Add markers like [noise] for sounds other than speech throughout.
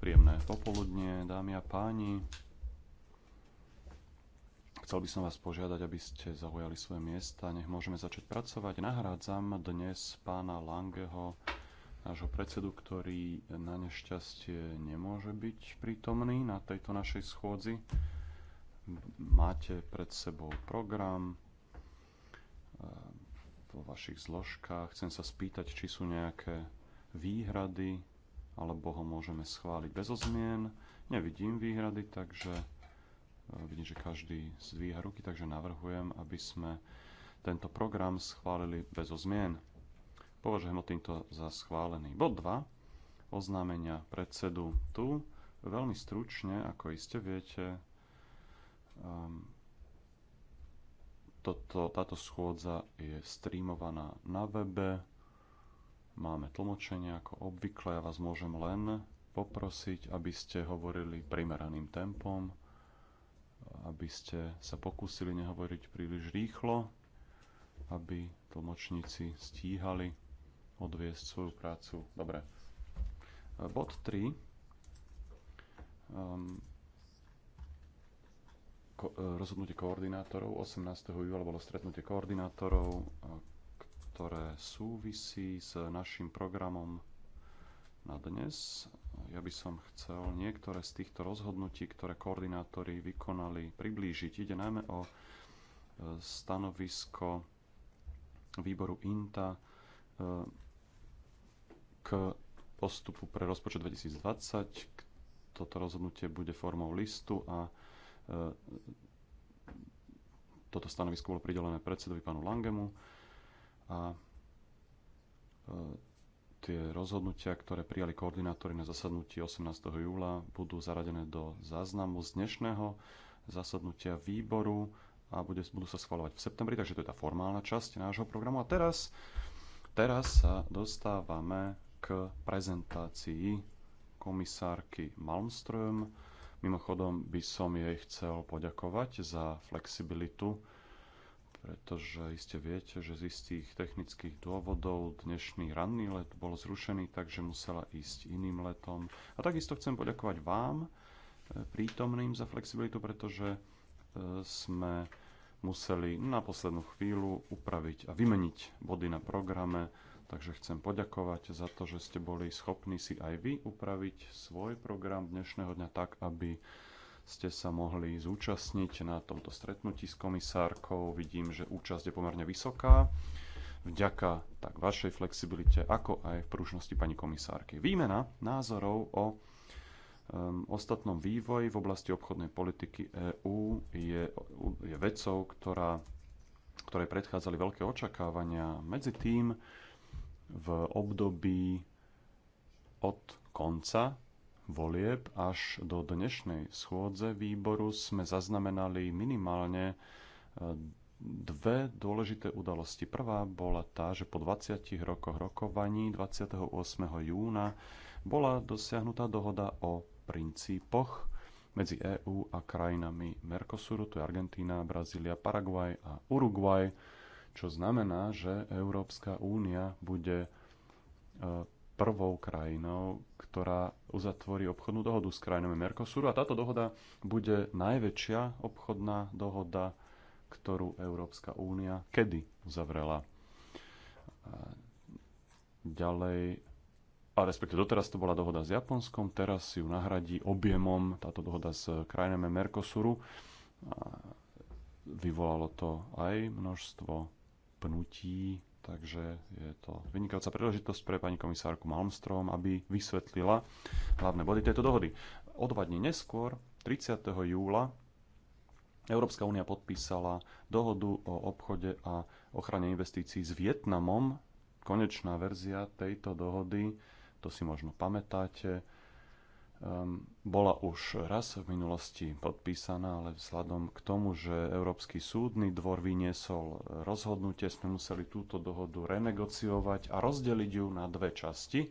Príjemné popoludne, dámy a páni. Chcel by som vás požiadať, aby ste zaujali svoje miesta. Nech môžeme začať pracovať. Nahrádzam dnes pána Langeho, nášho predsedu, ktorý na nešťastie nemôže byť prítomný na tejto našej schôdzi. Máte pred sebou program eh, vo vašich zložkách. Chcem sa spýtať, či sú nejaké výhrady alebo ho môžeme schváliť bez zmien. Nevidím výhrady, takže e, vidím, že každý zdvíha ruky, takže navrhujem, aby sme tento program schválili bez zmien. Považujem ho týmto za schválený. Bod 2. Oznámenia predsedu. Tu veľmi stručne, ako iste viete, um, toto, táto schôdza je streamovaná na webe Máme tlmočenie ako obvykle. Ja vás môžem len poprosiť, aby ste hovorili primeraným tempom, aby ste sa pokúsili nehovoriť príliš rýchlo, aby tlmočníci stíhali odviesť svoju prácu. Dobre. Bod 3. Um, ehm, ko- rozhodnutie koordinátorov. 18. júla bolo stretnutie koordinátorov ktoré súvisí s našim programom na dnes. Ja by som chcel niektoré z týchto rozhodnutí, ktoré koordinátori vykonali, priblížiť. Ide najmä o e, stanovisko výboru INTA e, k postupu pre rozpočet 2020. Toto rozhodnutie bude formou listu a e, toto stanovisko bolo pridelené predsedovi pánu Langemu a e, tie rozhodnutia, ktoré prijali koordinátori na zasadnutí 18. júla, budú zaradené do záznamu z dnešného zasadnutia výboru a bude, budú sa schvalovať v septembri, takže to je tá formálna časť nášho programu. A teraz, teraz sa dostávame k prezentácii komisárky Malmström. Mimochodom by som jej chcel poďakovať za flexibilitu, pretože iste viete, že z istých technických dôvodov dnešný ranný let bol zrušený, takže musela ísť iným letom. A takisto chcem poďakovať vám, e, prítomným, za flexibilitu, pretože e, sme museli na poslednú chvíľu upraviť a vymeniť body na programe, takže chcem poďakovať za to, že ste boli schopní si aj vy upraviť svoj program dnešného dňa tak, aby ste sa mohli zúčastniť na tomto stretnutí s komisárkou. Vidím, že účasť je pomerne vysoká vďaka tak vašej flexibilite, ako aj v prúžnosti pani komisárky. Výmena názorov o um, ostatnom vývoji v oblasti obchodnej politiky EÚ je, je vecou, ktorá, ktorej predchádzali veľké očakávania. Medzi tým v období od konca volieb až do dnešnej schôdze výboru sme zaznamenali minimálne e, dve dôležité udalosti. Prvá bola tá, že po 20 rokoch rokovaní 28. júna bola dosiahnutá dohoda o princípoch medzi EÚ a krajinami Mercosuru, to je Argentína, Brazília, Paraguaj a Uruguay, čo znamená, že Európska únia bude e, prvou krajinou, ktorá uzatvorí obchodnú dohodu s krajinami Mercosuru a táto dohoda bude najväčšia obchodná dohoda, ktorú Európska únia kedy uzavrela. Ďalej, a respektíve doteraz to bola dohoda s Japonskom, teraz ju nahradí objemom táto dohoda s krajinami Mercosuru. Vyvolalo to aj množstvo pnutí Takže je to vynikajúca príležitosť pre pani komisárku Malmstrom, aby vysvetlila hlavné body tejto dohody. O dva dní neskôr, 30. júla, Európska únia podpísala dohodu o obchode a ochrane investícií s Vietnamom. Konečná verzia tejto dohody, to si možno pamätáte, Ehm, bola už raz v minulosti podpísaná, ale vzhľadom k tomu, že Európsky súdny dvor vyniesol rozhodnutie, sme museli túto dohodu renegociovať a rozdeliť ju na dve časti.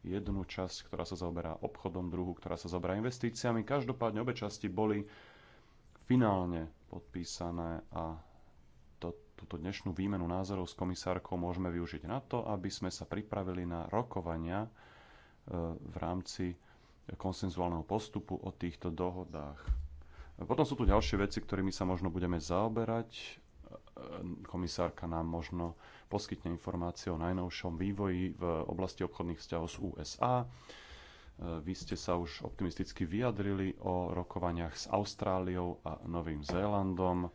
Jednu časť, ktorá sa zaoberá obchodom, druhú, ktorá sa zaoberá investíciami. Každopádne obe časti boli finálne podpísané a to, túto dnešnú výmenu názorov s komisárkou môžeme využiť na to, aby sme sa pripravili na rokovania eh, v rámci konsenzuálneho postupu o týchto dohodách. Potom sú tu ďalšie veci, ktorými sa možno budeme zaoberať. Komisárka nám možno poskytne informácie o najnovšom vývoji v oblasti obchodných vzťahov z USA. Vy ste sa už optimisticky vyjadrili o rokovaniach s Austráliou a Novým Zélandom.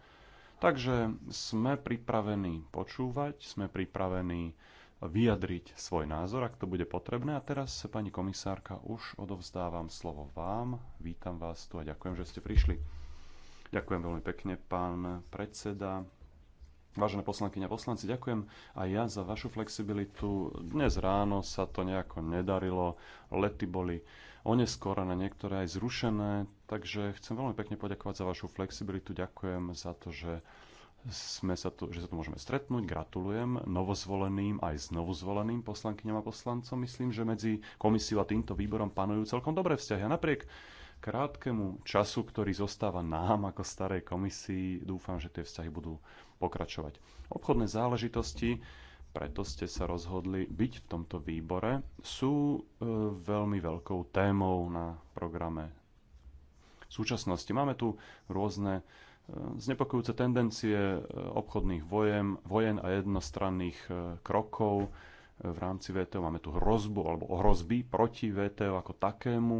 Takže sme pripravení počúvať, sme pripravení vyjadriť svoj názor, ak to bude potrebné. A teraz, pani komisárka, už odovzdávam slovo vám. Vítam vás tu a ďakujem, že ste prišli. Ďakujem veľmi pekne, pán predseda. Vážené a poslanci, ďakujem aj ja za vašu flexibilitu. Dnes ráno sa to nejako nedarilo, lety boli na niektoré aj zrušené, takže chcem veľmi pekne poďakovať za vašu flexibilitu. Ďakujem za to, že sme sa tu, že sa tu môžeme stretnúť. Gratulujem novozvoleným aj znovuzvoleným poslankyňam a poslancom. Myslím, že medzi komisiou a týmto výborom panujú celkom dobré vzťahy. A napriek krátkemu času, ktorý zostáva nám ako starej komisii, dúfam, že tie vzťahy budú pokračovať. Obchodné záležitosti, preto ste sa rozhodli byť v tomto výbore, sú e, veľmi veľkou témou na programe v súčasnosti. Máme tu rôzne znepokojúce tendencie e, obchodných vojen, vojen a jednostranných e, krokov e, v rámci VTO. Máme tu hrozbu alebo hrozby proti VTO ako takému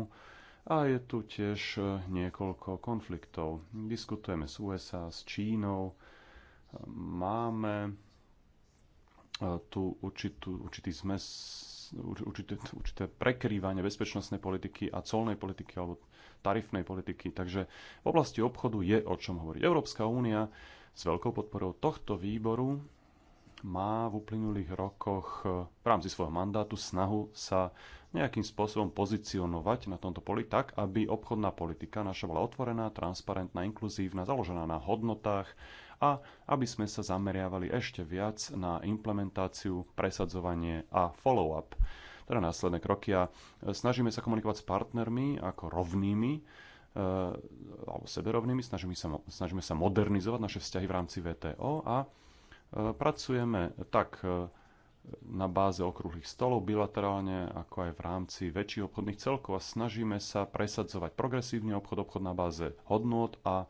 a je tu tiež niekoľko konfliktov. Diskutujeme s USA, s Čínou, máme tu určitú, určitý zmes, určité, určité prekrývanie bezpečnostnej politiky a colnej politiky alebo tarifnej politiky. Takže v oblasti obchodu je o čom hovoriť. Európska únia s veľkou podporou tohto výboru má v uplynulých rokoch eh, v rámci svojho mandátu snahu sa nejakým spôsobom pozicionovať na tomto poli tak, aby obchodná politika naša bola otvorená, transparentná, inkluzívna, založená na hodnotách a aby sme sa zameriavali ešte viac na implementáciu, presadzovanie a follow-up teda následné kroky a e, snažíme sa komunikovať s partnermi ako rovnými e, alebo seberovnými, snažíme sa, snažíme sa modernizovať naše vzťahy v rámci VTO a e, pracujeme tak na báze okrúhlych stolov bilaterálne, ako aj v rámci väčších obchodných celkov a snažíme sa presadzovať progresívny obchod, obchod na báze hodnôt a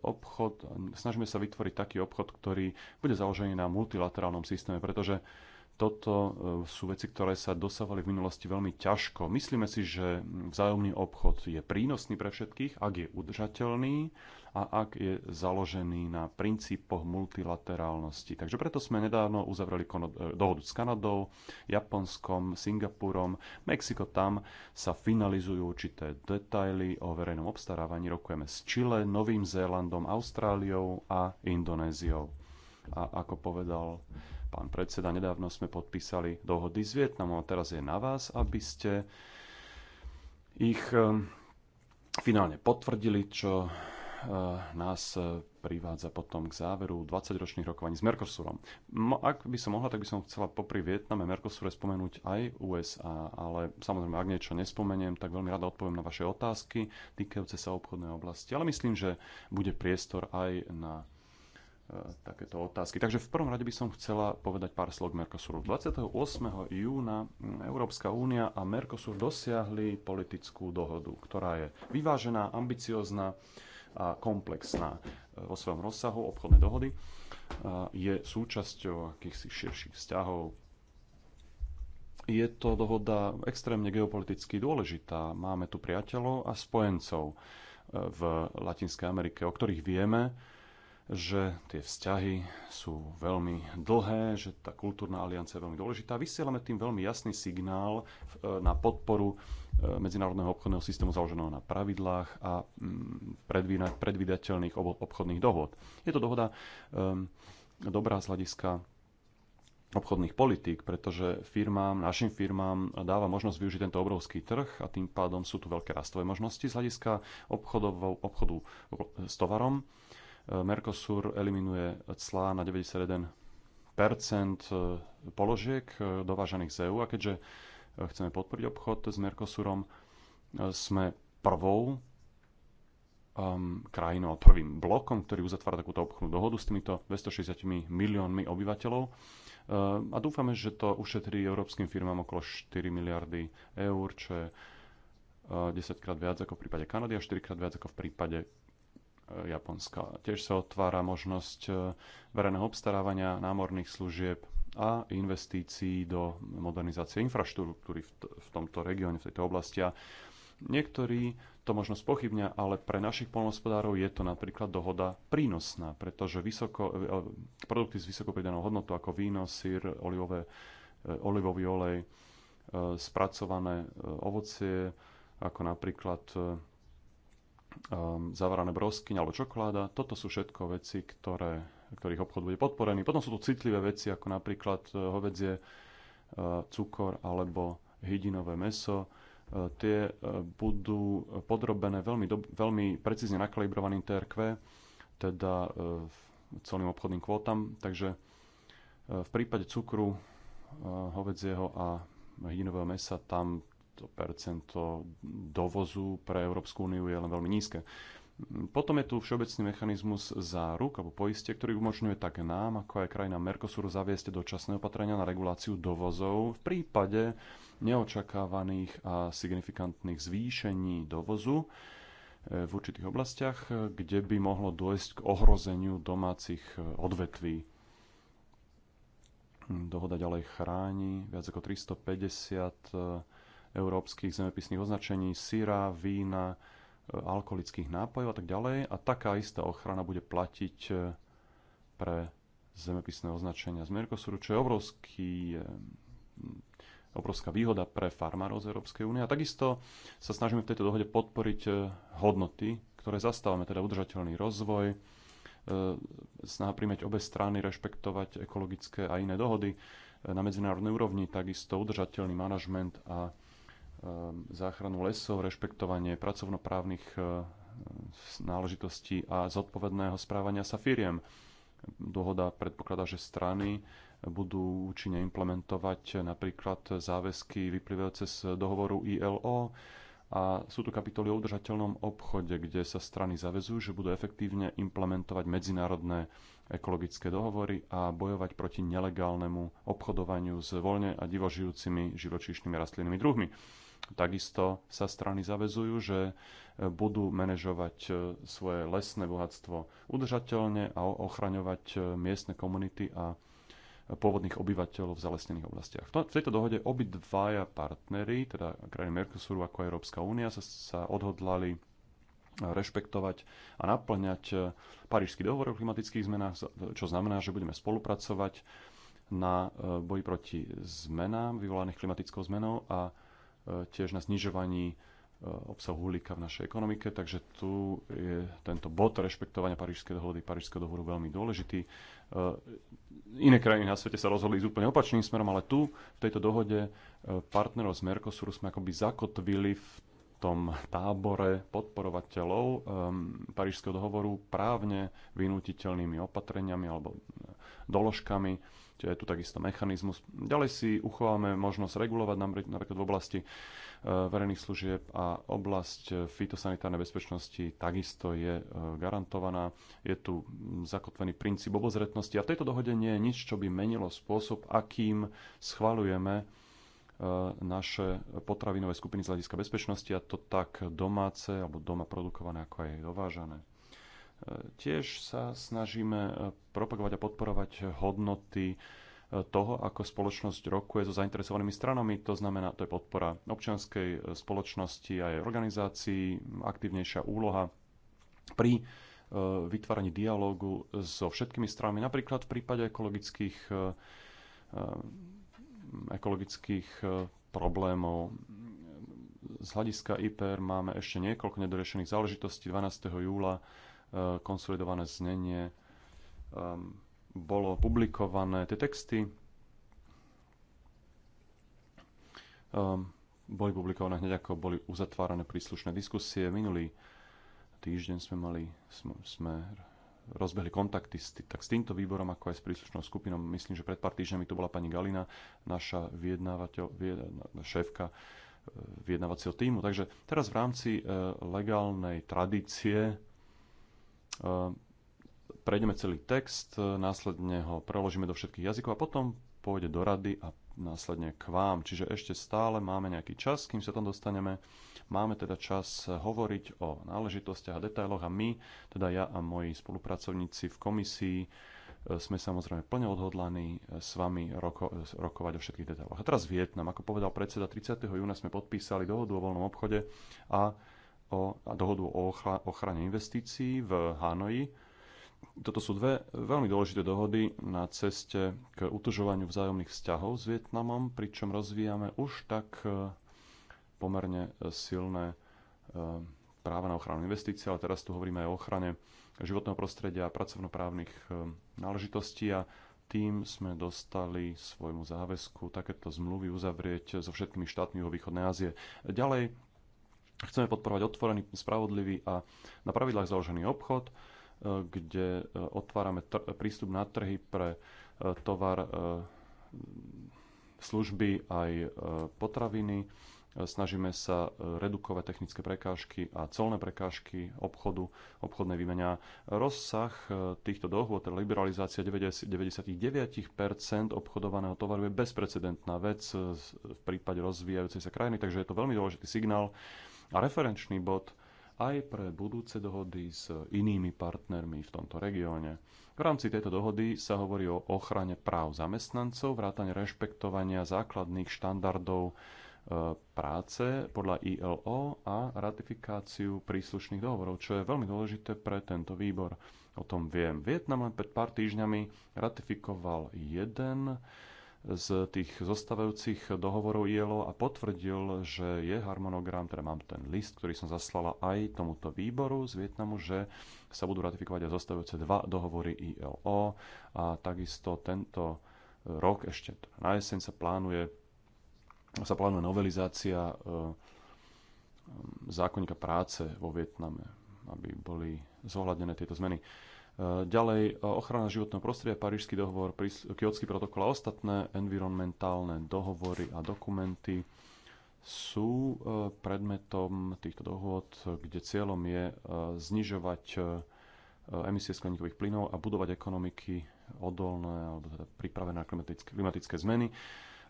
obchod, snažíme sa vytvoriť taký obchod, ktorý bude založený na multilaterálnom systéme, pretože toto e, sú veci, ktoré sa dosávali v minulosti veľmi ťažko. Myslíme si, že vzájomný obchod je prínosný pre všetkých, ak je udržateľný a ak je založený na princípoch multilaterálnosti. Takže preto sme nedávno uzavreli e, dohodu s Kanadou, Japonskom, Singapurom, Mexiko tam sa finalizujú určité detaily o verejnom obstarávaní. Rokujeme s Chile, Novým Zélandom, Austráliou a Indonéziou. A ako povedal pán predseda, nedávno sme podpísali dohody s Vietnamom a teraz je na vás, aby ste ich e, finálne potvrdili, čo e, nás e, privádza potom k záveru 20-ročných rokovaní s Mercosurom. Ak by som mohla, tak by som chcela popri Vietname Mercosure spomenúť aj USA, ale samozrejme, ak niečo nespomeniem, tak veľmi rada odpoviem na vaše otázky týkajúce sa obchodnej oblasti. Ale myslím, že bude priestor aj na E, takéto otázky. Takže v prvom rade by som chcela povedať pár slov k Mercosuru. 28. júna Európska únia a Mercosur dosiahli politickú dohodu, ktorá je vyvážená, ambiciozná a komplexná e, vo svojom rozsahu obchodnej dohody. E, je súčasťou akýchsi širších vzťahov. Je to dohoda extrémne geopoliticky dôležitá. Máme tu priateľov a spojencov v Latinskej Amerike, o ktorých vieme, že tie vzťahy sú veľmi dlhé, že tá kultúrna aliancia je veľmi dôležitá. Vysielame tým veľmi jasný signál e, na podporu e, medzinárodného obchodného systému založeného na pravidlách a mm, predvídateľných obchodných dohod. Je to dohoda ehm, dobrá z hľadiska obchodných politík, pretože firmám, našim firmám dáva možnosť využiť tento obrovský trh a tým pádom sú tu veľké rastové možnosti z hľadiska obchodov, obchodu s tovarom Eh, Mercosur eliminuje clá na 91 eh, položiek eh, dovážaných z EÚ a keďže chceme podporiť obchod s Mercosurom, sme prvou um, krajinou, prvým blokom, ktorý uzatvára takúto obchodnú dohodu s týmito 260 miliónmi obyvateľov. Um, a dúfame, že to ušetrí európskym firmám okolo 4 miliardy eur, čo je uh, 10 krát viac ako v prípade Kanady a 4 krát viac ako v prípade Japonska. Tiež sa otvára možnosť e, verejného obstarávania námorných služieb a investícií do modernizácie infraštruktúry v tomto regióne, v tejto oblasti. A niektorí to možno spochybňa, ale pre našich polnospodárov je to napríklad dohoda prínosná, pretože vysoko, e, e, produkty s vysoko pridanou hodnotou ako víno, sír, olivové, olivový olej, spracované ovocie, ako napríklad um, zavarané broskyň alebo čokoláda. Toto sú všetko veci, ktoré, ktorých obchod bude podporený. Potom sú tu citlivé veci, ako napríklad uh, hovedzie, uh, cukor alebo hydinové meso. Uh, tie uh, budú podrobené veľmi, do, veľmi precízne nakalibrovaným TRQ, teda uh, celým obchodným kvótam. Takže uh, v prípade cukru hovedzieho a hydinového mesa tam to percento dovozu pre Európsku úniu je len veľmi nízke. Potom je tu všeobecný mechanizmus záruk alebo poistie, ktorý umožňuje tak nám, ako aj krajina Mercosuru zaviesť dočasné opatrenia na reguláciu dovozov v prípade neočakávaných a signifikantných zvýšení dovozu eh, v určitých oblastiach, kde by mohlo dôjsť k ohrozeniu domácich eh, odvetví. Dohoda ďalej chráni viac ako 350 európskych zemepisných označení syra, vína, e, alkoholických nápojov a tak ďalej. A taká istá ochrana bude platiť e, pre zemepisné označenia z Mercosuru, čo je obrovský, e, obrovská výhoda pre farmárov z Európskej únie. A takisto sa snažíme v tejto dohode podporiť hodnoty, ktoré zastávame, teda udržateľný rozvoj, snaha príjmať obe strany, rešpektovať ekologické a iné dohody na medzinárodnej úrovni, takisto udržateľný manažment a Ehm, záchranu lesov, rešpektovanie pracovnoprávnych ehm, náležitostí a zodpovedného správania sa firiem. Dohoda predpokladá, že strany budú účinne implementovať napríklad záväzky vyplývajúce z dohovoru ILO a sú tu kapitoly o udržateľnom obchode, kde sa strany zavezujú, že budú efektívne implementovať medzinárodné ekologické dohovory a bojovať proti nelegálnemu obchodovaniu s voľne a divožijúcimi živočíšnymi rastlinnými druhmi. Takisto sa strany zavezujú, že e, budú manažovať e, svoje lesné bohatstvo udržateľne a ochraňovať e, miestne komunity a pôvodných obyvateľov v zalesnených oblastiach. V tejto dohode obidvaja partnery, teda krajiny Mercosuru ako Európska únia, sa, sa odhodlali rešpektovať a naplňať Parížský dohovor o klimatických zmenách, čo znamená, že budeme spolupracovať na boji proti zmenám vyvolaných klimatickou zmenou a E, tiež na znižovaní e, obsahu uhlíka v našej ekonomike, takže tu je tento bod rešpektovania Parížskej dohody, Parížskej dohodu veľmi dôležitý. E, iné krajiny na svete sa rozhodli ísť úplne opačným smerom, ale tu, v tejto dohode partnerov z Mercosuru sme akoby zakotvili v tom tábore podporovateľov um, Parížského dohovoru právne vynútiteľnými opatreniami alebo doložkami, Čiže je tu takisto mechanizmus. Ďalej si uchováme možnosť regulovať napríklad v oblasti e, verejných služieb a oblasť e, fitosanitárnej bezpečnosti takisto je e, garantovaná. Je tu zakotvený princíp obozretnosti a v tejto dohode nie je nič, čo by menilo spôsob, akým schvalujeme naše potravinové skupiny z hľadiska bezpečnosti a to tak domáce alebo doma produkované, ako aj dovážané. Tiež sa snažíme e, propagovať a podporovať hodnoty e, toho, ako spoločnosť rokuje so zainteresovanými stranami. To znamená, to je podpora občianskej e, spoločnosti a jej organizácií, aktívnejšia úloha pri vytváraní dialógu so všetkými stranami, napríklad v prípade ekologických, ekologických problémov. Z hľadiska IPR máme ešte niekoľko nedorešených záležitostí. 12. júla E, konsolidované znenie e, bolo publikované. Tie texty e, boli publikované hneď ako boli uzatvárané príslušné diskusie. Minulý týždeň sme mali, sme, sme rozbehli kontakty s, tak s týmto výborom, ako aj s príslušnou skupinou. Myslím, že pred pár týždňami tu bola pani Galina, naša vyjednávateľ, šéfka vyjednávacieho týmu. Takže teraz v rámci e, legálnej tradície Ehm, prejdeme celý text, e, následne ho preložíme do všetkých jazykov a potom pôjde do rady a následne k vám. Čiže ešte stále máme nejaký čas, kým sa tam dostaneme. Máme teda čas hovoriť o náležitostiach a detailoch a my, teda ja a moji spolupracovníci v komisii, e, sme samozrejme plne odhodlaní e, s vami roko, rokovať o všetkých detailoch. A teraz Vietnam. Ako povedal predseda, 30. júna sme podpísali dohodu o voľnom obchode a o, a dohodu o ochrane investícií v Hanoji. Toto sú dve veľmi dôležité dohody na ceste k utužovaniu vzájomných vzťahov s Vietnamom, pričom rozvíjame už tak e, pomerne e, silné e, práva na ochranu investícií, ale teraz tu hovoríme aj o ochrane životného prostredia a pracovnoprávnych náležitostí a tým sme dostali svojmu záväzku takéto zmluvy uzavrieť so všetkými štátmi vo východnej Ázie. Ďalej Chceme podporovať otvorený, spravodlivý a na pravidlách založený obchod, e, kde e, otvárame prístup na trhy pre e, tovar, služby aj potraviny. Snažíme sa redukovať technické prekážky a colné prekážky obchodu, obchodné výmenia. Rozsah týchto dohôd, teda liberalizácia 99% obchodovaného tovaru je bezprecedentná vec v prípade rozvíjajúcej sa krajiny, takže je to veľmi dôležitý signál, referenčný bod aj pre budúce dohody s inými partnermi v tomto regióne. V rámci tejto dohody sa hovorí o ochrane práv zamestnancov, vrátane rešpektovania základných štandardov e, práce podľa ILO a ratifikáciu príslušných dohovorov, čo je veľmi dôležité pre tento výbor. O tom viem. Vietnam len pred pár týždňami ratifikoval jeden z tých zostávajúcich dohovorov ILO a potvrdil, že je harmonogram, teda mám ten list, ktorý som zaslala aj tomuto výboru z Vietnamu, že sa budú ratifikovať aj zostávajúce dva dohovory ILO a takisto tento rok ešte teda na jeseň sa plánuje sa plánuje novelizácia e, zákonníka práce vo Vietname, aby boli zohľadnené tieto zmeny. Eh, ďalej eh, ochrana životného prostredia, Parížský dohovor, Kyotský protokol a ostatné environmentálne dohovory a dokumenty sú eh, predmetom týchto dohôd, kde cieľom je znižovať emisie skleníkových plynov a budovať ekonomiky odolné alebo teda pripravené na klimatické, klimatické zmeny.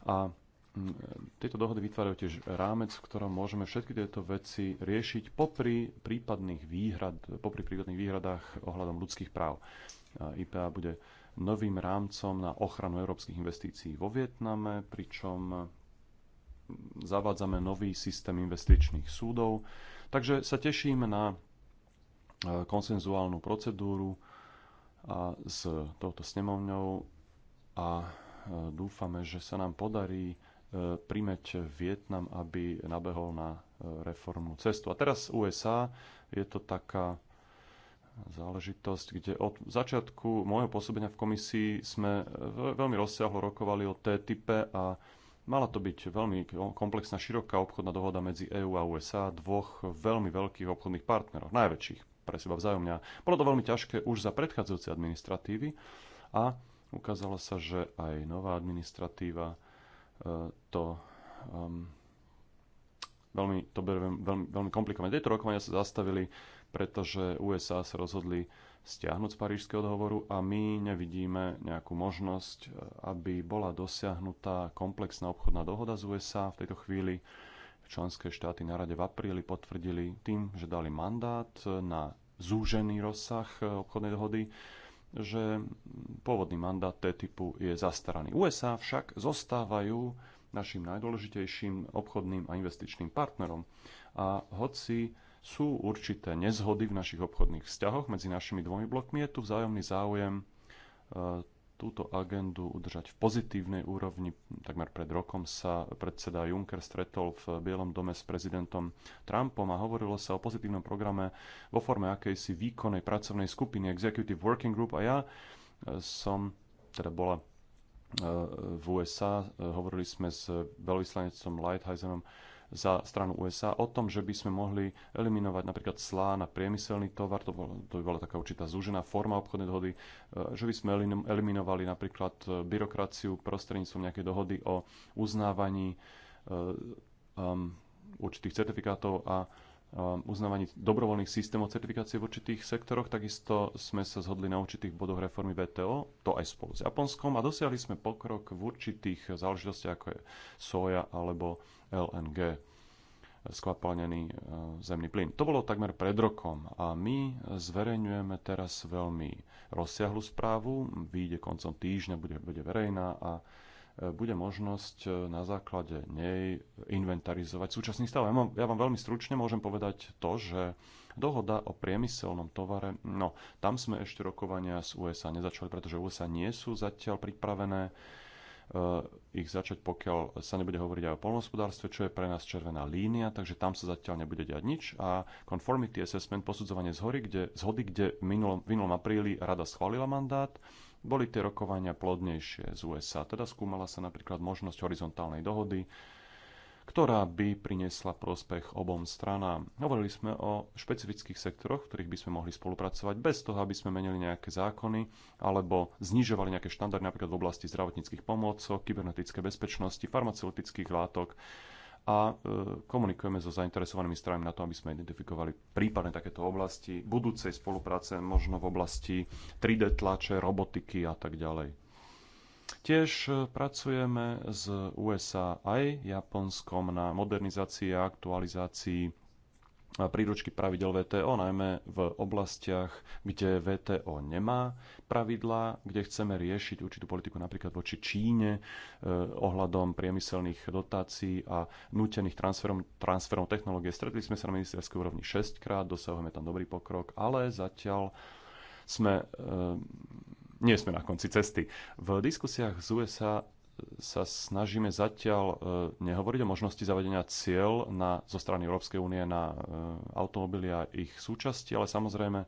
A Mm, tieto dohody vytvárajú tiež rámec, v ktorom môžeme všetky tieto veci riešiť popri prípadných výhrad, popri prípadných výhradách ohľadom ľudských práv. IPA bude novým rámcom na ochranu európskych investícií vo Vietname, pričom zavádzame nový systém investičných súdov. Takže sa teším na e, konsenzuálnu procedúru a e, s touto snemovňou a e, dúfame, že sa nám podarí E, primeť Vietnam, aby nabehol na e, reformnú cestu. A teraz USA je to taká záležitosť, kde od začiatku môjho pôsobenia v komisii sme e, veľmi rozsiahlo rokovali o TTIP a mala to byť veľmi komplexná, široká obchodná dohoda medzi EÚ a USA, dvoch veľmi veľkých obchodných partnerov, najväčších pre seba vzájomňa. Bolo to veľmi ťažké už za predchádzajúce administratívy a ukázalo sa, že aj nová administratíva to um, veľmi, to beriem, veľmi, veľmi komplikované. Tieto rokovania sa zastavili, pretože USA sa rozhodli stiahnuť z Parížského dohovoru a my nevidíme nejakú možnosť, aby bola dosiahnutá komplexná obchodná dohoda z USA v tejto chvíli. Členské štáty na rade v apríli potvrdili tým, že dali mandát na zúžený rozsah obchodnej dohody, že pôvodný mandát T-typu je zastaraný. USA však zostávajú našim najdôležitejším obchodným a investičným partnerom. A hoci sú určité nezhody v našich obchodných vzťahoch medzi našimi dvomi blokmi, je tu vzájomný záujem e, túto agendu udržať v pozitívnej úrovni. Takmer pred rokom sa predseda Juncker stretol v Bielom dome s prezidentom Trumpom a hovorilo sa o pozitívnom programe vo forme akejsi výkonnej pracovnej skupiny Executive Working Group a ja e, som, teda bola v USA. Hovorili sme s veľvyslanecom Lightheisenom za stranu USA o tom, že by sme mohli eliminovať napríklad slá na priemyselný tovar, to, bol, to by bola taká určitá zúžená forma obchodnej dohody, e, že by sme eliminovali napríklad byrokraciu prostredníctvom nejakej dohody o uznávaní e, um, určitých certifikátov a Um, uznávaní dobrovoľných systémov certifikácie v určitých sektoroch. Takisto sme sa zhodli na určitých bodoch reformy VTO, to aj spolu s Japonskom a dosiahli sme pokrok v určitých záležitostiach ako je soja alebo LNG eh, skvapalnený eh, zemný plyn. To bolo takmer pred rokom a my zverejňujeme teraz veľmi rozsiahlu správu, vyjde koncom týždňa, bude, bude verejná a bude možnosť e, na základe nej inventarizovať súčasný stav. Ja, mám, ja vám veľmi stručne môžem povedať to, že dohoda o priemyselnom tovare, no tam sme ešte rokovania z USA nezačali, pretože USA nie sú zatiaľ pripravené e, ich začať, pokiaľ sa nebude hovoriť aj o polnohospodárstve, čo je pre nás červená línia, takže tam sa zatiaľ nebude diať nič. A conformity assessment, posudzovanie zhory, kde, zhody, kde minulom, minulom apríli rada schválila mandát, boli tie rokovania plodnejšie z USA. Teda skúmala sa napríklad možnosť horizontálnej dohody, ktorá by priniesla prospech obom stranám. Hovorili sme o špecifických sektoroch, v ktorých by sme mohli spolupracovať bez toho, aby sme menili nejaké zákony alebo znižovali nejaké štandardy napríklad v oblasti zdravotníckých pomôcok, kybernetické bezpečnosti, farmaceutických látok a e, komunikujeme so zainteresovanými stranami na to, aby sme identifikovali prípadne takéto oblasti budúcej spolupráce, možno v oblasti 3D tlače, robotiky a tak ďalej. Tiež e, pracujeme s USA aj Japonskom na modernizácii a aktualizácii príručky pravidel VTO, najmä v oblastiach, kde VTO nemá pravidlá, kde chceme riešiť určitú politiku napríklad voči Číne eh, ohľadom priemyselných dotácií a nutených transferom, transferom technológie. Stretli sme sa na ministerskej úrovni 6 krát, dosahujeme tam dobrý pokrok, ale zatiaľ sme, eh, nie sme na konci cesty. V diskusiách z USA sa snažíme zatiaľ e, nehovoriť o možnosti zavedenia cieľ na, zo strany Európskej únie na e, automobily a ich súčasti, ale samozrejme e,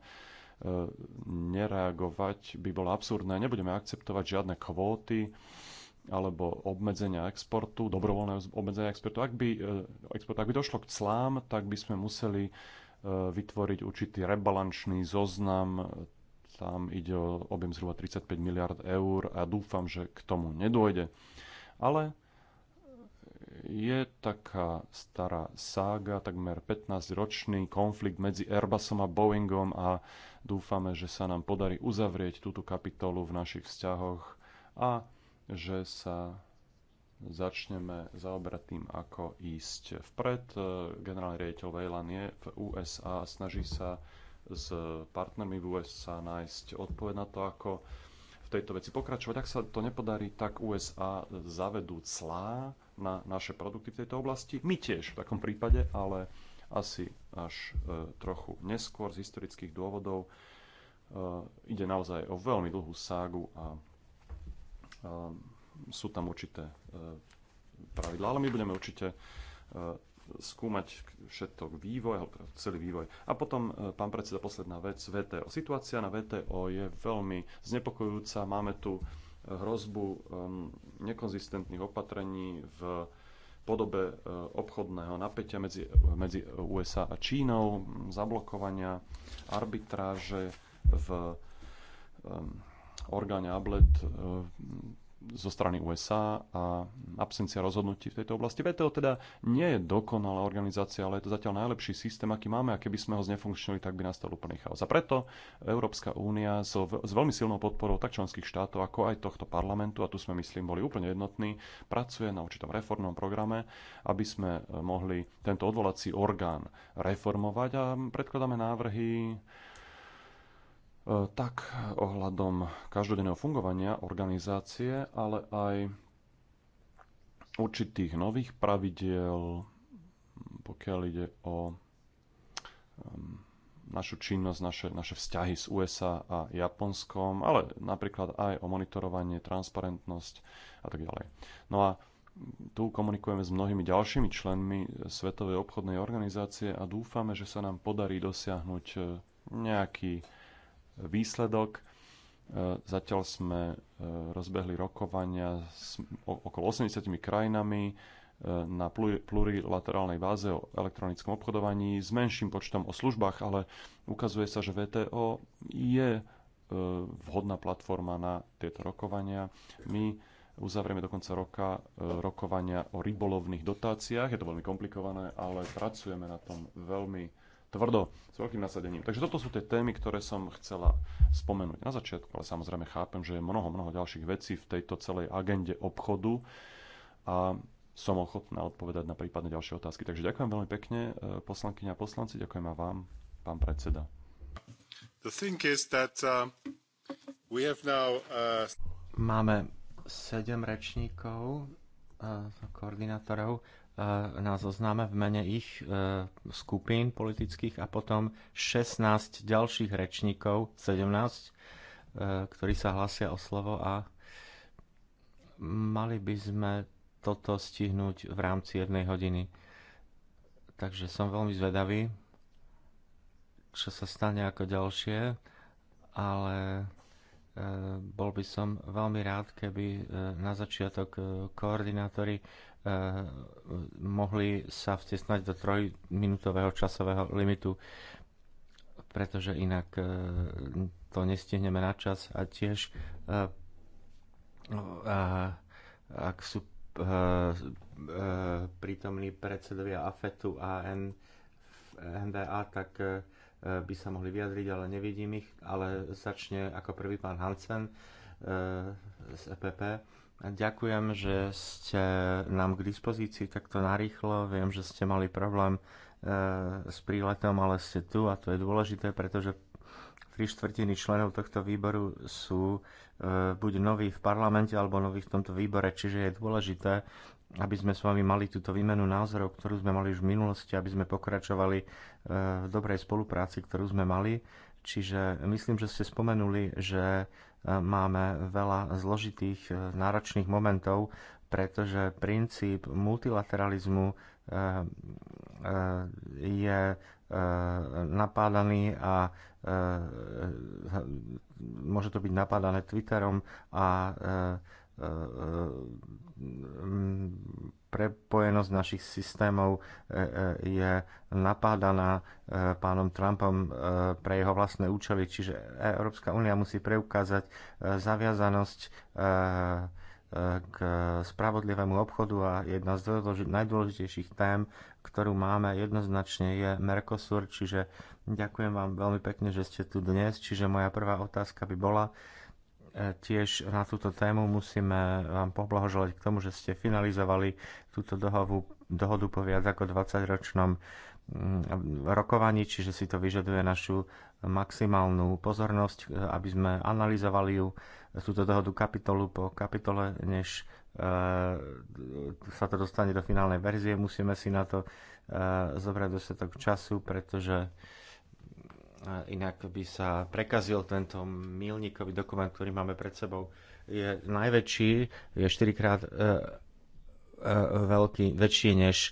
nereagovať by bolo absurdné. Nebudeme akceptovať žiadne kvóty alebo obmedzenia exportu, dobrovoľné obmedzenia exportu. Ak by, export, ak by došlo k clám, tak by sme museli vytvoriť určitý rebalančný zoznam tam ide o objem zhruba 35 miliard eur a dúfam, že k tomu nedôjde. Ale je taká stará sága, takmer 15-ročný konflikt medzi Airbusom a Boeingom a dúfame, že sa nám podarí uzavrieť túto kapitolu v našich vzťahoch a že sa začneme zaoberať tým, ako ísť vpred. Generálny riaditeľ Vejlan je v USA a snaží sa s partnermi v USA nájsť odpoveď na to, ako v tejto veci pokračovať. Ak sa to nepodarí, tak USA zavedú clá na naše produkty v tejto oblasti. My tiež v takom prípade, ale asi až e, trochu neskôr z historických dôvodov. E, ide naozaj o veľmi dlhú ságu a e, sú tam určité e, pravidlá, ale my budeme určite e, skúmať všetok vývoj, teda celý vývoj. A potom, e, pán predseda, posledná vec, VTO. Situácia na VTO je veľmi znepokojujúca. Máme tu e, hrozbu e, nekonzistentných opatrení v podobe obchodného napätia medzi, medzi USA a Čínou, zablokovania, arbitráže v orgáne ABLET zo strany USA a absencia rozhodnutí v tejto oblasti. VTO e teda nie je dokonalá organizácia, ale je to zatiaľ najlepší systém, aký máme a keby sme ho znefunkčnili, tak by nastal úplný chaos. A preto Európska únia so, s veľmi silnou podporou tak členských štátov, ako aj tohto parlamentu, a tu sme myslím boli úplne jednotní, pracuje na určitom reformnom programe, aby sme eh, mohli tento odvolací orgán reformovať a predkladáme návrhy E, tak ohľadom každodenného fungovania organizácie, ale aj určitých nových pravidiel, pokiaľ ide o našu činnosť, naše, naše vzťahy s USA a Japonskom, ale napríklad aj o monitorovanie, transparentnosť a tak ďalej. No a tu komunikujeme s mnohými ďalšími členmi Svetovej obchodnej organizácie a dúfame, že sa nám podarí dosiahnuť e, nejaký výsledok. E, zatiaľ sme e, rozbehli rokovania s okolo 80 krajinami e, na plurilaterálnej báze o elektronickom obchodovaní s menším počtom o službách, ale ukazuje sa, že VTO je vhodná platforma na tieto rokovania. My uzavrieme do konca roka rokovania o rybolovných dotáciách. Je to veľmi komplikované, ale pracujeme na tom veľmi tvrdo, s veľkým nasadením. Takže toto sú tie témy, ktoré som chcela spomenúť na začiatku, ale samozrejme chápem, že je mnoho, mnoho ďalších vecí v tejto celej agende obchodu a som ochotná odpovedať na prípadne ďalšie otázky. Takže ďakujem veľmi pekne, e, poslankyňa a poslanci, ďakujem a vám, pán predseda. The thing is that, uh, we have now, uh... Máme sedem rečníkov, uh, koordinátorov. E, na zozname v mene ich e, skupín politických a potom 16 ďalších rečníkov, 17, e, ktorí sa hlásia o slovo a mali by sme toto stihnúť v rámci jednej hodiny. Takže som veľmi zvedavý, čo sa stane ako ďalšie, ale bol by som veľmi rád, keby na začiatok koordinátori Eh, mohli sa vtesnať do trojminútového časového limitu, pretože inak eh, to nestihneme na čas a tiež eh, ak sú prítomní predsedovia AFETu a NDA, tak by sa mohli vyjadriť, ale nevidím ich, ale začne ako prvý pán Hansen z EPP. Ďakujem, že ste nám k dispozícii takto narýchlo. Viem, že ste mali problém e, s príletom, ale ste tu a to je dôležité, pretože tri štvrtiny členov tohto výboru sú e, buď noví v parlamente alebo noví v tomto výbore, čiže je dôležité, aby sme s vami mali túto výmenu názorov, ktorú sme mali už v minulosti, aby sme pokračovali e, v dobrej spolupráci, ktorú sme mali. Čiže myslím, že ste spomenuli, že máme veľa zložitých, e, náročných momentov, pretože princíp multilateralizmu e, e, je napádaný a môže to byť napádané Twitterom a prepojenosť našich systémov e, e, je napádaná e, pánom Trumpom pre jeho vlastné účely, čiže Európska únia musí preukázať zaviazanosť k spravodlivému obchodu a jedna z najdôležitejších tém, ktorú máme jednoznačne je Mercosur, čiže ďakujem vám veľmi pekne, že ste tu dnes, čiže moja prvá otázka by bola, tiež na túto tému musíme vám poblahoželať k tomu, že ste finalizovali túto dohovu, dohodu po viac ako 20-ročnom mm, rokovaní, čiže si to vyžaduje našu maximálnu pozornosť, e, aby sme analyzovali ju, túto dohodu kapitolu po kapitole, než e, sa to dostane do finálnej verzie. Musíme si na to e, zobrať dostatok času, pretože Inak by sa prekazil tento milníkový dokument, ktorý máme pred sebou. Je najväčší, je štyrikrát krát e, e, veľký, väčší než e,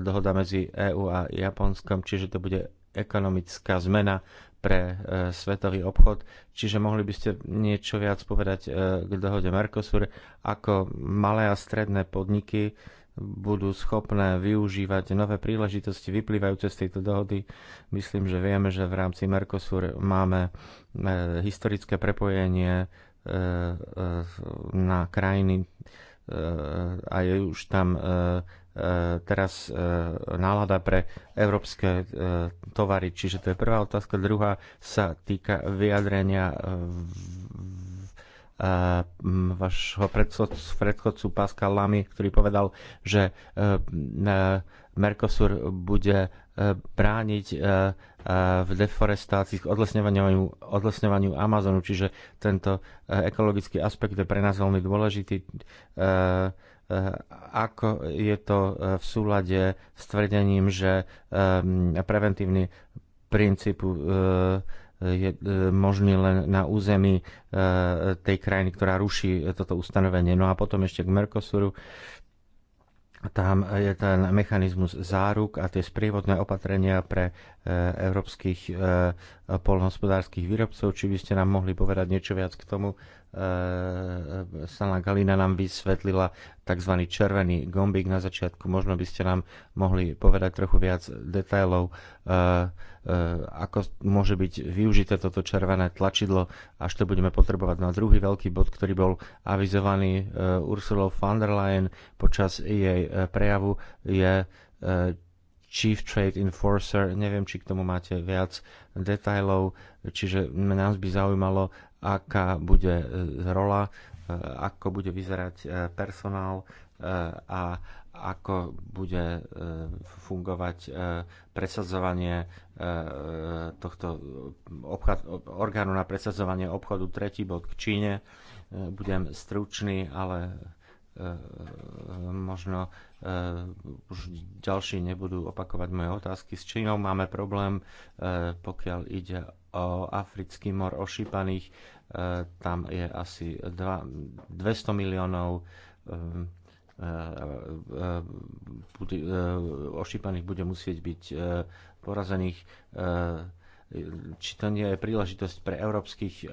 dohoda medzi EÚ a Japonskom, čiže to bude ekonomická zmena pre e, svetový obchod. Čiže mohli by ste niečo viac povedať e, k dohode Mercosur, ako malé a stredné podniky budú schopné využívať nové príležitosti vyplývajúce z tejto dohody. Myslím, že vieme, že v rámci Mercosur máme e, historické prepojenie e, e, na krajiny a je už tam teraz nálada pre európske tovary. Čiže to je prvá otázka. Druhá sa týka vyjadrenia Eh, vašho predchodcu Pascal Lamy, ktorý povedal, že eh, eh, Mercosur bude brániť v deforestácii, k odlesňovaniu, odlesňovaniu Amazonu, čiže tento ekologický aspekt je pre nás veľmi dôležitý. Ako je to v súlade s tvrdením, že preventívny princíp je e, možný len na území e, tej krajiny, ktorá ruší toto ustanovenie. No a potom ešte k Mercosuru. Tam je ten mechanizmus záruk a tie sprievodné opatrenia pre e, európskych polnohospodárskych výrobcov. Či by ste nám mohli povedať niečo viac k tomu? Sala Galina nám vysvetlila tzv. červený gombík na začiatku. Možno by ste nám mohli povedať trochu viac detailov Eh, ako môže byť využité toto červené tlačidlo, až to budeme potrebovať na no druhý veľký bod, ktorý bol avizovaný eh, Ursulou von der Leyen počas jej eh, prejavu, je Chief Trade Enforcer. Neviem, či k tomu máte viac detajlov, čiže nás by zaujímalo, aká bude rola, ako bude vyzerať personál a ako bude e, fungovať e, presadzovanie e, tohto obchod, orgánu na presadzovanie obchodu. Tretí bod k Číne. Budem stručný, ale možno už ďalší nebudú opakovať moje otázky. S Čínou máme problém, pokiaľ ide o africký mor ošípaných. Tam je asi 200 miliónov Eh, eh, eh, ošípaných bude musieť byť porazených. Či to nie je príležitosť pre európskych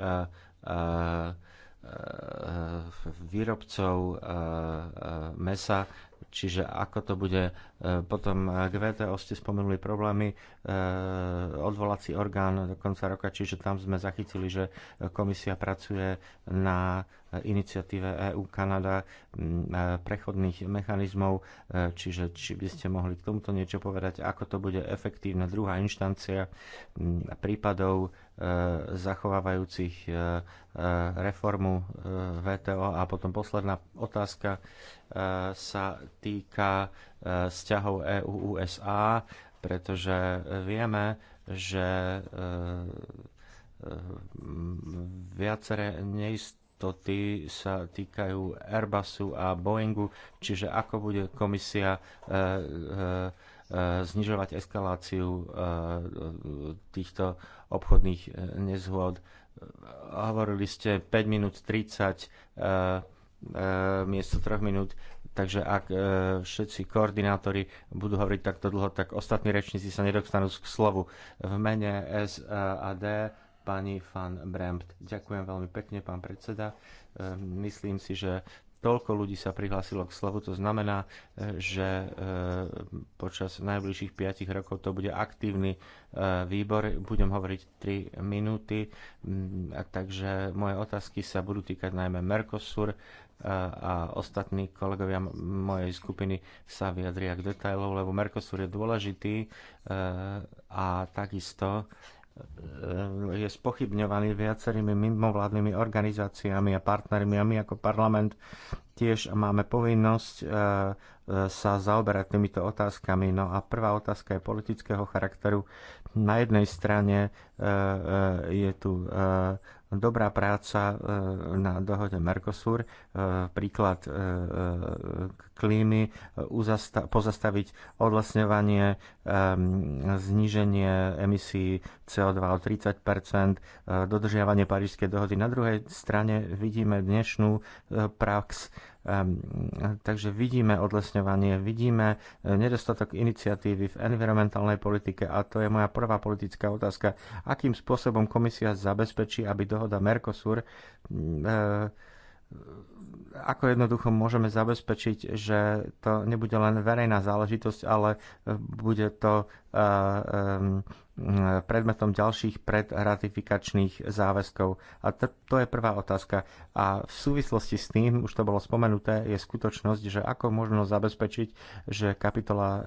výrobcov mesa Čiže ako to bude e, potom e, k VTO ste spomenuli problémy, e, odvolací orgán do konca roka, čiže tam sme zachytili, že komisia pracuje na iniciatíve EU Kanada prechodných mechanizmov, čiže či by ste mohli k tomuto niečo povedať, ako to bude efektívna druhá inštancia prípadov zachovávajúcich reformu VTO. A potom posledná otázka Eh, sa týka eh, vzťahov EU-USA, pretože vieme, že eh, viaceré neistoty sa týkajú Airbusu a Boeingu, čiže ako bude komisia znižovať eskaláciu týchto obchodných nezhôd. Hovorili ste 5 minút 30 E, miesto troch minút. Takže ak e, všetci koordinátori budú hovoriť takto dlho, tak ostatní rečníci sa nedostanú k slovu. V mene SAD pani Fan Brempt. Ďakujem veľmi pekne, pán predseda. E, myslím si, že toľko ľudí sa prihlásilo k slovu, to znamená, že počas najbližších 5 rokov to bude aktívny výbor. Budem hovoriť 3 minúty, mm, takže moje otázky sa budú týkať najmä Mercosur a ostatní kolegovia mojej skupiny sa vyjadria k detailov, lebo Mercosur je dôležitý e, a takisto e, je spochybňovaný viacerými mimovládnymi organizáciami a partnermi a my ako parlament tiež máme povinnosť e, sa zaoberať týmito otázkami. No a prvá otázka je politického charakteru. Na jednej strane je tu dobrá práca e, na dohode Mercosur, e, príklad e, klímy, pozastaviť odlesňovanie, zníženie emisí CO2 o 30 dodržiavanie Parížskej dohody. Na druhej strane vidíme dnešnú prax Ehm, takže vidíme odlesňovanie, vidíme eh, nedostatok iniciatívy v environmentálnej politike a to je moja prvá politická otázka. Akým spôsobom komisia zabezpečí, aby dohoda Mercosur mm, eh, ako jednoducho môžeme zabezpečiť, že to nebude len verejná záležitosť, ale eh, bude to predmetom ďalších predratifikačných záväzkov. A to je prvá otázka. A v súvislosti s tým, už to bolo spomenuté, je skutočnosť, že ako možno zabezpečiť, že kapitola e,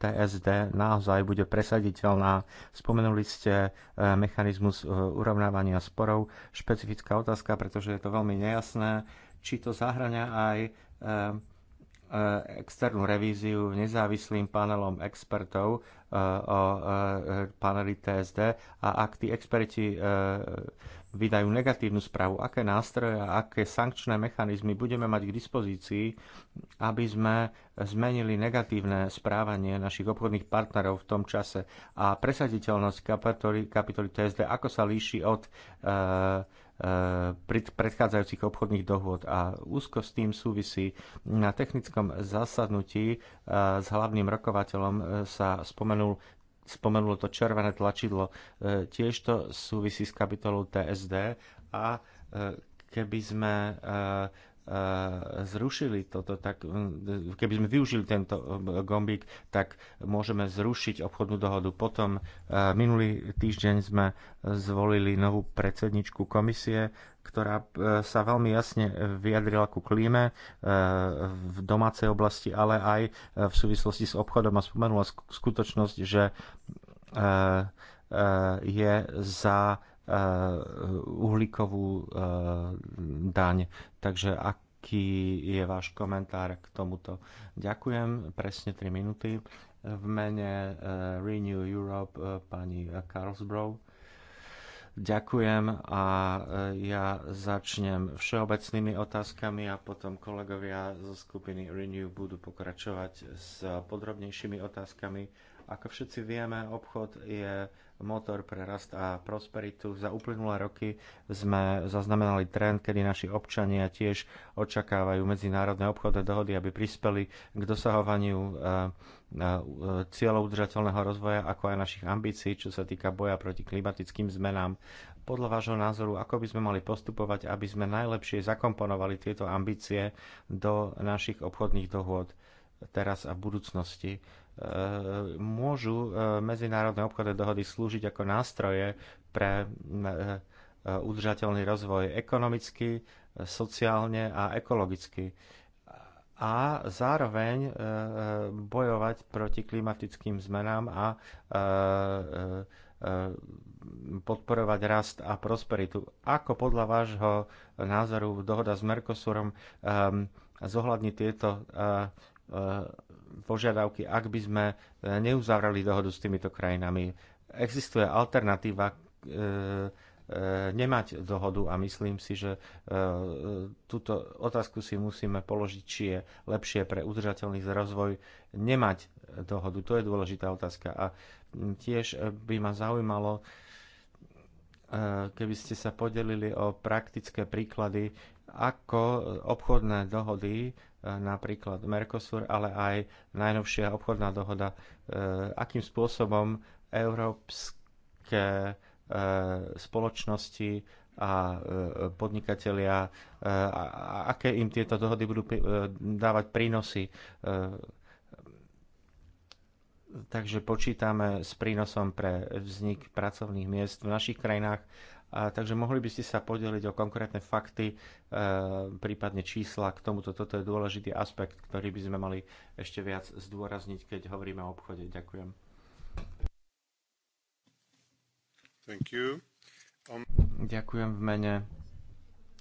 TSD naozaj bude presaditeľná. Spomenuli ste e, mechanizmus e, urovnávania sporov. Špecifická otázka, pretože je to veľmi nejasné, či to zahrania aj Eh, externú revíziu nezávislým panelom expertov eh, o eh, paneli TSD a ak tí experti vydajú negatívnu správu, aké nástroje a aké sankčné mechanizmy budeme mať k dispozícii, aby sme zmenili negatívne správanie našich obchodných partnerov v tom čase a presaditeľnosť kapitoly, kapitoly TSD, ako sa líši od Eh, predchádzajúcich obchodných dohôd a úzko s tým súvisí. Na technickom zasadnutí eh, s hlavným rokovateľom eh, sa spomenul spomenulo to červené tlačidlo. Tiež to súvisí s kapitolou TSD a keby sme zrušili toto, tak keby sme využili tento e, gombík, tak môžeme zrušiť obchodnú dohodu. Potom e, minulý týždeň sme zvolili novú predsedničku komisie, ktorá e, sa veľmi jasne vyjadrila ku klíme v domácej oblasti, ale aj v súvislosti s obchodom a spomenula skutočnosť, že je za Eh, uhlíkovú eh, daň. Takže aký je váš komentár k tomuto? Ďakujem, presne 3 minúty. V mene eh, Renew Europe pani Carlsbrough. Ďakujem a ja začnem všeobecnými otázkami a potom kolegovia zo skupiny Renew budú pokračovať s podrobnejšími otázkami. Ako všetci vieme, obchod je motor pre rast a prosperitu. Za uplynulé roky sme zaznamenali trend, kedy naši občania tiež očakávajú medzinárodné obchodné dohody, aby prispeli k dosahovaniu e, e, cieľov udržateľného rozvoja, ako aj našich ambícií, čo sa týka boja proti klimatickým zmenám. Podľa vášho názoru, ako by sme mali postupovať, aby sme najlepšie zakomponovali tieto ambície do našich obchodných dohôd teraz a v budúcnosti? Eh, môžu eh, medzinárodné obchodné dohody slúžiť ako nástroje pre eh, udržateľný rozvoj ekonomicky, sociálne a ekologicky a zároveň bojovať proti klimatickým zmenám a podporovať rast a prosperitu. Ako podľa vášho názoru dohoda s Mercosurom zohľadní tieto požiadavky, ak by sme e, neuzavrali dohodu s týmito krajinami. Existuje alternatíva, e, e, nemať dohodu a myslím si, že túto otázku si musíme položiť, či je lepšie pre udržateľný rozvoj nemať dohodu. To je dôležitá otázka. A tiež by ma zaujímalo, keby ste sa podelili o praktické príklady, ako obchodné dohody Eh, napríklad Mercosur, ale aj najnovšia obchodná dohoda, eh, akým spôsobom európske eh, spoločnosti a podnikatelia, aké im tieto dohody budú dávať prínosy. Takže počítame s prínosom pre vznik pracovných miest v našich krajinách a, takže mohli by ste sa podeliť o konkrétne fakty, e, prípadne čísla k tomuto. Toto je dôležitý aspekt, ktorý by sme mali ešte viac zdôrazniť, keď hovoríme o obchode. Ďakujem. Thank you. Um... Ďakujem v mene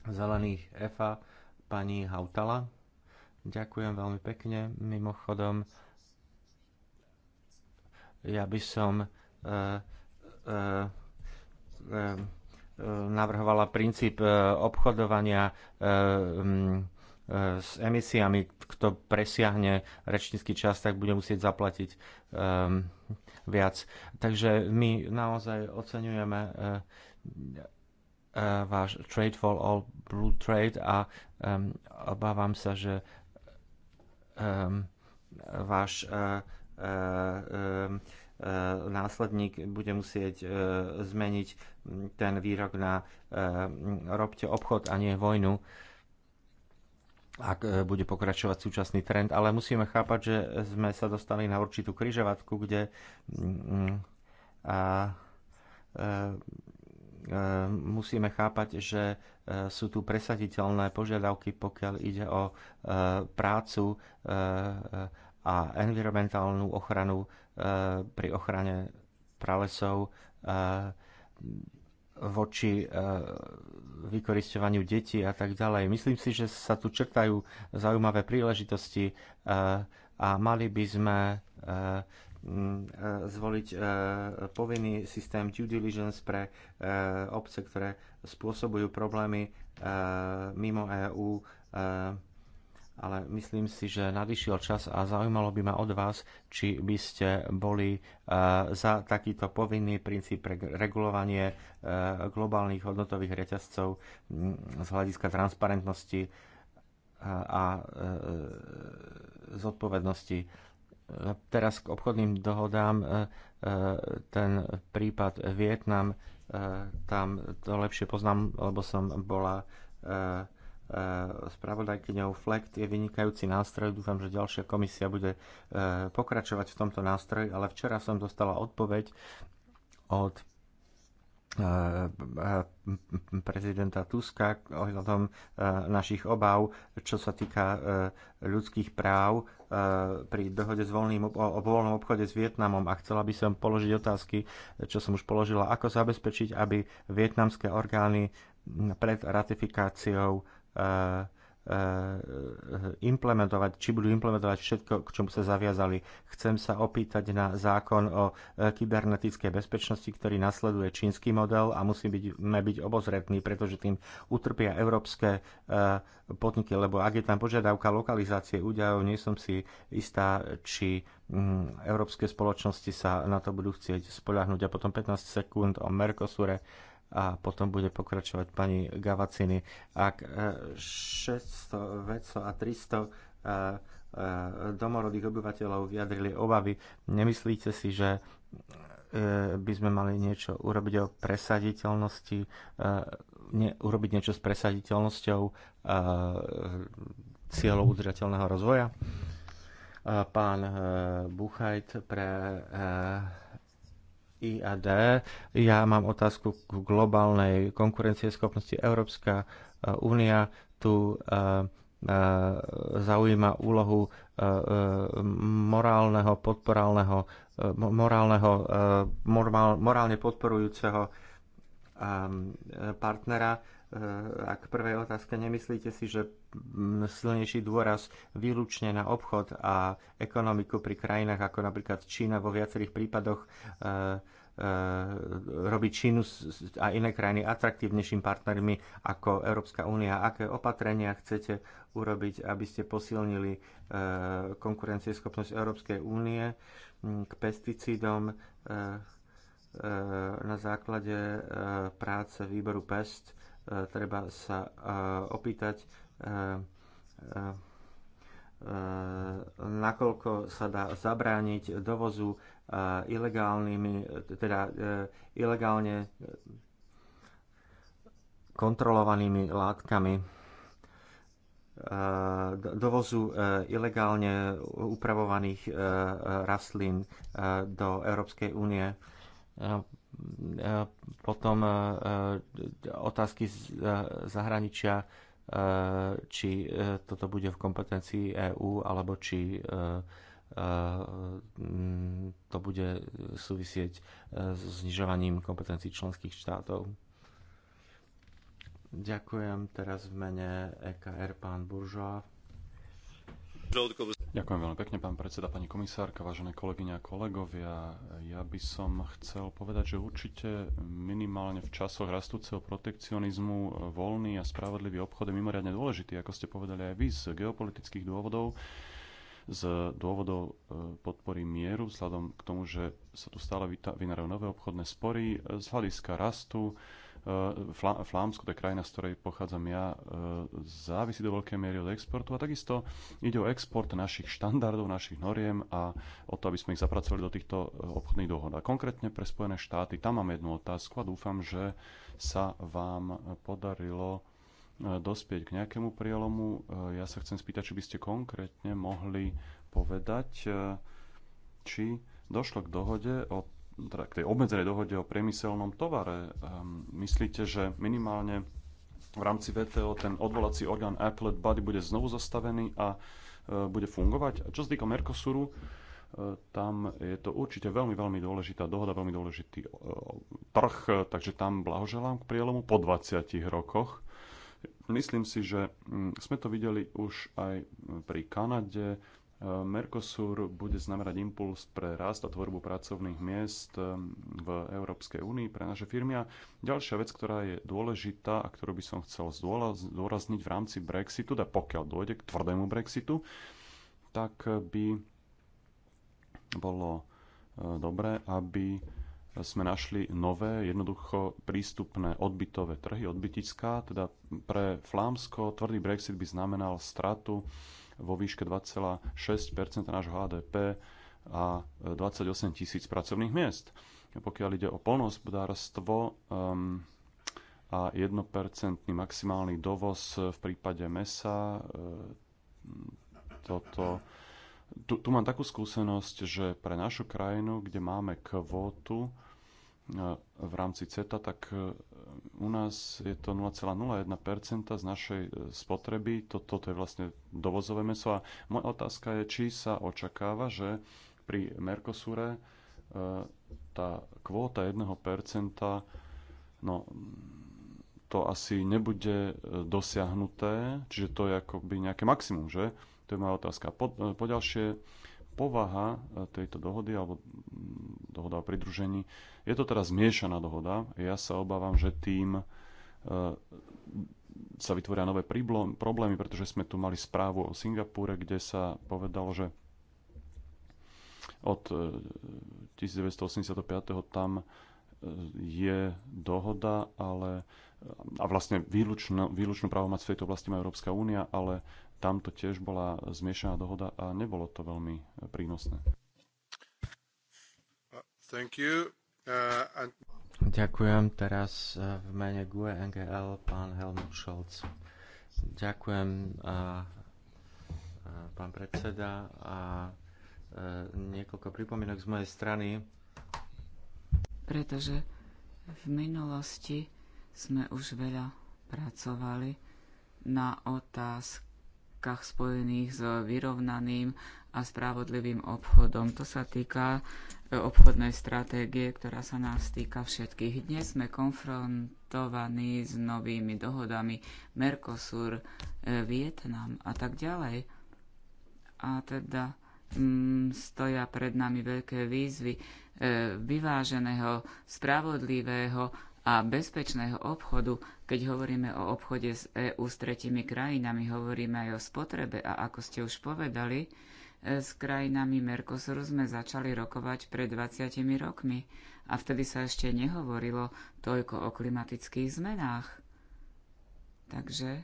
zelených EFA pani Hautala. Ďakujem veľmi pekne. Mimochodom, ja by som uh, uh, uh, E, navrhovala princíp e, obchodovania e, s emisiami. Kto presiahne rečnícky čas, tak bude musieť zaplatiť viac. Takže my naozaj oceňujeme váš Trade for All Blue Trade a obávam sa, že váš E, následník bude musieť e, zmeniť ten výrok na e, robte obchod a nie vojnu, ak bude pokračovať súčasný trend. Ale musíme chápať, že sme sa dostali na určitú kryžovatku, kde mm, a, musíme chápať, že sú tu presaditeľné požiadavky, pokiaľ ide o prácu a environmentálnu ochranu Eh, pri ochrane pralesov eh, voči eh, vykoristovaniu detí a tak ďalej. Myslím si, že sa tu črtajú zaujímavé príležitosti a mali by sme zvoliť povinný systém due diligence pre obce, ktoré spôsobujú problémy mimo EÚ ale myslím si, že nadišiel čas a zaujímalo by ma od vás, či by ste boli e, za takýto povinný princíp pre regulovanie e, globálnych hodnotových reťazcov z hľadiska transparentnosti e, a zodpovednosti. Teraz k obchodným dohodám ten prípad Vietnam, tam to lepšie poznám, lebo som bola E, spravodajkyňou FLECT je vynikajúci nástroj. Dúfam, že ďalšia komisia bude e, pokračovať v tomto nástroji, ale včera som dostala odpoveď od e, prezidenta Tuska ohľadom našich obáv, čo sa týka ľudských práv pri dohode s voľným, o voľnom obchode s Vietnamom. A chcela by som položiť otázky, čo som už položila. Ako zabezpečiť, aby vietnamské orgány pred ratifikáciou implementovať, či budú implementovať všetko, k čomu sa zaviazali. Chcem sa opýtať na zákon o e, kybernetickej bezpečnosti, ktorý nasleduje čínsky model a musíme byť, byť obozretní, pretože tým utrpia európske e, podniky, lebo ak je tam požiadavka lokalizácie údajov, nie som si istá, či mm, európske spoločnosti sa na to budú chcieť spoľahnúť. A potom 15 sekúnd o Mercosure a potom bude pokračovať pani Gavaciny. Ak 600 e, vedcov a 300 e, e, domorodých obyvateľov vyjadrili obavy, nemyslíte si, že by sme mali niečo urobiť o presaditeľnosti, ne, urobiť niečo s presaditeľnosťou cieľov udržateľného rozvoja? Pán Buchajt pre IAD. Ja mám otázku k globálnej konkurencieschopnosti. Európska e, únia tu e, e, zaujíma úlohu morálneho, podporálneho, morálneho, morálne podporujúceho partnera a k prvej otázke, nemyslíte si, že silnejší dôraz výlučne na obchod a ekonomiku pri krajinách ako napríklad Čína vo viacerých prípadoch e, e, robí Čínu a iné krajiny atraktívnejším partnermi ako Európska únia. Aké opatrenia chcete urobiť, aby ste posilnili e, konkurencieschopnosť Európskej únie k pesticídom na základe práce výboru PEST? E, treba sa e, opýtať, e, nakoľko sa dá zabrániť dovozu ilegálnymi, teda ilegálne kontrolovanými látkami dovozu ilegálne upravovaných rastlín do Európskej únie potom e, e, otázky z e, zahraničia, či toto bude v kompetencii EÚ, alebo či to bude súvisieť s znižovaním kompetencií členských štátov. Ďakujem teraz v mene EKR pán Buržoa. Ďakujem veľmi pekne, pán predseda, pani komisárka, vážené kolegyne a kolegovia. Ja by som chcel povedať, že určite minimálne v časoch rastúceho protekcionizmu voľný a spravodlivý obchod je mimoriadne dôležitý, ako ste povedali aj vy, z geopolitických dôvodov, z dôvodov e, podpory mieru, vzhľadom k tomu, že sa tu stále vynárajú nové obchodné spory, e, z hľadiska rastu, E, Flámsko, to je krajina, z ktorej pochádzam ja, e, závisí do veľkej miery od exportu a takisto ide o export našich štandardov, našich noriem a o to, aby sme ich zapracovali do týchto e, obchodných dohod. A konkrétne pre Spojené štáty, tam mám jednu otázku a dúfam, že sa vám podarilo dospieť k nejakému prielomu. Ja sa chcem spýtať, či by ste konkrétne mohli povedať, či došlo k dohode o teda k tej obmedzenej dohode o priemyselnom tovare. Ehm, myslíte, že minimálne v rámci VTO ten odvolací orgán Applet Body bude znovu zastavený a e, bude fungovať? A čo sa týka Mercosuru, e, tam je to určite veľmi, veľmi dôležitá dohoda, veľmi dôležitý e, trh, takže tam blahoželám k prielomu po 20 rokoch. Myslím si, že mm, sme to videli už aj pri Kanade, Mercosur bude znamenať impuls pre rast a tvorbu pracovných miest ehm, v Európskej únii pre naše firmy. A ďalšia vec, ktorá je dôležitá a ktorú by som chcel zdôrazniť v rámci Brexitu, da pokiaľ dôjde k tvrdému Brexitu, tak by bolo e, dobré, aby sme našli nové, jednoducho prístupné odbytové trhy, odbytická, teda pre Flámsko tvrdý Brexit by znamenal stratu vo výške 2,6 nášho HDP a 28 e, tisíc pracovných miest. Pokiaľ ide o polnohospodárstvo um, a 1% maximálny dovoz v prípade mesa, e, toto, tu, tu mám takú skúsenosť, že pre našu krajinu, kde máme kvótu e, v rámci CETA, tak u nás je to 0,01% z našej e, spotreby. Toto je vlastne dovozové meso. A moja otázka je, či sa očakáva, že pri Mercosure e, tá kvóta 1%, no to asi nebude e, dosiahnuté, čiže to je akoby nejaké maximum, že? To je moja otázka. Po, po ďalšie, povaha e, tejto dohody alebo mm, dohoda o pridružení. Je to teraz zmiešaná dohoda. Ja sa obávam, že tým e, sa vytvoria nové problémy, pretože sme tu mali správu o Singapúre, kde sa povedalo, že od 1985. E, tam je dohoda, ale a vlastne výlučnú, výlučnú právomoc v tejto oblasti má Európska únia, ale tamto tiež bola zmiešaná dohoda a nebolo to veľmi e, prínosné. Thank you. Uh, and... Ďakujem teraz e, v mene GUE NGL pán Helmut Scholz. Ďakujem a, e, a pán predseda a a niekoľko pripomienok z mojej strany. Pretože v minulosti sme už veľa pracovali na otázkach spojených s vyrovnaným a spravodlivým obchodom. To sa týka e, obchodnej stratégie, ktorá sa nás týka všetkých. Dnes sme konfrontovaní s novými dohodami Mercosur, e, Vietnam a tak ďalej. A teda mm, stoja pred nami veľké výzvy e, vyváženého, spravodlivého a bezpečného obchodu, keď hovoríme o obchode s EÚ s tretimi krajinami, hovoríme aj o spotrebe a ako ste už povedali, e, s krajinami Mercosuru sme začali rokovať pred 20 rokmi a vtedy sa ešte nehovorilo toľko o klimatických zmenách. Takže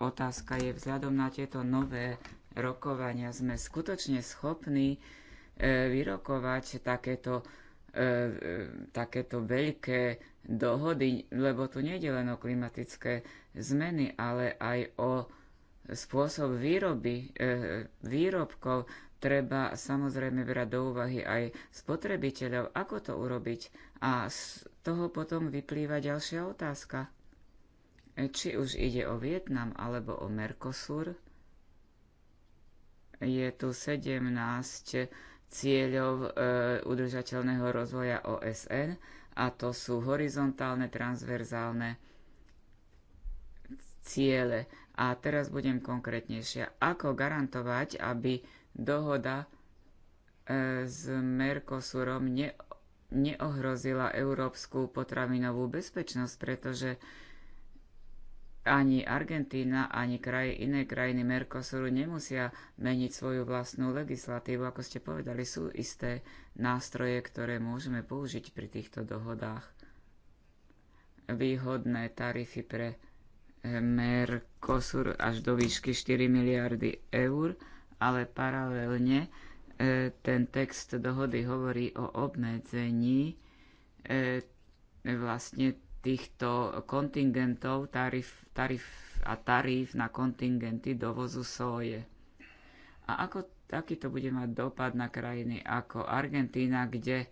otázka je vzhľadom na tieto nové rokovania, sme skutočne schopní e, vyrokovať takéto E, e, takéto veľké dohody, lebo tu nejde len o klimatické zmeny, ale aj o spôsob výroby e, e, výrobkov. Treba samozrejme brať do úvahy aj spotrebiteľov, ako to urobiť. A z toho potom vyplýva ďalšia otázka. Či už ide o Vietnam alebo o Mercosur, je tu 17 cieľov e, udržateľného rozvoja OSN a to sú horizontálne, transverzálne ciele. A teraz budem konkrétnejšia. Ako garantovať, aby dohoda e, s Mercosurom neohrozila európsku potravinovú bezpečnosť, pretože ani Argentína, ani kraj, iné krajiny Mercosuru nemusia meniť svoju vlastnú legislatívu. Ako ste povedali, sú isté nástroje, ktoré môžeme použiť pri týchto dohodách. Výhodné tarify pre eh, Mercosur až do výšky 4 miliardy eur, ale paralelne eh, ten text dohody hovorí o obmedzení eh, vlastne týchto kontingentov tarif, tarif a tarif na kontingenty dovozu soje. A ako taký to bude mať dopad na krajiny ako Argentína, kde e,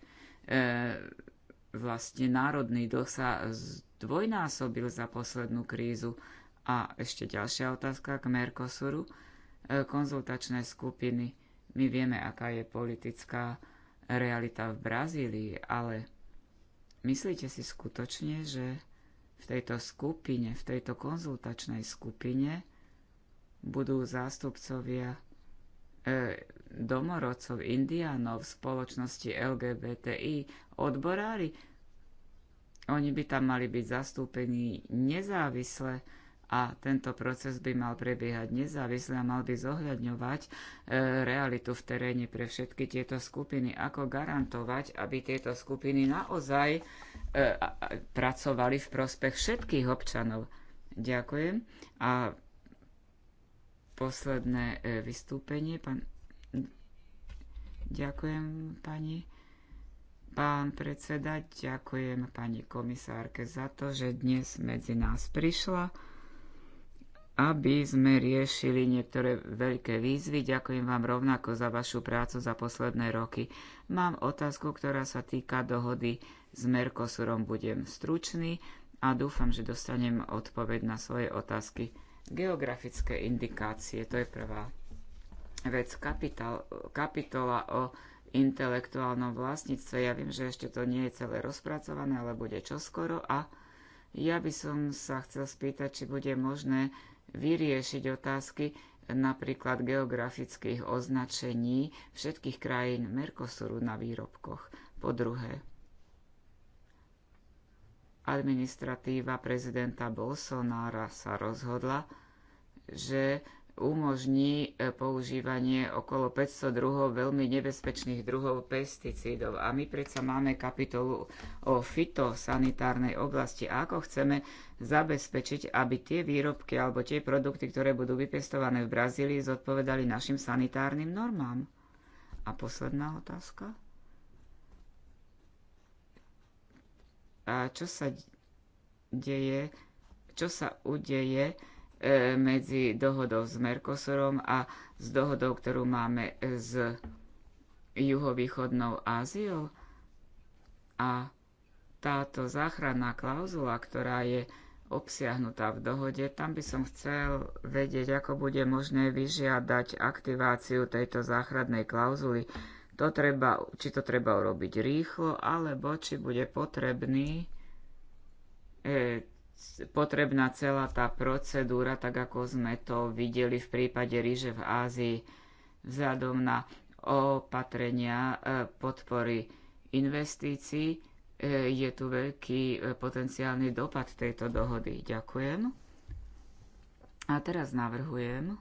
vlastne národný dlh sa zdvojnásobil za poslednú krízu. A ešte ďalšia otázka k Mercosuru. E, konzultačné skupiny. My vieme, aká je politická realita v Brazílii, ale Myslíte si skutočne, že v tejto skupine, v tejto konzultačnej skupine budú zástupcovia e, domorodcov, indiánov, spoločnosti LGBTI, odborári? Oni by tam mali byť zastúpení nezávisle a tento proces by mal prebiehať nezávisle a mal by zohľadňovať e, realitu v teréne pre všetky tieto skupiny. Ako garantovať, aby tieto skupiny naozaj e, a, a, pracovali v prospech všetkých občanov. Ďakujem. A posledné e, vystúpenie. Pán... Ďakujem, pani. Pán predseda, ďakujem pani komisárke za to, že dnes medzi nás prišla aby sme riešili niektoré veľké výzvy. Ďakujem vám rovnako za vašu prácu za posledné roky. Mám otázku, ktorá sa týka dohody s Mercosurom. Budem stručný a dúfam, že dostanem odpoveď na svoje otázky. Geografické indikácie, to je prvá vec. Kapital, kapitola o intelektuálnom vlastníctve. Ja viem, že ešte to nie je celé rozpracované, ale bude čoskoro. A ja by som sa chcel spýtať, či bude možné vyriešiť otázky napríklad geografických označení všetkých krajín Mercosuru na výrobkoch. Po druhé, administratíva prezidenta Bolsonára sa rozhodla, že umožní e, používanie okolo 500 druhov veľmi nebezpečných druhov pesticídov. A my predsa máme kapitolu o fitosanitárnej oblasti. A ako chceme zabezpečiť, aby tie výrobky alebo tie produkty, ktoré budú vypestované v Brazílii, zodpovedali našim sanitárnym normám? A posledná otázka. A čo sa deje, čo sa udeje, E, medzi dohodou s Mercosurom a s dohodou, ktorú máme s juhovýchodnou Áziou. A táto záchranná klauzula, ktorá je obsiahnutá v dohode, tam by som chcel vedieť, ako bude možné vyžiadať aktiváciu tejto záchrannej klauzuly. To treba, či to treba urobiť rýchlo, alebo či bude potrebný e, potrebná celá tá procedúra, tak ako sme to videli v prípade ríže v Ázii, vzhľadom na opatrenia e, podpory investícií. E, je tu veľký e, potenciálny dopad tejto dohody. Ďakujem. A teraz navrhujem,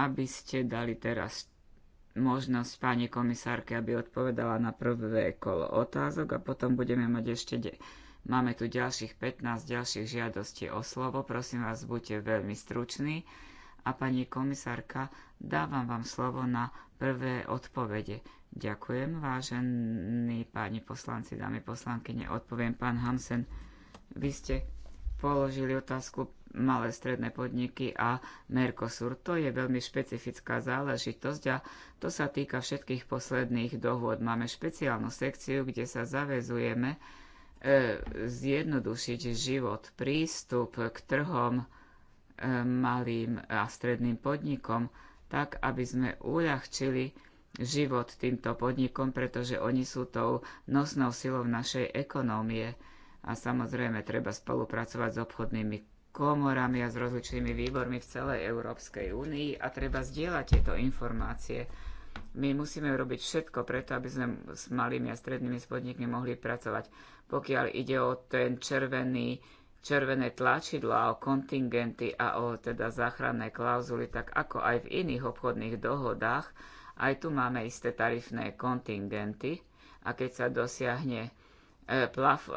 aby ste dali teraz možnosť pani komisárke, aby odpovedala na prvé kolo otázok a potom budeme mať ešte... De- Máme tu ďalších 15 ďalších žiadostí o slovo. Prosím vás, buďte veľmi struční. A pani komisárka, dávam vám slovo na prvé odpovede. Ďakujem, vážení páni poslanci, dámy poslankyne. Odpoviem, pán Hamsen, vy ste položili otázku malé stredné podniky a Mercosur. To je veľmi špecifická záležitosť a to sa týka všetkých posledných dohôd. Máme špeciálnu sekciu, kde sa zavezujeme e, zjednodušiť život, prístup k trhom e, malým a stredným podnikom, tak aby sme uľahčili život týmto podnikom, pretože oni sú tou nosnou silou našej ekonómie. A samozrejme treba spolupracovať s obchodnými komorami a s rozličnými výbormi v celej Európskej únii a treba zdieľať tieto informácie. My musíme robiť všetko preto, aby sme s malými a strednými spodnikmi mohli pracovať. Pokiaľ ide o ten červený, červené tlačidlo a o kontingenty a o teda záchranné klauzuly, tak ako aj v iných obchodných dohodách, aj tu máme isté tarifné kontingenty a keď sa dosiahne plaf, e,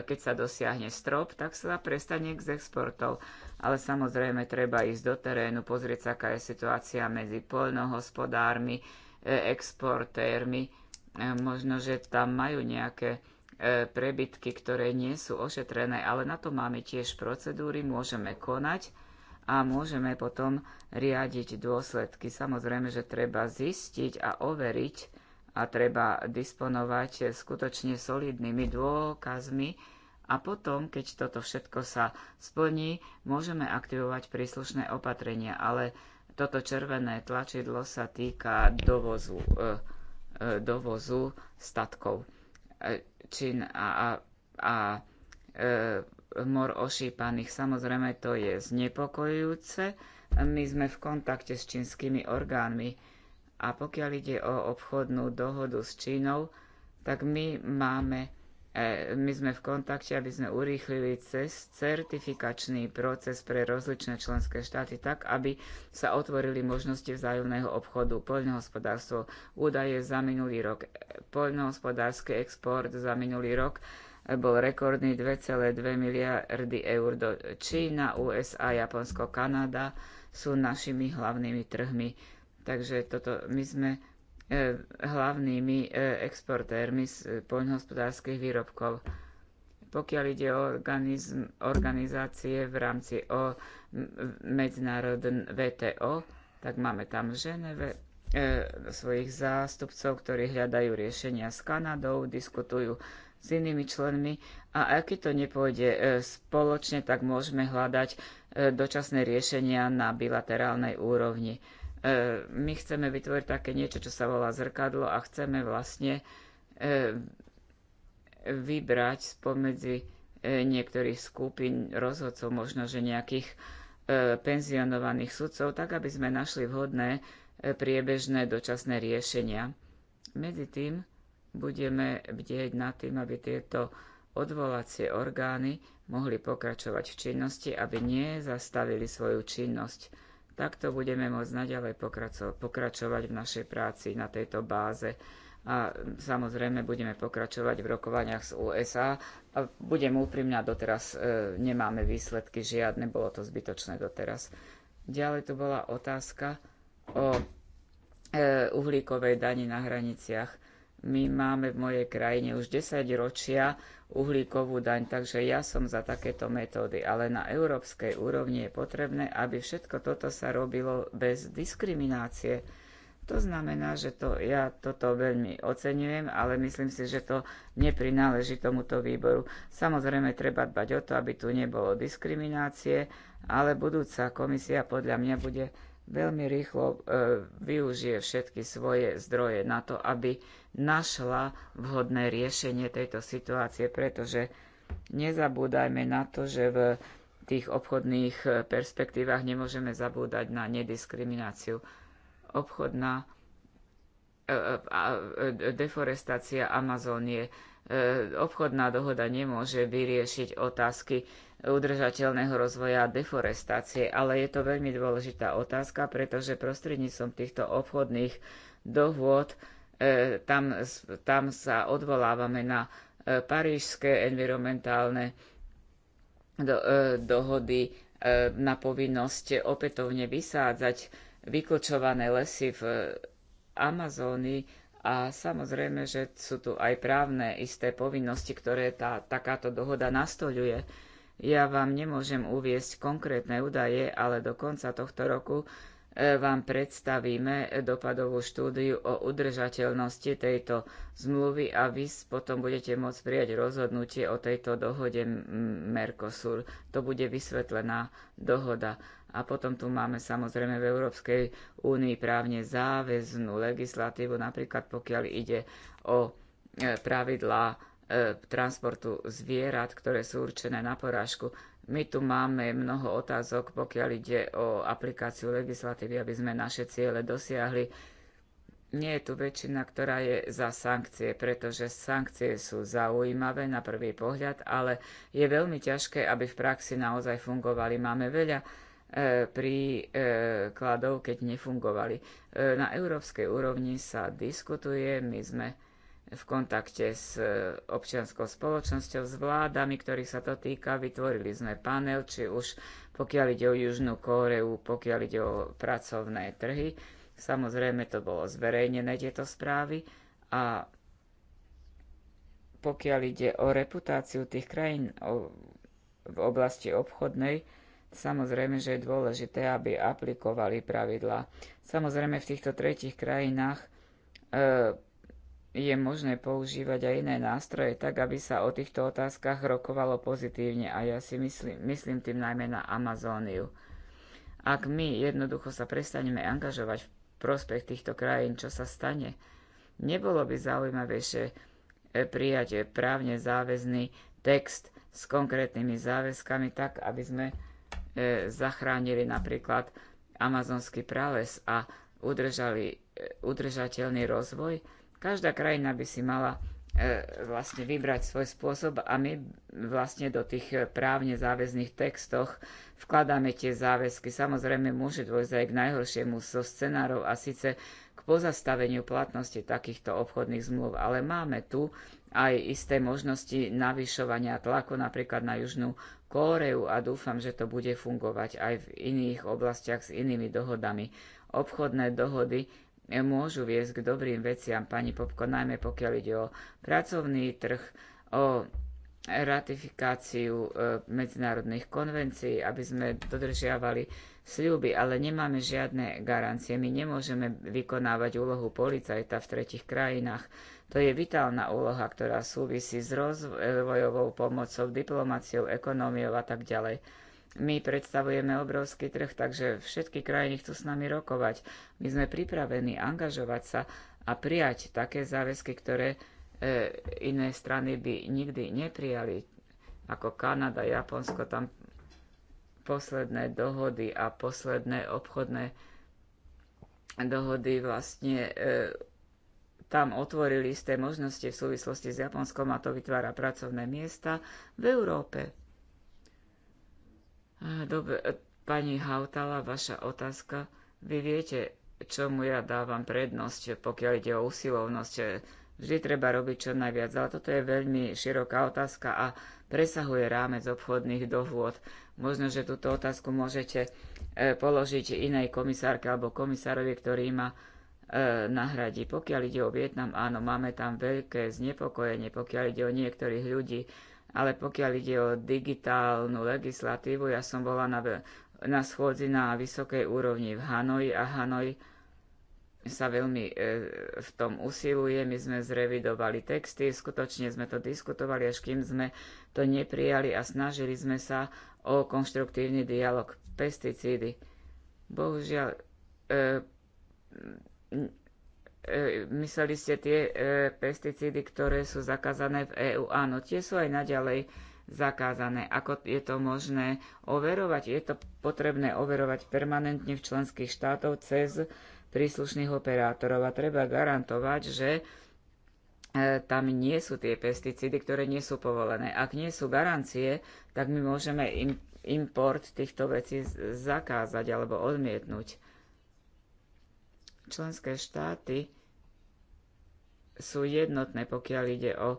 keď sa dosiahne strop, tak sa prestane k exportov. Ale samozrejme treba ísť do terénu, pozrieť sa, aká je situácia medzi poľnohospodármi, e, exportérmi. E, možno, že tam majú nejaké prebytky, ktoré nie sú ošetrené, ale na to máme tiež procedúry, môžeme konať a môžeme potom riadiť dôsledky. Samozrejme, že treba zistiť a overiť, a treba disponovať skutočne solidnými dôkazmi a potom, keď toto všetko sa splní, môžeme aktivovať príslušné opatrenia. Ale toto červené tlačidlo sa týka dovozu, e, e, dovozu statkov. E, čin a, a, a e, mor ošípaných. Samozrejme, to je znepokojujúce. My sme v kontakte s čínskymi orgánmi a pokiaľ ide o obchodnú dohodu s Čínou, tak my máme e, my sme v kontakte, aby sme urýchlili cez certifikačný proces pre rozličné členské štáty tak, aby sa otvorili možnosti vzájomného obchodu. Poľnohospodárstvo údaje za minulý rok. Poľnohospodársky export za minulý rok e, bol rekordný 2,2 miliardy eur do Čína, USA, Japonsko, Kanada sú našimi hlavnými trhmi. Takže toto, my sme e, hlavnými e, exportérmi z poľnohospodárskych výrobkov. Pokiaľ ide o organizm, organizácie v rámci o medzinárodné VTO, tak máme tam v Ženeve e, svojich zástupcov, ktorí hľadajú riešenia s Kanadou, diskutujú s inými členmi a ak to nepôjde spoločne, tak môžeme hľadať dočasné riešenia na bilaterálnej úrovni. E, my chceme vytvoriť také niečo, čo sa volá zrkadlo a chceme vlastne e, vybrať spomedzi e, niektorých skupín rozhodcov, možno že nejakých penzionovaných sudcov, tak aby sme našli vhodné priebežné dočasné riešenia. Medzi tým budeme bdieť nad tým, aby tieto odvolacie orgány mohli pokračovať v činnosti, aby nezastavili svoju činnosť Takto budeme môcť naďalej pokračovať v našej práci na tejto báze a samozrejme budeme pokračovať v rokovaniach z USA. A budem úprimná, doteraz e, nemáme výsledky žiadne, bolo to zbytočné doteraz. Ďalej tu bola otázka o e, uhlíkovej dani na hraniciach my máme v mojej krajine už 10 ročia uhlíkovú daň, takže ja som za takéto metódy, ale na európskej úrovni je potrebné, aby všetko toto sa robilo bez diskriminácie. To znamená, že to, ja toto veľmi oceňujem, ale myslím si, že to neprináleží tomuto výboru. Samozrejme, treba dbať o to, aby tu nebolo diskriminácie, ale budúca komisia podľa mňa bude veľmi rýchlo e, využije všetky svoje zdroje na to, aby našla vhodné riešenie tejto situácie, pretože nezabúdajme na to, že v tých obchodných e, perspektívach nemôžeme zabúdať na nediskrimináciu. Obchodná e, deforestácia Amazónie E, obchodná dohoda nemôže vyriešiť otázky udržateľného rozvoja a deforestácie, ale je to veľmi dôležitá otázka, pretože prostredníctvom týchto obchodných dohôd e, tam, tam sa odvolávame na e, parížské environmentálne dohody na povinnosť opätovne vysádzať vykočované lesy v Amazónii a samozrejme, že sú tu aj právne isté povinnosti, ktoré tá, takáto dohoda nastoľuje. Ja vám nemôžem uviesť konkrétne údaje, ale do konca tohto roku e, vám predstavíme dopadovú štúdiu o udržateľnosti tejto zmluvy a vy potom budete môcť prijať rozhodnutie o tejto dohode Mercosur. To bude vysvetlená dohoda. A potom tu máme samozrejme v Európskej únii právne záväznú legislatívu, napríklad pokiaľ ide o e, pravidlá e, transportu zvierat, ktoré sú určené na porážku. My tu máme mnoho otázok, pokiaľ ide o aplikáciu legislatívy, aby sme naše ciele dosiahli. Nie je tu väčšina, ktorá je za sankcie, pretože sankcie sú zaujímavé na prvý pohľad, ale je veľmi ťažké, aby v praxi naozaj fungovali. Máme veľa E, Pri kladov, keď nefungovali. E, na európskej úrovni sa diskutuje, my sme v kontakte s občianskou spoločnosťou, s vládami, ktorých sa to týka. Vytvorili sme panel, či už pokiaľ ide o Južnú Kóreu, pokiaľ ide o pracovné trhy. Samozrejme, to bolo zverejnené, tieto správy. A pokiaľ ide o reputáciu tých krajín v oblasti obchodnej, Samozrejme, že je dôležité, aby aplikovali pravidlá. Samozrejme, v týchto tretich krajinách e, je možné používať aj iné nástroje, tak aby sa o týchto otázkach rokovalo pozitívne. A ja si myslím, myslím tým najmä na Amazóniu. Ak my jednoducho sa prestaneme angažovať v prospech týchto krajín, čo sa stane? Nebolo by zaujímavejšie e, prijať právne záväzný text s konkrétnymi záväzkami tak, aby sme E, zachránili napríklad amazonský prales a udržali e, udržateľný rozvoj, každá krajina by si mala e, vlastne vybrať svoj spôsob a my vlastne do tých právne záväzných textoch vkladáme tie záväzky. Samozrejme môže dôjsť aj k najhoršiemu so scenárov a síce k pozastaveniu platnosti takýchto obchodných zmluv, ale máme tu aj isté možnosti navyšovania tlaku napríklad na Južnú Kóreu a dúfam, že to bude fungovať aj v iných oblastiach s inými dohodami. Obchodné dohody môžu viesť k dobrým veciam, pani Popko, najmä pokiaľ ide o pracovný trh, o ratifikáciu e, medzinárodných konvencií, aby sme dodržiavali sľuby, ale nemáme žiadne garancie. My nemôžeme vykonávať úlohu policajta v tretich krajinách. To je vitálna úloha, ktorá súvisí s rozvojovou pomocou, diplomáciou, ekonómiou a tak ďalej. My predstavujeme obrovský trh, takže všetky krajiny chcú s nami rokovať. My sme pripravení angažovať sa a prijať také záväzky, ktoré e, iné strany by nikdy neprijali, ako Kanada, Japonsko, tam posledné dohody a posledné obchodné dohody vlastne e, tam otvorili isté možnosti v súvislosti s Japonskom a to vytvára pracovné miesta v Európe. Dobre, pani Hautala, vaša otázka. Vy viete, čomu ja dávam prednosť, pokiaľ ide o usilovnosť. Vždy treba robiť čo najviac, ale toto je veľmi široká otázka a presahuje rámec obchodných dohôd. Možno, že túto otázku môžete eh, položiť inej komisárke alebo komisárovi, ktorý má E, nahradí. Pokiaľ ide o Vietnam, áno, máme tam veľké znepokojenie, pokiaľ ide o niektorých ľudí, ale pokiaľ ide o digitálnu legislatívu, ja som bola na, na schôdzi na vysokej úrovni v Hanoji a Hanoj sa veľmi e, v tom usiluje. My sme zrevidovali texty, skutočne sme to diskutovali, až kým sme to neprijali a snažili sme sa o konštruktívny dialog pesticídy. Bohužiaľ, e, E, mysleli ste tie e, pesticídy, ktoré sú zakázané v EÚ. Áno, tie sú aj naďalej zakázané. Ako je to možné overovať? Je to potrebné overovať permanentne v členských štátov cez príslušných operátorov a treba garantovať, že e, tam nie sú tie pesticídy, ktoré nie sú povolené. Ak nie sú garancie, tak my môžeme import týchto vecí zakázať alebo odmietnúť členské štáty sú jednotné, pokiaľ ide o e,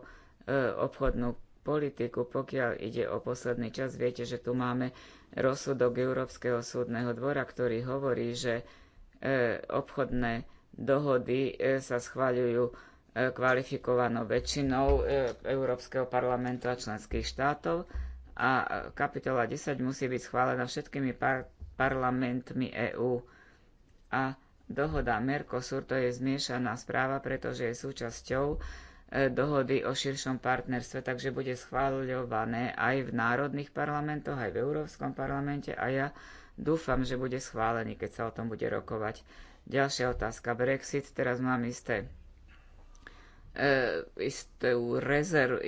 obchodnú politiku, pokiaľ ide o posledný čas. Viete, že tu máme rozsudok Európskeho súdneho dvora, ktorý hovorí, že e, obchodné dohody e, sa schváľujú e, kvalifikovanou väčšinou e, Európskeho parlamentu a členských štátov a kapitola 10 musí byť schválená všetkými par parlamentmi EÚ. A Dohoda Mercosur to je zmiešaná správa, pretože je súčasťou e, dohody o širšom partnerstve, takže bude schváľované aj v národných parlamentoch, aj v Európskom parlamente a ja dúfam, že bude schválený, keď sa o tom bude rokovať. Ďalšia otázka. Brexit. Teraz mám isté e, istú rezervu.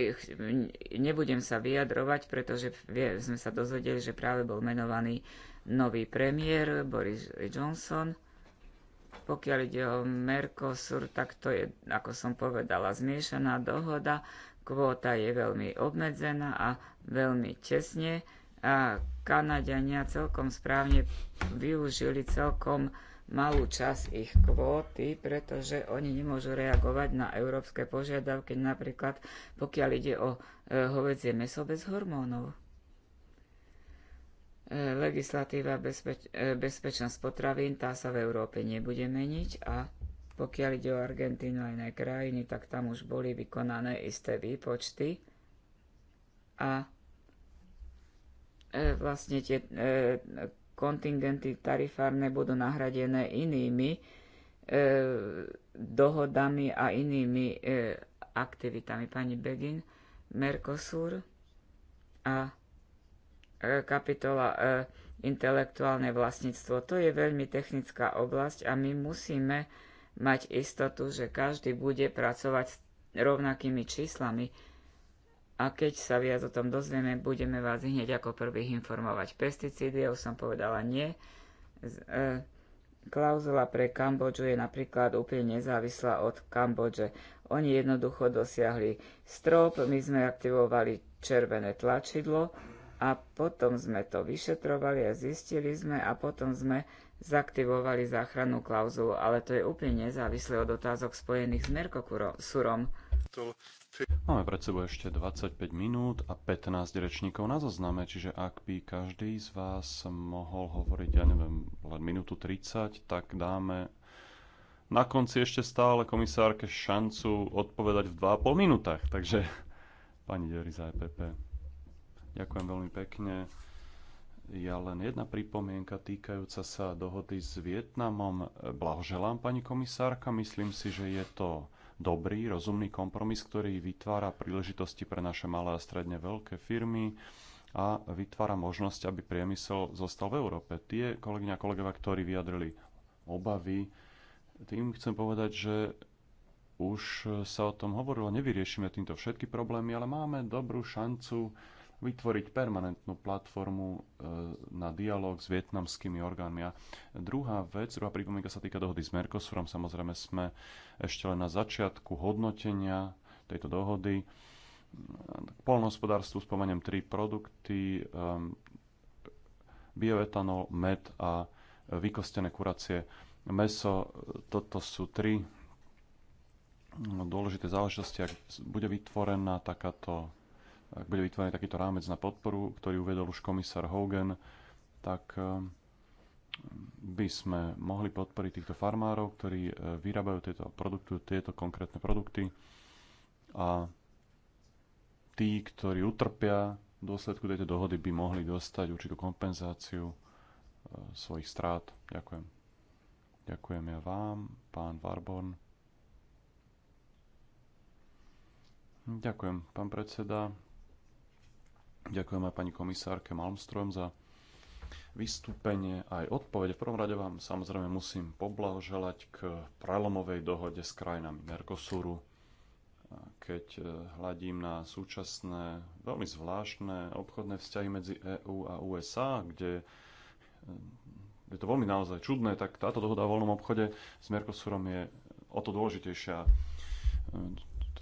Nebudem sa vyjadrovať, pretože sme sa dozvedeli, že práve bol menovaný nový premiér Boris Johnson pokiaľ ide o Mercosur, tak to je, ako som povedala, zmiešaná dohoda. Kvóta je veľmi obmedzená a veľmi tesne. A Kanadiania celkom správne využili celkom malú čas ich kvóty, pretože oni nemôžu reagovať na európske požiadavky, napríklad pokiaľ ide o e, hovedzie meso bez hormónov legislatíva bezpeč- e, bezpečnosť potravín, tá sa v Európe nebude meniť a pokiaľ ide o Argentínu a iné krajiny, tak tam už boli vykonané isté výpočty a e, vlastne tie e, kontingenty tarifárne budú nahradené inými dohodami a inými aktivitami. Pani Begin, Mercosur a E, kapitola e, intelektuálne vlastníctvo. To je veľmi technická oblasť a my musíme mať istotu, že každý bude pracovať s rovnakými číslami. A keď sa viac o tom dozvieme, budeme vás hneď ako prvých informovať. Pesticídy, ja už som povedala nie. Z, e, klauzula pre Kambodžu je napríklad úplne nezávislá od Kambodže. Oni jednoducho dosiahli strop, my sme aktivovali červené tlačidlo, a potom sme to vyšetrovali a zistili sme a potom sme zaktivovali záchrannú klauzulu, ale to je úplne nezávislé od otázok spojených s Merkokurom. Máme pred sebou ešte 25 minút a 15 rečníkov na zozname, čiže ak by každý z vás mohol hovoriť, ja neviem, len minútu 30, tak dáme na konci ešte stále komisárke šancu odpovedať v 2,5 minútach. Takže pani Deri za EPP. Ďakujem veľmi pekne. Ja len jedna pripomienka týkajúca sa dohody s Vietnamom. Blahoželám, pani komisárka. Myslím si, že je to dobrý, rozumný kompromis, ktorý vytvára príležitosti pre naše malé a stredne veľké firmy a vytvára možnosť, aby priemysel zostal v Európe. Tie kolegyňa a kolegova, ktorí vyjadrili obavy, tým chcem povedať, že už sa o tom hovorilo, nevyriešime týmto všetky problémy, ale máme dobrú šancu vytvoriť permanentnú platformu e, na dialog s vietnamskými orgánmi. A druhá vec, druhá pripomienka sa týka dohody s Mercosurom. Samozrejme sme ešte len na začiatku hodnotenia tejto dohody. K polnohospodárstvu spomeniem tri produkty, e, bioetanol, med a vykostené kuracie meso. Toto sú tri no, dôležité záležitosti. Ak bude vytvorená takáto ak bude vytvorený takýto rámec na podporu, ktorý uvedol už komisár Hogan, tak eh, by sme mohli podporiť týchto farmárov, ktorí eh, vyrábajú tieto, produkty, tieto konkrétne produkty a tí, ktorí utrpia v dôsledku tejto dohody, by mohli dostať určitú kompenzáciu eh, svojich strát. Ďakujem. Ďakujem ja vám, pán Varborn. Ďakujem, pán predseda. Ďakujem aj pani komisárke Malmström za vystúpenie aj odpovede. V prvom rade vám samozrejme musím poblahoželať k prelomovej dohode s krajinami Mercosuru. Keď e, hľadím na súčasné, veľmi zvláštne obchodné vzťahy medzi EÚ a USA, kde e, je to veľmi naozaj čudné, tak táto dohoda o voľnom obchode s Mercosurom je o to dôležitejšia. E,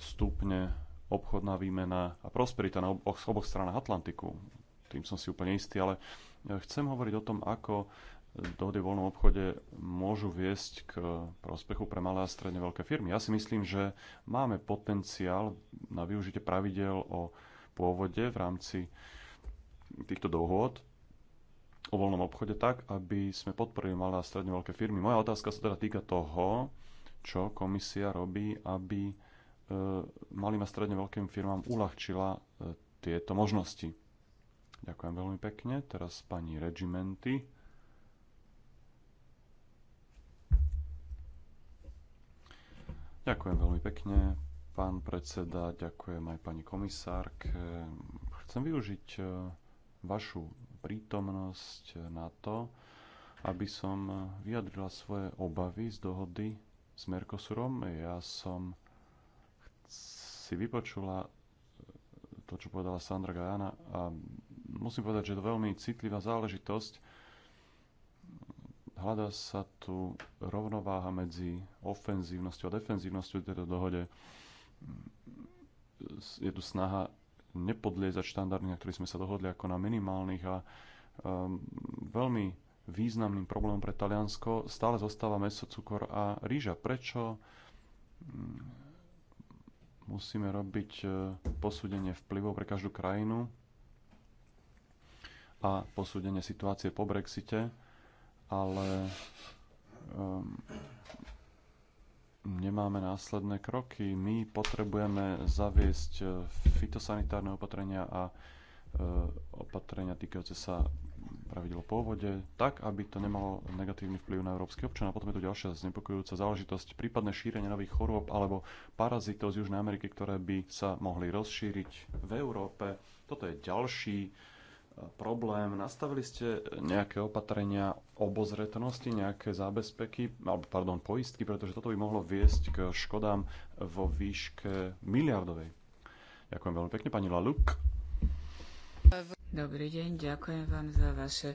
stupne obchodná výmena a prosperita na oboch stranách Atlantiku. Tým som si úplne istý, ale e, chcem hovoriť o tom, ako dohody v voľnom obchode môžu viesť k prospechu pre malé a stredne veľké firmy. Ja si myslím, že máme potenciál na využitie pravidel o pôvode v rámci týchto dohôd o voľnom obchode tak, aby sme podporili malé a stredne veľké firmy. Moja otázka sa teda týka toho, čo komisia robí, aby E, malým a stredne veľkým firmám uľahčila e, tieto možnosti. Ďakujem veľmi pekne. Teraz pani Regimenty. Ďakujem veľmi pekne, pán predseda, ďakujem aj pani komisárk. Chcem využiť e, vašu prítomnosť na to, aby som vyjadrila svoje obavy z dohody s Mercosurom. Ja som si vypočula to, čo povedala Sandra Gajana a musím povedať, že je to veľmi citlivá záležitosť. Hľadá sa tu rovnováha medzi ofenzívnosťou a defenzívnosťou v tejto dohode. Je tu snaha nepodliezať štandardy, na ktorých sme sa dohodli ako na minimálnych a um, veľmi významným problémom pre Taliansko stále zostáva meso, cukor a ríža. Prečo um, musíme robiť e, posúdenie vplyvov pre každú krajinu a posúdenie situácie po Brexite, ale um, nemáme následné kroky. My potrebujeme zaviesť e, fitosanitárne opatrenia a uh, opatrenia týkajúce sa pravidel pôvode, tak, aby to nemalo negatívny vplyv na Európske občana. A potom je tu ďalšia znepokojujúca záležitosť, prípadné šírenie nových chorôb alebo parazitov z Južnej Ameriky, ktoré by sa mohli rozšíriť v Európe. Toto je ďalší e, problém. Nastavili ste nejaké opatrenia obozretnosti, nejaké zábezpeky, alebo pardon, poistky, pretože toto by mohlo viesť k škodám vo výške miliardovej. Ďakujem veľmi pekne, pani Laluk. Dobrý deň, ďakujem vám za vaše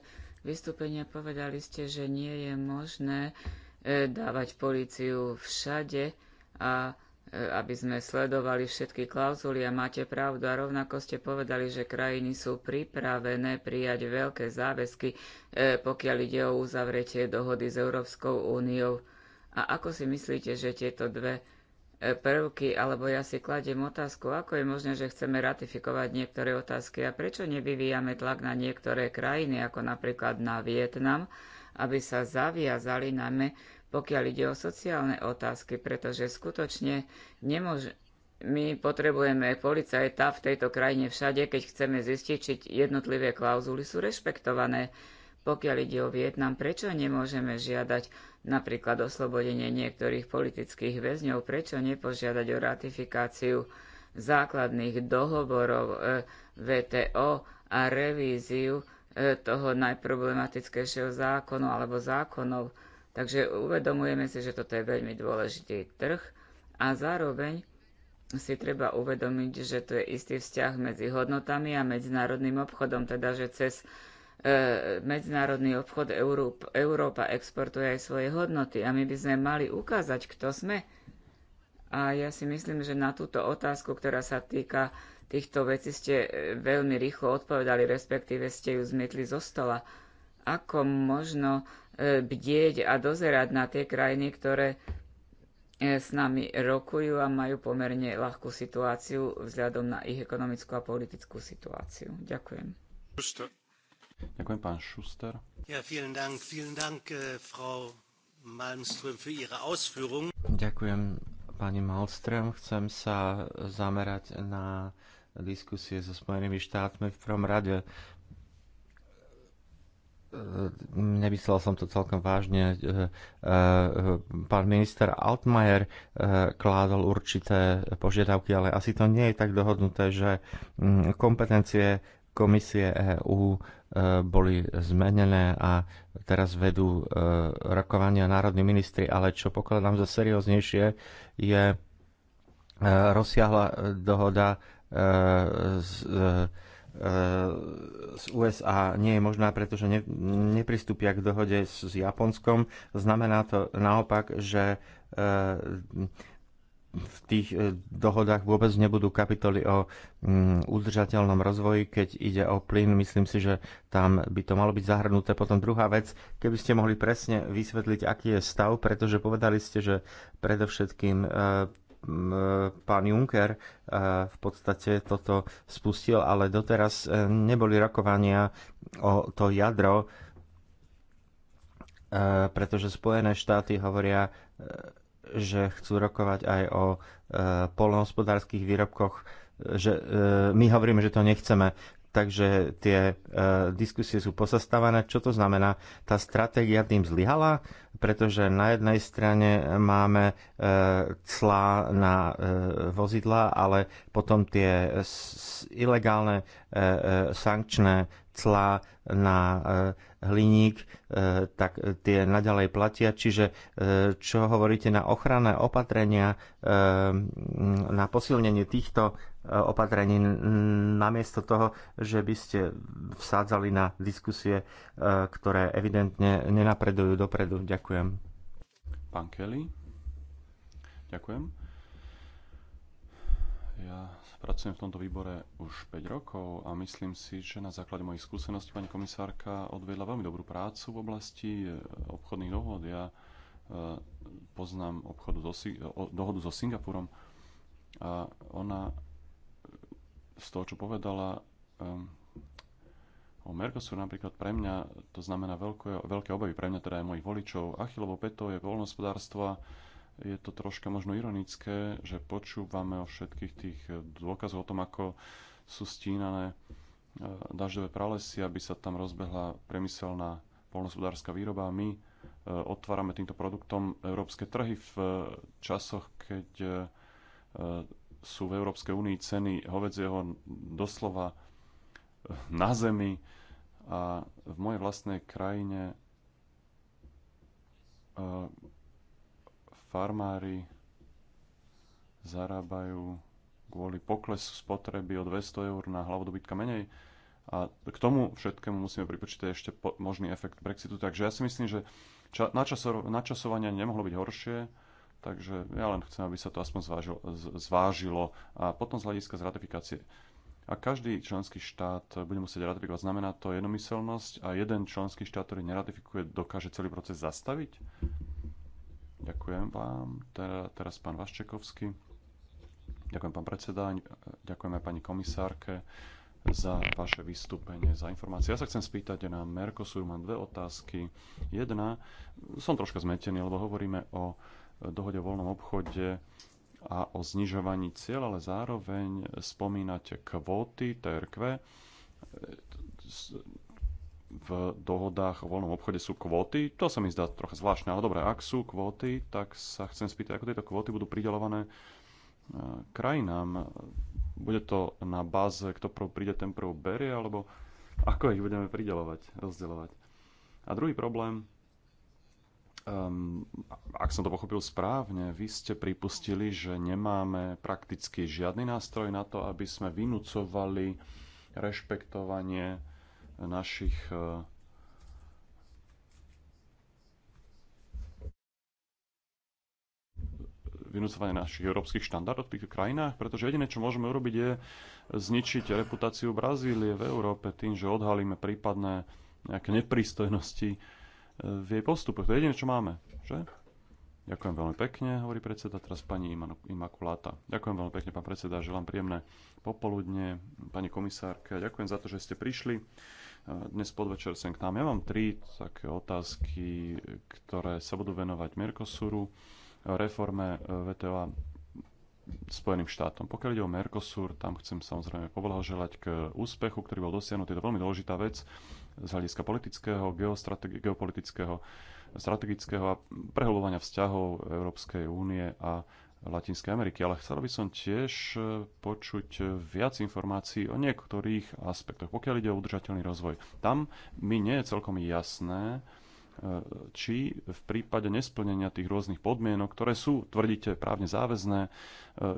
vystúpenie. Povedali ste, že nie je možné e, dávať políciu všade a e, aby sme sledovali všetky klauzuly a máte pravdu a rovnako ste povedali, že krajiny sú pripravené prijať veľké záväzky, e, pokiaľ ide o uzavretie dohody s Európskou úniou. A ako si myslíte, že tieto dve E, prvky, alebo ja si kladiem otázku, ako je možné, že chceme ratifikovať niektoré otázky a prečo nevyvíjame tlak na niektoré krajiny, ako napríklad na Vietnam, aby sa zaviazali najmä pokiaľ ide o sociálne otázky, pretože skutočne nemôž- my potrebujeme policajta v tejto krajine všade, keď chceme zistiť, či jednotlivé klauzuly sú rešpektované. Pokiaľ ide o Vietnam, prečo nemôžeme žiadať napríklad oslobodenie niektorých politických väzňov, prečo nepožiadať o ratifikáciu základných dohovorov e, VTO a revíziu e, toho najproblematickejšieho zákonu alebo zákonov. Takže uvedomujeme si, že toto je veľmi dôležitý trh a zároveň si treba uvedomiť, že to je istý vzťah medzi hodnotami a medzinárodným obchodom, teda že cez E, medzinárodný obchod Európa, Európa exportuje aj svoje hodnoty a my by sme mali ukázať, kto sme. A ja si myslím, že na túto otázku, ktorá sa týka týchto vecí, ste e, veľmi rýchlo odpovedali, respektíve ste ju zmietli zo stola. Ako možno e, bdieť a dozerať na tie krajiny, ktoré s nami rokujú a majú pomerne ľahkú situáciu vzhľadom na ich ekonomickú a politickú situáciu. Ďakujem. Ďakujem, pán Schuster. Ja, vielen Dank, vielen Dank, äh, Frau Malmström, für Ihre Ausführung. Ďakujem, pani Malmström. Chcem sa zamerať na diskusie so Spojenými štátmi v prvom rade. Äh, nemyslel som to celkom vážne. Äh, pán minister Altmaier kládol určité požiadavky, ale asi to nie je tak dohodnuté, že mm, kompetencie komisie EÚ e, boli zmenené a teraz vedú e, rokovania národní ministri, ale čo pokladám za serióznejšie je e, rozsiahla dohoda z, z USA nie je možná, pretože ne, nepristúpia k dohode s, s Japonskom. Znamená to naopak, že v tých e, dohodách vôbec nebudú kapitoly o mm, udržateľnom rozvoji, keď ide o plyn. Myslím si, že tam by to malo byť zahrnuté. Potom druhá vec, keby ste mohli presne vysvetliť, aký je stav, pretože povedali ste, že predovšetkým e, e, pán Juncker v podstate toto spustil, ale doteraz neboli rokovania o to jadro, pretože Spojené štáty hovoria, že chcú rokovať aj o e, polnohospodárských výrobkoch, že e, my hovoríme, že to nechceme. Takže tie e, diskusie sú posastavané, Čo to znamená? Tá stratégia tým zlyhala, pretože na jednej strane máme e, clá na e, vozidla, ale potom tie s, ilegálne e, e, sankčné clá na e, hliník, e, tak tie naďalej platia. Čiže e, čo hovoríte na ochranné opatrenia, e, na posilnenie týchto opatrení, namiesto toho, že by ste vsádzali na diskusie, ktoré evidentne nenapredujú dopredu. Ďakujem. Pán Kelly. Ďakujem. Ja Pracujem v tomto výbore už 5 rokov a myslím si, že na základe mojich skúseností pani komisárka odvedla veľmi dobrú prácu v oblasti eh, obchodných dohod. Ja eh, poznám obchodu so, dohodu so Singapurom a ona eh, z toho, čo povedala o Mercosur napríklad pre mňa, to znamená veľké, veľké obavy pre mňa, teda aj mojich voličov. Achillovo peto je voľnospodárstvo je to troška možno ironické, že počúvame o všetkých tých dôkazov o tom, ako sú stínané e, dažďové pralesy, aby sa tam rozbehla priemyselná polnospodárska výroba my e, otvárame týmto produktom európske trhy v e, časoch, keď sú v Európskej únii ceny hovedzieho doslova na zemi a v mojej vlastnej krajine farmári zarábajú kvôli poklesu spotreby o 200 eur na hlavu dobytka menej. A k tomu všetkému musíme pripočítať ešte možný efekt Brexitu. Takže ja si myslím, že ča- načasovanie nemohlo byť horšie, takže ja len chcem, aby sa to aspoň zvážilo, zvážilo. A potom z hľadiska z ratifikácie. A každý členský štát bude musieť ratifikovať. Znamená to jednomyselnosť a jeden členský štát, ktorý neratifikuje, dokáže celý proces zastaviť? Ďakujem vám. Teraz pán Vaščekovský. Ďakujem pán predseda, ďakujem aj pani komisárke za vaše vystúpenie, za informácie. Ja sa chcem spýtať na Mercosur, mám dve otázky. Jedna, som troška zmetený, lebo hovoríme o dohode o voľnom obchode a o znižovaní cieľ, ale zároveň spomínate kvóty, TRQ v dohodách o voľnom obchode sú kvóty. To sa mi zdá trocha zvláštne, ale dobre, ak sú kvóty, tak sa chcem spýtať, ako tieto kvóty budú pridelované e, krajinám. Bude to na báze, kto prv príde, ten prv berie, alebo ako ich budeme pridelovať, rozdeľovať. A druhý problém, um, ak som to pochopil správne, vy ste pripustili, že nemáme prakticky žiadny nástroj na to, aby sme vynúcovali rešpektovanie našich eh, vynúcovanie našich európskych štandardov v týchto krajinách, pretože jediné, čo môžeme urobiť, je zničiť reputáciu Brazílie v Európe tým, že odhalíme prípadné nejaké neprístojnosti eh, v jej postupoch. To je jediné, čo máme, že? Ďakujem veľmi pekne, hovorí predseda, teraz pani Imakuláta. Ďakujem veľmi pekne, pán predseda, želám príjemné popoludne, pani komisárka. Ďakujem za to, že ste prišli dnes podvečer sem k nám. Ja mám tri také otázky, ktoré sa budú venovať Mercosuru, reforme eh, VTO Spojeným štátom. Pokiaľ ide o Mercosur, tam chcem samozrejme poblahoželať k úspechu, ktorý bol dosiahnutý. je To veľmi dôležitá vec z hľadiska politického, geopolitického, strategického a prehľubovania vzťahov Európskej únie a Latinskej Ameriky, ale chcel by som tiež e, počuť e, viac informácií o niektorých aspektoch. Pokiaľ ide o udržateľný rozvoj, tam mi nie je celkom jasné, e, či v prípade nesplnenia tých rôznych podmienok, ktoré sú, tvrdíte, právne záväzné,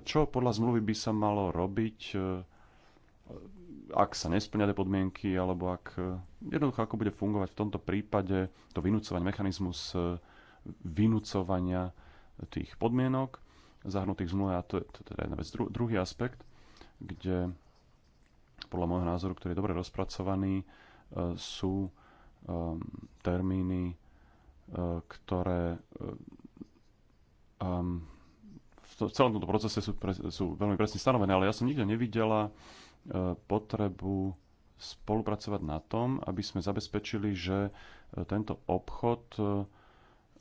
čo podľa zmluvy by sa malo robiť, ak sa nesplňa tie podmienky, alebo ak jednoducho ako bude fungovať v tomto prípade to vynúcovanie, mechanizmus vynúcovania tých podmienok zahrnutých zmluv a to je, to je teda jedna vec. Dru, druhý aspekt, kde podľa môjho názoru, ktorý je dobre rozpracovaný, e, sú e, termíny, e, ktoré v celom tomto procese sú, pre, sú veľmi presne stanovené, ale ja som nikde nevidela potrebu spolupracovať na tom, aby sme zabezpečili, že tento obchod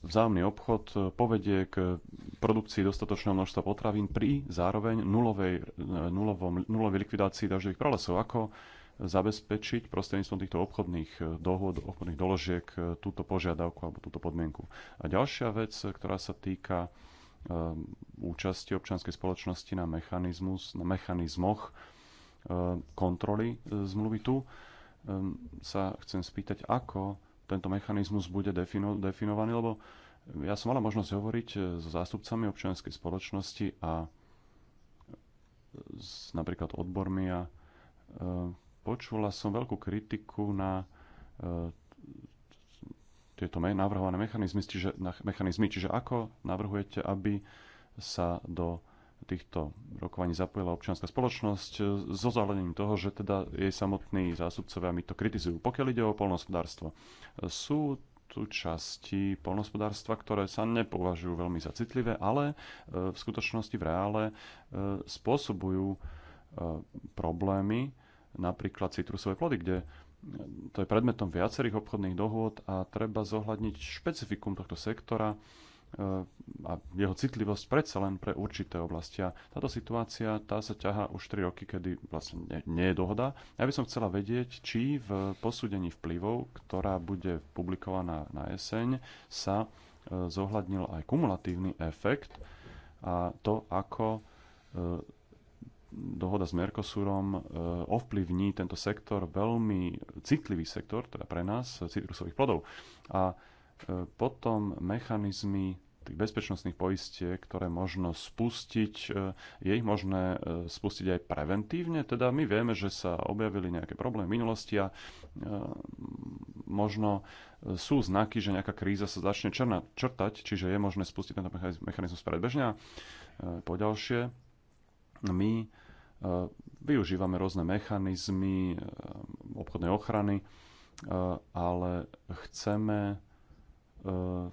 vzájomný obchod e, povedie k produkcii dostatočného množstva potravín pri zároveň nulovej, e, nulovom, nulovej likvidácii dažďových pralesov. Ako zabezpečiť prostredníctvom týchto obchodných e, dohod, obchodných doložiek túto požiadavku alebo túto podmienku. A ďalšia vec, ktorá sa týka účasti občianskej spoločnosti na, mechanizmus, na mechanizmoch kontroly zmluvy tu, sa chcem spýtať, ako tento mechanizmus bude defino, definovaný, lebo ja som mala možnosť hovoriť e, so zástupcami občianskej spoločnosti a e, s napríklad odbormi a e, počula som veľkú kritiku na e, tieto navrhované mechanizmy, čiže, na, mechanizmy, čiže ako navrhujete, aby sa do týchto rokovaní zapojila občianská spoločnosť e, so zahľadením toho, že teda jej samotní zásupcovia mi to kritizujú. Pokiaľ ide o polnospodárstvo, e, sú tu časti polnospodárstva, ktoré sa nepovažujú veľmi za citlivé, ale e, v skutočnosti v reále spôsobujú problémy, napríklad citrusové plody, kde to je predmetom viacerých obchodných dohôd a treba zohľadniť špecifikum tohto sektora, Eh, a jeho citlivosť predsa len pre určité oblasti. A táto situácia, tá sa ťaha už 3 roky, kedy vlastne nie, nie je dohoda. Ja by som chcela vedieť, či v posúdení vplyvov, ktorá bude publikovaná na jeseň, sa eh, zohľadnil aj kumulatívny efekt a to, ako eh, dohoda s Mercosurom ovplyvní tento sektor, veľmi citlivý sektor, teda pre nás, citrusových plodov. A E, potom mechanizmy tých bezpečnostných poistiek, ktoré možno spustiť, e, je ich možné e, spustiť aj preventívne. Teda my vieme, že sa objavili nejaké problémy v minulosti a možno sú znaky, že nejaká kríza sa začne črna, črtať, čiže je možné spustiť tento mechanizmus predbežne. ďalšie, my využívame rôzne mechanizmy obchodnej ochrany, ale chceme Eh,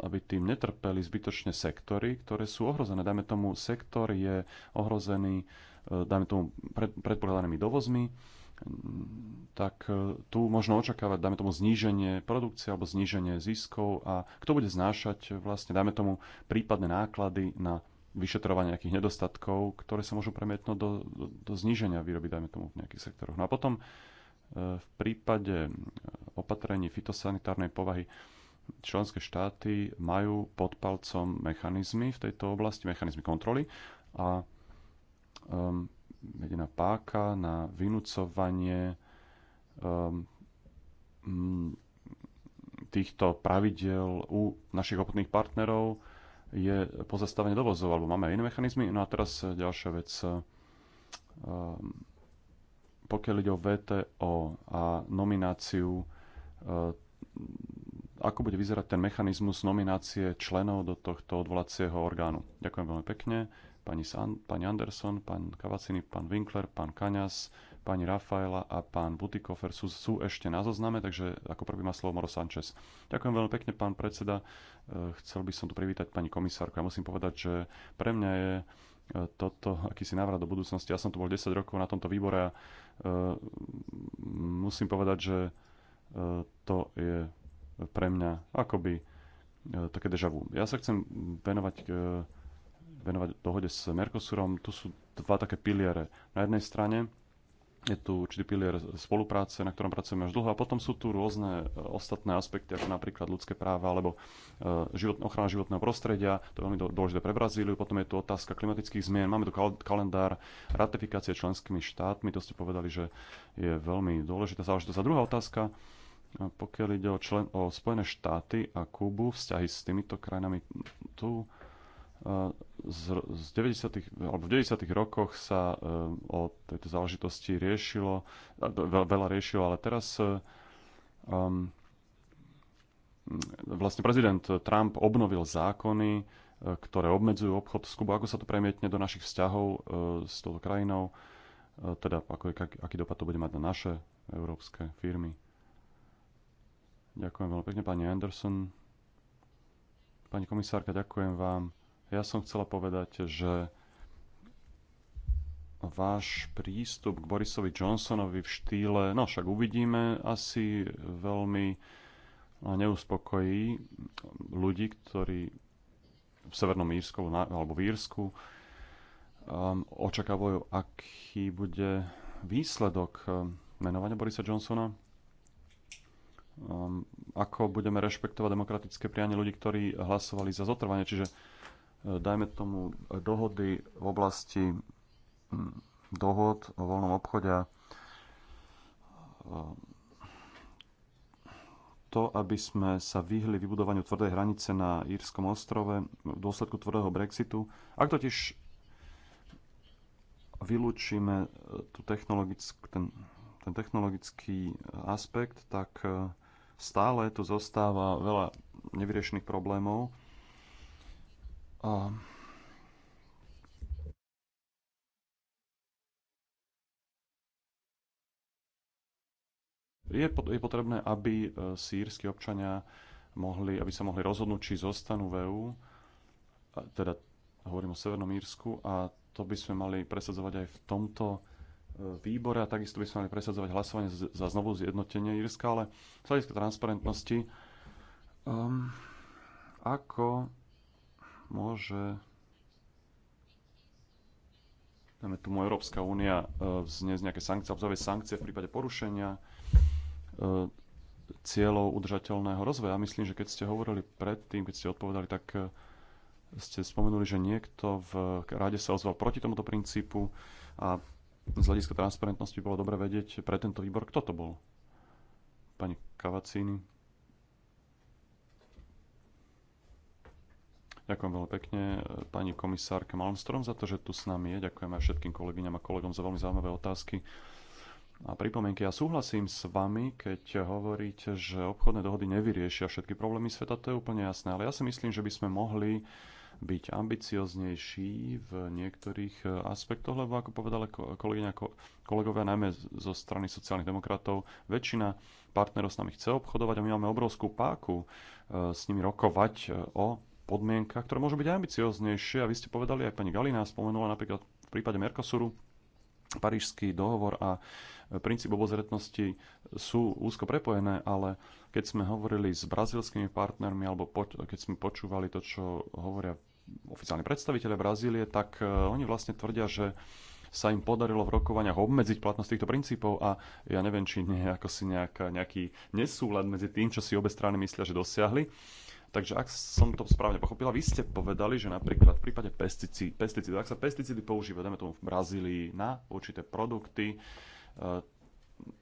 aby tým netrpeli zbytočne sektory, ktoré sú ohrozené. Dajme tomu, sektor je ohrozený, eh, dajme tomu, pred, predpokladanými dovozmi, tak eh, tu možno očakávať, dajme tomu, zníženie produkcie alebo zníženie ziskov a kto bude znášať vlastne, dajme tomu, prípadné náklady na vyšetrovanie nejakých nedostatkov, ktoré sa môžu premietnúť do, do, do zníženia výroby, dajme tomu, v nejakých sektoroch. No a potom E, v prípade e, opatrení fitosanitárnej povahy členské štáty majú pod palcom mechanizmy v tejto oblasti, mechanizmy kontroly a um, jediná páka na vynúcovanie um, týchto pravidel u našich obchodných partnerov je pozastavenie dovozov, alebo máme aj iné mechanizmy. No a teraz e, ďalšia vec. Um, pokiaľ ide o VTO a nomináciu, e, ako bude vyzerať ten mechanizmus nominácie členov do tohto odvolacieho orgánu. Ďakujem veľmi pekne. Pani, San, pani Anderson, pán Kavacini, pán Winkler, pán Kaňas, pani Rafaela a pán Butikofer sú, sú ešte na zozname, takže ako prvý má slovo Moro Sanchez. Ďakujem veľmi pekne, pán predseda. E, chcel by som tu privítať pani komisárku. Ja musím povedať, že pre mňa je toto akýsi návrat do budúcnosti. Ja som tu bol 10 rokov na tomto výbore a e, musím povedať, že e, to je pre mňa akoby e, také deja vu. Ja sa chcem venovať, venovať dohode s Mercosurom. Tu sú dva také piliere. Na jednej strane je tu určitý pilier spolupráce, na ktorom pracujeme už dlho a potom sú tu rôzne e, ostatné aspekty, ako napríklad ľudské práva alebo e, život, ochrana životného prostredia, to je veľmi dôležité pre Brazíliu, potom je tu otázka klimatických zmien, máme tu kal- kalendár ratifikácie členskými štátmi, to ste povedali, že je veľmi dôležitá záležitosť. A druhá otázka, e, pokiaľ ide o, člen, o Spojené štáty a Kubu, vzťahy s týmito krajinami, tu z, z 90. alebo v 90. rokoch sa eh, o tejto záležitosti riešilo, veľa riešilo, ale teraz eh, um, vlastne prezident Trump obnovil zákony, eh, ktoré obmedzujú obchod s Kubou. Ako sa to premietne do našich vzťahov s touto krajinou? Teda ako, aký dopad to bude mať na naše európske firmy? Ďakujem veľmi pekne, pani Anderson. Pani komisárka, ďakujem vám ja som chcela povedať, že váš prístup k Borisovi Johnsonovi v štýle, no však uvidíme, asi veľmi neuspokojí ľudí, ktorí v Severnom Írsku alebo v Írsku um, očakávajú, aký bude výsledok um, menovania Borisa Johnsona. Um, ako budeme rešpektovať demokratické prianie ľudí, ktorí hlasovali za zotrvanie. Čiže E, dajme tomu e, dohody v oblasti dohod o voľnom obchode e, to, aby sme sa vyhli vybudovaniu tvrdej hranice na Írskom ostrove v dôsledku tvrdého Brexitu. Ak totiž vylúčime tú technologick, ten, ten technologický aspekt, tak stále tu zostáva veľa nevyriešených problémov a Je, je potrebné, aby e, sírsky občania mohli, aby sa mohli rozhodnúť, či zostanú v EÚ, teda hovorím o Severnom Írsku, a to by sme mali presadzovať aj v tomto e, výbore a takisto by sme mali presadzovať hlasovanie za znovu zjednotenie Írska, ale z hľadiska transparentnosti, um, ako môže dáme tomu Európska únia e, vzniesť nejaké sankcie, obzvlášť sankcie v prípade porušenia e, cieľov udržateľného rozvoja. Myslím, že keď ste hovorili predtým, keď ste odpovedali, tak e, ste spomenuli, že niekto v rade sa ozval proti tomuto princípu a z hľadiska transparentnosti bolo dobre vedieť pre tento výbor, kto to bol. Pani Kavacíny. Ďakujem veľmi pekne e, pani komisárke Malmstrom za to, že tu s nami je. Ďakujem aj všetkým kolegyňam a kolegom za veľmi zaujímavé otázky a pripomienky. Ja súhlasím s vami, keď hovoríte, že obchodné dohody nevyriešia všetky problémy sveta, to je úplne jasné, ale ja si myslím, že by sme mohli byť ambicioznejší v niektorých e, aspektoch, lebo ako povedala kolegyňa, kolegovia, najmä zo strany sociálnych demokratov, väčšina partnerov s nami chce obchodovať a my máme obrovskú páku e, s nimi rokovať o podmienkach, ktoré môžu byť ambicioznejšie. A vy ste povedali, aj pani Galina spomenula napríklad v prípade Mercosuru, Parížský dohovor a princíp obozretnosti sú úzko prepojené, ale keď sme hovorili s brazilskými partnermi alebo poč- keď sme počúvali to, čo hovoria oficiálni predstaviteľe Brazílie, tak e, oni vlastne tvrdia, že sa im podarilo v rokovaniach obmedziť platnosť týchto princípov a ja neviem, či nie je ako si nejaká, nejaký nesúlad medzi tým, čo si obe strany myslia, že dosiahli Takže ak som to správne pochopila, vy ste povedali, že napríklad v prípade pesticíd, ak sa pesticídy používajú, dajme tomu v Brazílii, na určité produkty, e,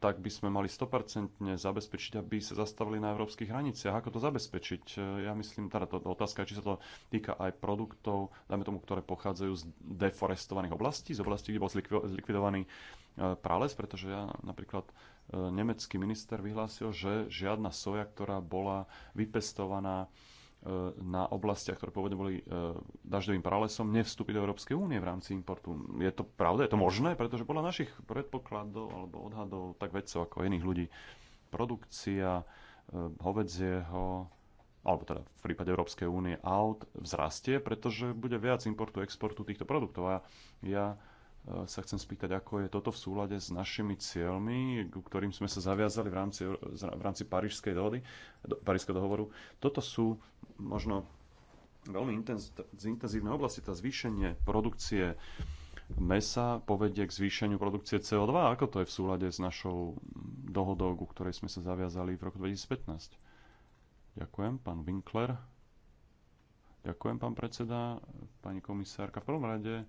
tak by sme mali 100% zabezpečiť, aby sa zastavili na európskych hraniciach. Ako to zabezpečiť? E, ja myslím, teda to, otázka či sa to týka aj produktov, dajme tomu, ktoré pochádzajú z deforestovaných oblastí, z oblastí, kde bol zlikvidovaný e, prales, pretože ja napríklad E, nemecký minister vyhlásil, že žiadna soja, ktorá bola vypestovaná e, na oblastiach, ktoré pôvodne boli e, dažďovým pralesom, nevstúpi do Európskej únie v rámci importu. Je to pravda? Je to možné? Pretože podľa našich predpokladov alebo odhadov, tak vedcov ako iných ľudí, produkcia hovedzieho, alebo teda v prípade Európskej únie aut vzrastie, pretože bude viac importu, exportu týchto produktov. A ja E, sa chcem spýtať, ako je toto v súlade s našimi cieľmi, ku ktorým sme sa zaviazali v rámci, v rámci Parížskej dohody, do, Parížského dohovoru. Toto sú možno veľmi intenz, intenzívne oblasti. Tá zvýšenie produkcie mesa povedie k zvýšeniu produkcie CO2. Ako to je v súlade s našou dohodou, ku ktorej sme sa zaviazali v roku 2015? Ďakujem, pán Winkler. Ďakujem, pán predseda, pani komisárka. V prvom rade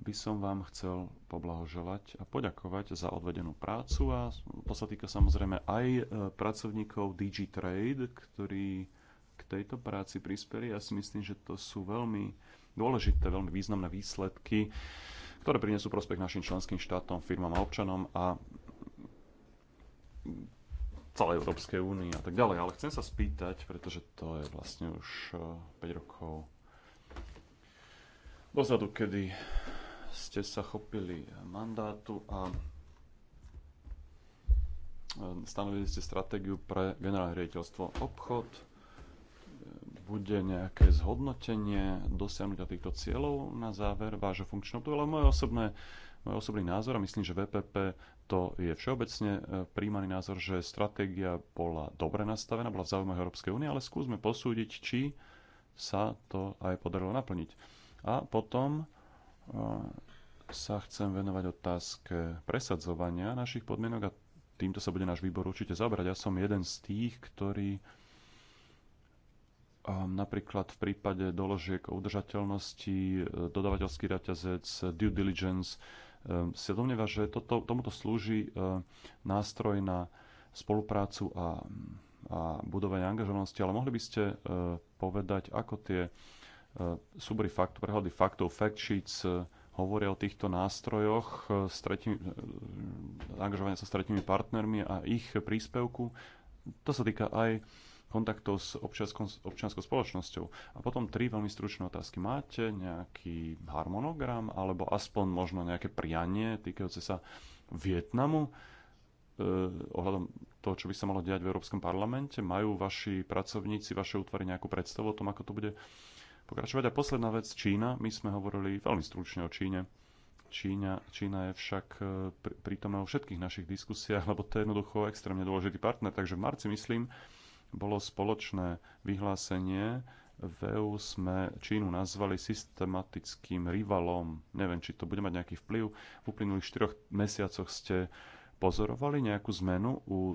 by som vám chcel poblahoželať a poďakovať za odvedenú prácu a to sa týka samozrejme aj e, pracovníkov DigiTrade, ktorí k tejto práci prispeli. Ja si myslím, že to sú veľmi dôležité, veľmi významné výsledky, ktoré prinesú prospech našim členským štátom, firmám a občanom a celej Európskej únii a tak ďalej. Ale chcem sa spýtať, pretože to je vlastne už 5 e, rokov dozadu, kedy ste sa chopili mandátu a e, stanovili ste stratégiu pre generálne riaditeľstvo obchod. E, bude nejaké zhodnotenie dosiahnutia týchto cieľov na záver vášho funkčného obdobia, ale moje osobné môj osobný názor a myslím, že VPP to je všeobecne e, príjmaný názor, že stratégia bola dobre nastavená, bola v záujme Európskej únie, ale skúsme posúdiť, či sa to aj podarilo naplniť. A potom Ehm, sa chcem venovať otázke presadzovania našich podmienok a týmto sa bude náš výbor určite zabrať. Ja som jeden z tých, ktorí ehm, napríklad v prípade doložiek o udržateľnosti, ehm, dodavateľský raťazec, due diligence, si domnieva, že toto, tomuto slúži nástroj na spoluprácu a, a budovanie angažovanosti, ale mohli by ste povedať, ako tie E, súbory faktu, prehľady faktov, fact sheets, e, hovoria o týchto nástrojoch, e, angažovania sa s tretími partnermi a ich príspevku. To sa týka aj kontaktov s občianskou, spoločnosťou. A potom tri veľmi stručné otázky. Máte nejaký harmonogram alebo aspoň možno nejaké prianie týkajúce sa Vietnamu eh, ohľadom toho, čo by sa malo diať v Európskom parlamente? Majú vaši pracovníci, vaše útvary nejakú predstavu o tom, ako to bude pokračovať. A posledná vec, Čína. My sme hovorili veľmi stručne o Číne. Čína, Čína je však e, prítomná vo všetkých našich diskusiách, [laughs] lebo to je jednoducho extrémne dôležitý partner. Takže v marci, myslím, bolo spoločné vyhlásenie. V EU sme Čínu nazvali systematickým rivalom. Neviem, či to bude mať nejaký vplyv. V uplynulých 4 mesiacoch ste pozorovali nejakú zmenu u e,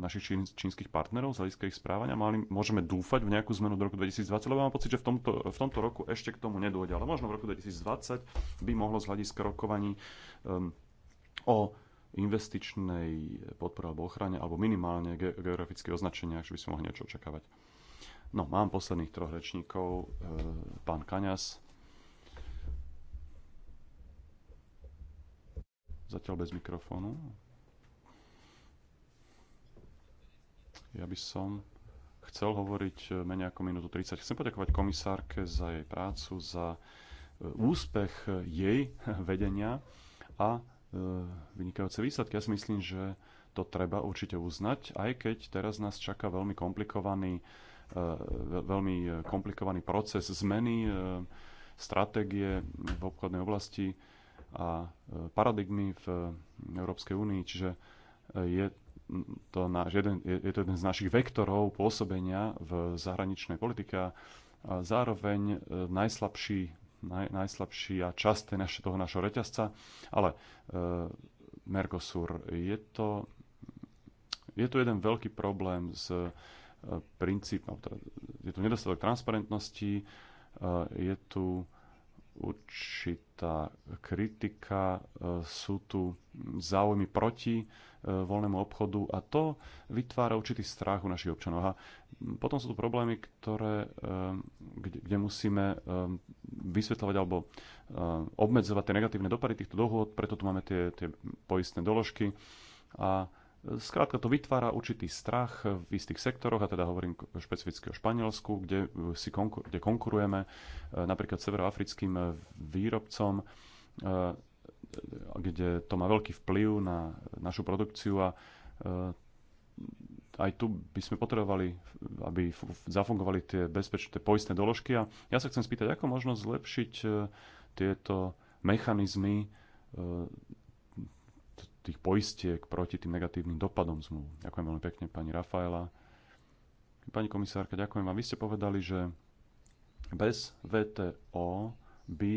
našich čín, čínskych partnerov z hľadiska ich správania? Mali, môžeme dúfať v nejakú zmenu do roku 2020? Lebo mám pocit, že v tomto, v tomto roku ešte k tomu nedôjde. Ale možno v roku 2020 by mohlo z hľadiska rokovaní um, o investičnej podpore alebo ochrane, alebo minimálne ge- geografické označenia, že by sme mohli niečo očakávať. No, mám posledných troch rečníkov. E, pán Kaňas. Zatiaľ bez mikrofónu. Ja by som chcel hovoriť eh, menej ako minútu 30. Chcem poďakovať komisárke za jej prácu, za eh, úspech eh, jej [laughs] vedenia a vynikajúce výsledky. Ja si myslím, že to treba určite uznať, aj keď teraz nás čaká veľmi komplikovaný, veľmi komplikovaný proces zmeny stratégie v obchodnej oblasti a paradigmy v Európskej únii. Čiže je to náš jeden, je to jeden z našich vektorov pôsobenia v zahraničnej politike a zároveň e, najslabší, naj, najslabšia časť naše, toho našho reťazca, ale e, Mercosur je to, je to jeden veľký problém s e, princípom, teda je tu nedostatok transparentnosti, e, je tu určitá kritika, e, sú tu záujmy proti, Eh, voľnému obchodu a to vytvára určitý strach u našich občanov. A potom sú tu problémy, ktoré, eh, kde, kde musíme eh, vysvetľovať alebo obmedzovať tie negatívne dopady týchto dohôd, preto tu máme tie, tie poistné doložky a Skrátka to vytvára určitý strach v istých sektoroch, a teda hovorím špecificky o Španielsku, kde, si konkur- kde konkurujeme napríklad severoafrickým výrobcom kde to má veľký vplyv na našu produkciu a e, aj tu by sme potrebovali, aby zafungovali tie bezpečné poistné doložky. A ja sa chcem spýtať, ako možno zlepšiť e, tieto mechanizmy e, tých poistiek proti tým negatívnym dopadom zmluv. Ďakujem veľmi pekne pani Rafaela. Pani komisárka, ďakujem vám. Vy ste povedali, že bez VTO by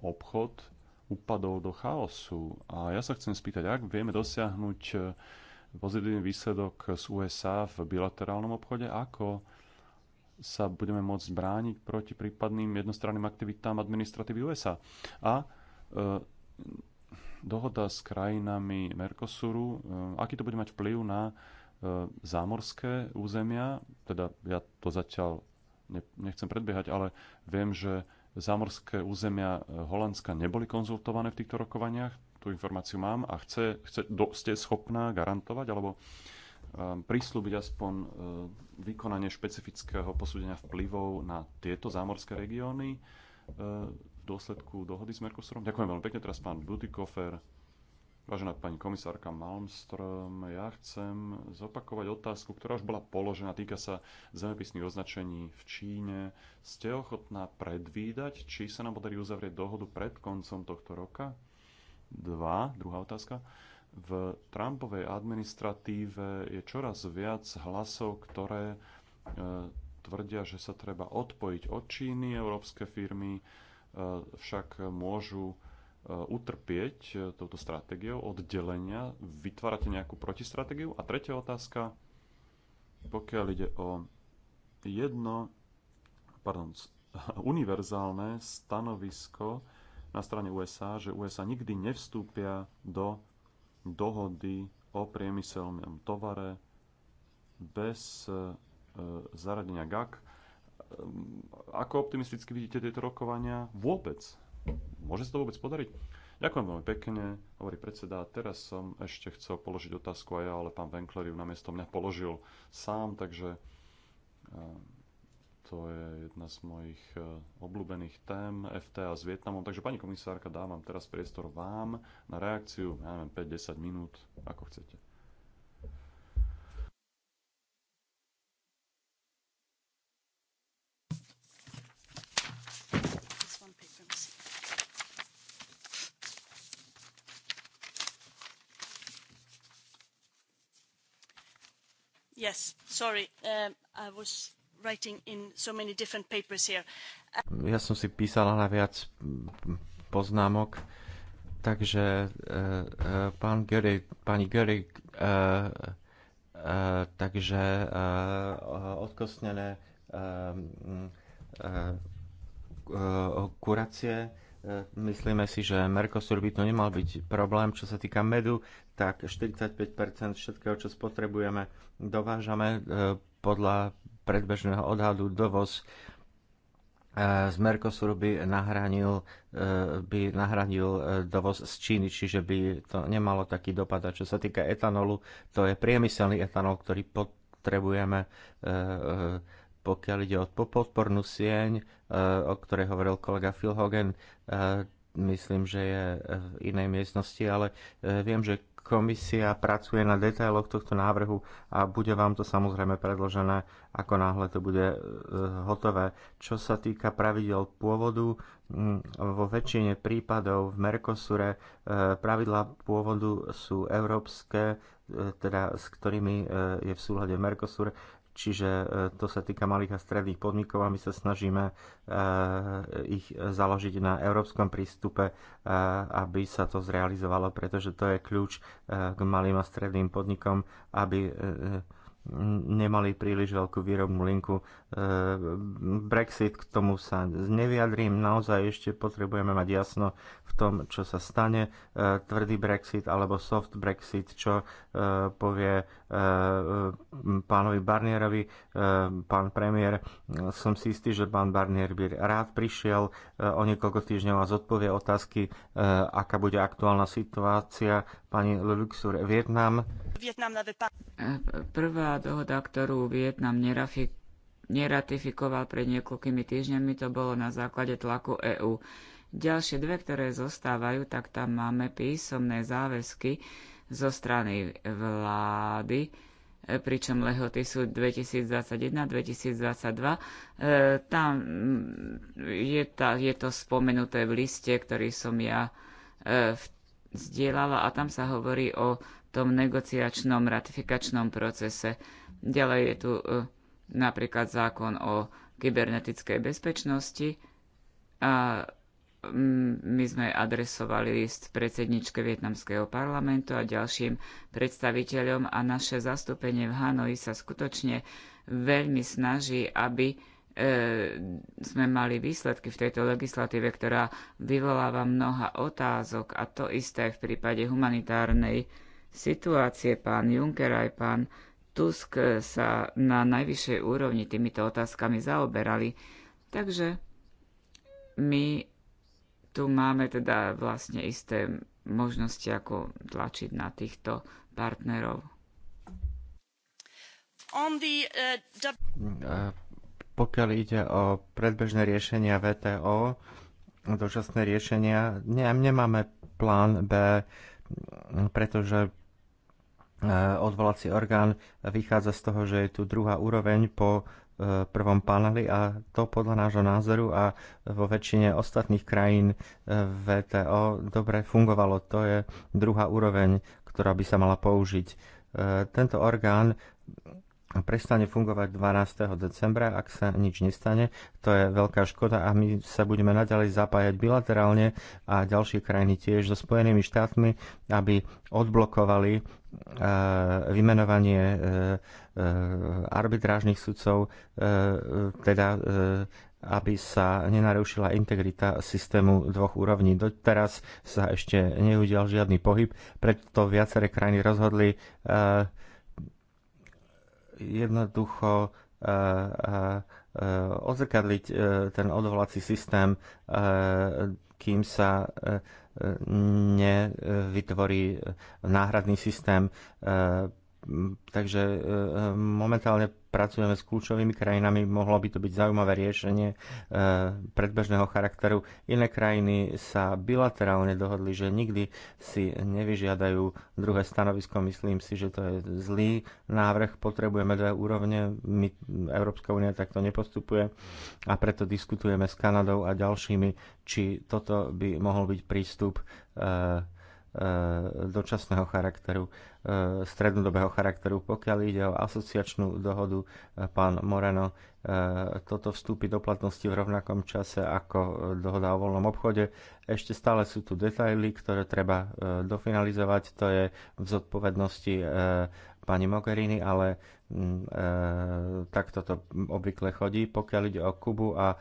obchod upadol do chaosu. A ja sa chcem spýtať, ak vieme dosiahnuť e, pozitívny výsledok z USA v bilaterálnom obchode, ako sa budeme môcť brániť proti prípadným jednostranným aktivitám administratívy USA. A e, dohoda s krajinami Mercosuru, e, aký to bude mať vplyv na e, zámorské územia, teda ja to zatiaľ ne, nechcem predbiehať, ale viem, že Zámorské územia eh, Holandska neboli konzultované v týchto rokovaniach, tú informáciu mám a chce, chce do, ste schopná garantovať alebo um, prislúbiť aspoň um, vykonanie špecifického posúdenia vplyvov na tieto zámorské regióny um, v dôsledku dohody s Mercosurom? Ďakujem veľmi pekne teraz pán Butikofer Vážená pani komisárka Malmström, ja chcem zopakovať otázku, ktorá už bola položená, týka sa zemepisných označení v Číne. Ste ochotná predvídať, či sa nám podarí uzavrieť dohodu pred koncom tohto roka? Dva, druhá otázka. V Trumpovej administratíve je čoraz viac hlasov, ktoré e, tvrdia, že sa treba odpojiť od Číny. Európske firmy e, však môžu E, utrpieť e, touto stratégiou oddelenia? Vytvárate nejakú protistratégiu? A tretia otázka, pokiaľ ide o jedno, pardon, [laughs] univerzálne stanovisko na strane USA, že USA nikdy nevstúpia do dohody o priemyselnom tovare bez e, zaradenia GAK. Ako optimisticky vidíte tieto rokovania? Vôbec. Môže sa to vôbec podariť? Ďakujem veľmi pekne, hovorí predseda. Teraz som ešte chcel položiť otázku aj ja, ale pán Venkler ju namiesto mňa položil sám, takže eh, to je jedna z mojich eh, obľúbených tém FTA s Vietnamom. Takže pani komisárka, dávam teraz priestor vám na reakciu, ja neviem, 5-10 minút, ako chcete. Um, ja som si písala na viac poznámok, takže uh, pán Görig, pani Görig, uh, uh, takže uh, e, odkosnené uh, uh, E. Myslíme si, že Mercosur by to nemal byť problém, čo sa týka medu, tak 45% všetkého, čo spotrebujeme, dovážame e, podľa predbežného odhadu dovoz e, z Mercosuru by nahranil, by nahranil dovoz z Číny, čiže by to nemalo taký dopad. A čo sa týka etanolu, to je priemyselný etanol, ktorý potrebujeme pokiaľ ide o podpornú sieň, e, o ktorej hovoril kolega Phil Hogan, e, myslím, že je e, v inej miestnosti, ale viem, že komisia pracuje na detailoch tohto návrhu a bude vám to samozrejme predložené, ako náhle to bude hotové. Čo sa týka pravidel pôvodu, vo väčšine prípadov v Mercosure pravidlá pôvodu sú európske, teda s ktorými je v súhľade Mercosur Čiže e, to sa týka malých a stredných podnikov a my sa snažíme e, ich založiť na európskom prístupe, e, aby sa to zrealizovalo, pretože to je kľúč k malým a stredným podnikom, aby nemali príliš veľkú výrobnú linku. Brexit, k tomu sa nevyjadrím, naozaj ešte potrebujeme mať jasno v tom, čo sa stane, e, tvrdý Brexit alebo soft Brexit, čo e, povie e, pánovi Barnierovi, pán premiér. Som si istý, že pán Barnier by rád prišiel o niekoľko týždňov a zodpovie otázky, aká bude aktuálna situácia. Pani Luxur, Vietnam. Prvá dohoda, ktorú Vietnam neratifikoval pred niekoľkými týždňami, to bolo na základe tlaku EÚ. Ďalšie dve, ktoré zostávajú, tak tam máme písomné záväzky zo strany vlády, e, pričom lehoty sú 2021-2022. E, tam mm, je, tá, je to spomenuté v liste, ktorý som ja e, a tam sa hovorí o tom negociačnom ratifikačnom procese. Ďalej je tu e, napríklad zákon o kybernetickej bezpečnosti a Mm, my sme adresovali list predsedničke Vietnamského parlamentu a ďalším predstaviteľom a naše zastúpenie v Hanoi sa skutočne veľmi snaží, aby e, sme mali výsledky v tejto legislatíve, ktorá vyvoláva mnoha otázok a to isté v prípade humanitárnej situácie. Pán Juncker aj pán Tusk sa na najvyššej úrovni týmito otázkami zaoberali. Takže my tu máme teda vlastne isté možnosti, ako tlačiť na týchto partnerov. On the, uh, pokiaľ ide o predbežné riešenia VTO, dočasné riešenia, ne, nemáme plán B, pretože uh, odvolací orgán vychádza z toho, že je tu druhá úroveň po prvom paneli a to podľa nášho názoru a vo väčšine ostatných krajín e, VTO dobre fungovalo. To je druhá úroveň, ktorá by sa mala použiť. E, tento orgán prestane fungovať 12. decembra, ak sa nič nestane. To je veľká škoda a my sa budeme naďalej zapájať bilaterálne a ďalšie krajiny tiež so Spojenými štátmi, aby odblokovali e, vymenovanie Eh, arbitrážnych sudcov, eh, eh, teda aby sa nenarušila integrita systému dvoch úrovní. Doteraz sa ešte neudial žiadny pohyb, preto viaceré krajiny rozhodli jednoducho odzrkadliť ten odvolací systém, kým sa nevytvorí náhradný systém Mm, takže e, e, momentálne pracujeme s kľúčovými krajinami, mohlo by to byť zaujímavé riešenie e, predbežného charakteru. Iné krajiny sa bilaterálne dohodli, že nikdy si nevyžiadajú druhé stanovisko. Myslím si, že to je zlý návrh, potrebujeme dve úrovne, My, Európska únia takto nepostupuje a preto diskutujeme s Kanadou a ďalšími, či toto by mohol byť prístup E, dočasného charakteru, e, strednodobého charakteru. Pokiaľ ide o asociačnú dohodu, e, pán Moreno, toto vstúpi do platnosti v rovnakom čase ako dohoda o voľnom obchode. Ešte stále sú tu detaily, ktoré treba dofinalizovať. To je v zodpovednosti pani Mogherini, ale Mm, eh, takto to obvykle chodí. Pokiaľ ide o Kubu a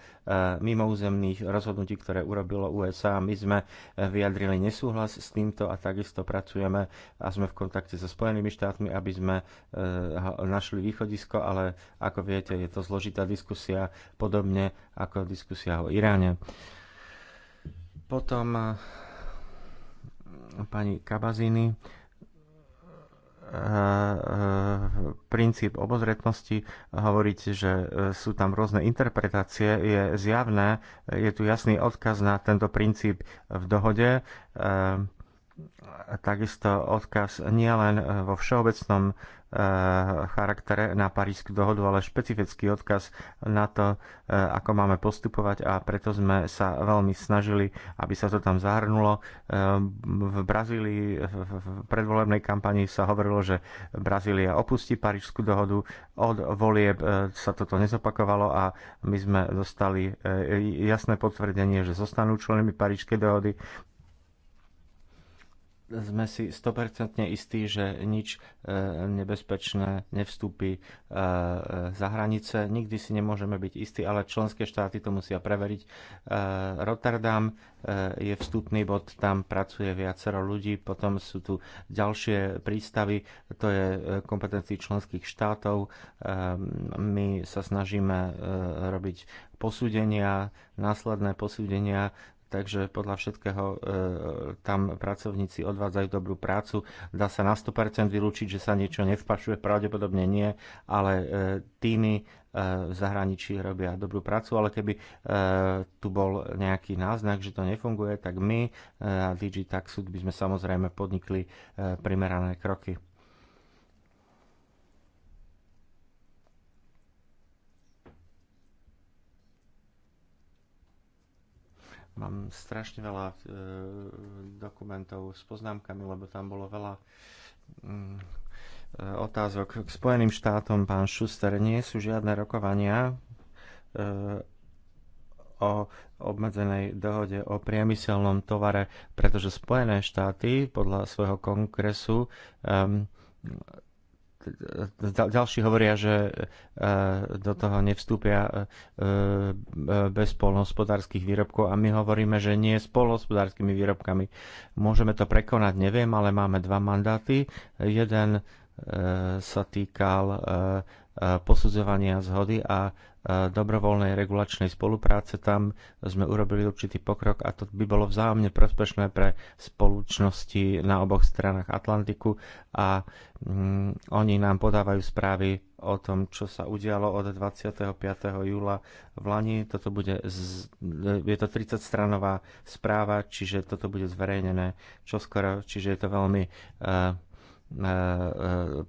eh, územných rozhodnutí, ktoré urobilo USA, my sme eh, vyjadrili nesúhlas s týmto a takisto pracujeme a sme v kontakte so Spojenými štátmi, aby sme našli východisko, ale ako viete, je to zložitá diskusia, podobne ako diskusia o Iráne. Potom pani Kabaziny Eh, eh, princíp obozretnosti, hovoríte, že eh, sú tam rôzne interpretácie, je zjavné, je tu jasný odkaz na tento princíp v dohode takisto odkaz nielen e, vo všeobecnom e, charaktere na Parísku dohodu, ale špecifický odkaz na to, e, ako máme postupovať a preto sme sa veľmi snažili, aby sa to tam zahrnulo. V Brazílii v predvolebnej kampanii sa hovorilo, že Brazília opustí Parížskú dohodu. Od volieb sa toto nezopakovalo a my sme dostali jasné potvrdenie, že zostanú členmi Parížskej dohody sme si 100% istí, že nič e, nebezpečné nevstúpi e, e, za hranice. Nikdy si nemôžeme byť istí, ale členské štáty to musia preveriť. Rotterdam je vstupný bod, tam pracuje viacero ľudí, potom sú tu ďalšie prístavy, to je kompetencií členských štátov. My sa snažíme robiť posúdenia, následné posúdenia takže podľa všetkého e, tam pracovníci odvádzajú dobrú prácu. Dá sa na 100% vylúčiť, že sa niečo nevpašuje, pravdepodobne nie, ale e, týmy e, v zahraničí robia dobrú prácu, ale keby e, tu bol nejaký náznak, že to nefunguje, tak my e, a DigiTaxud by sme samozrejme podnikli e, primerané kroky. Mám strašne veľa e, dokumentov s poznámkami, lebo tam bolo veľa mm, e, otázok. K Spojeným štátom, pán Šuster, nie sú žiadne rokovania e, o obmedzenej dohode o priemyselnom tovare, pretože Spojené štáty podľa svojho kongresu e, ďalší hovoria, že e, do toho nevstúpia e, e, bez polnohospodárskych výrobkov a my hovoríme, že nie s polnohospodárskymi výrobkami. Môžeme to prekonať, neviem, ale máme dva mandáty. Jeden sa týkal posudzovania zhody a E, dobrovoľnej regulačnej spolupráce. Tam sme urobili určitý pokrok a to by bolo vzájomne prospešné pre spoločnosti na oboch stranách Atlantiku a mm, oni nám podávajú správy o tom, čo sa udialo od 25. júla v Lani. Toto bude z, je to 30-stranová správa, čiže toto bude zverejnené čoskoro, čiže je to veľmi uh,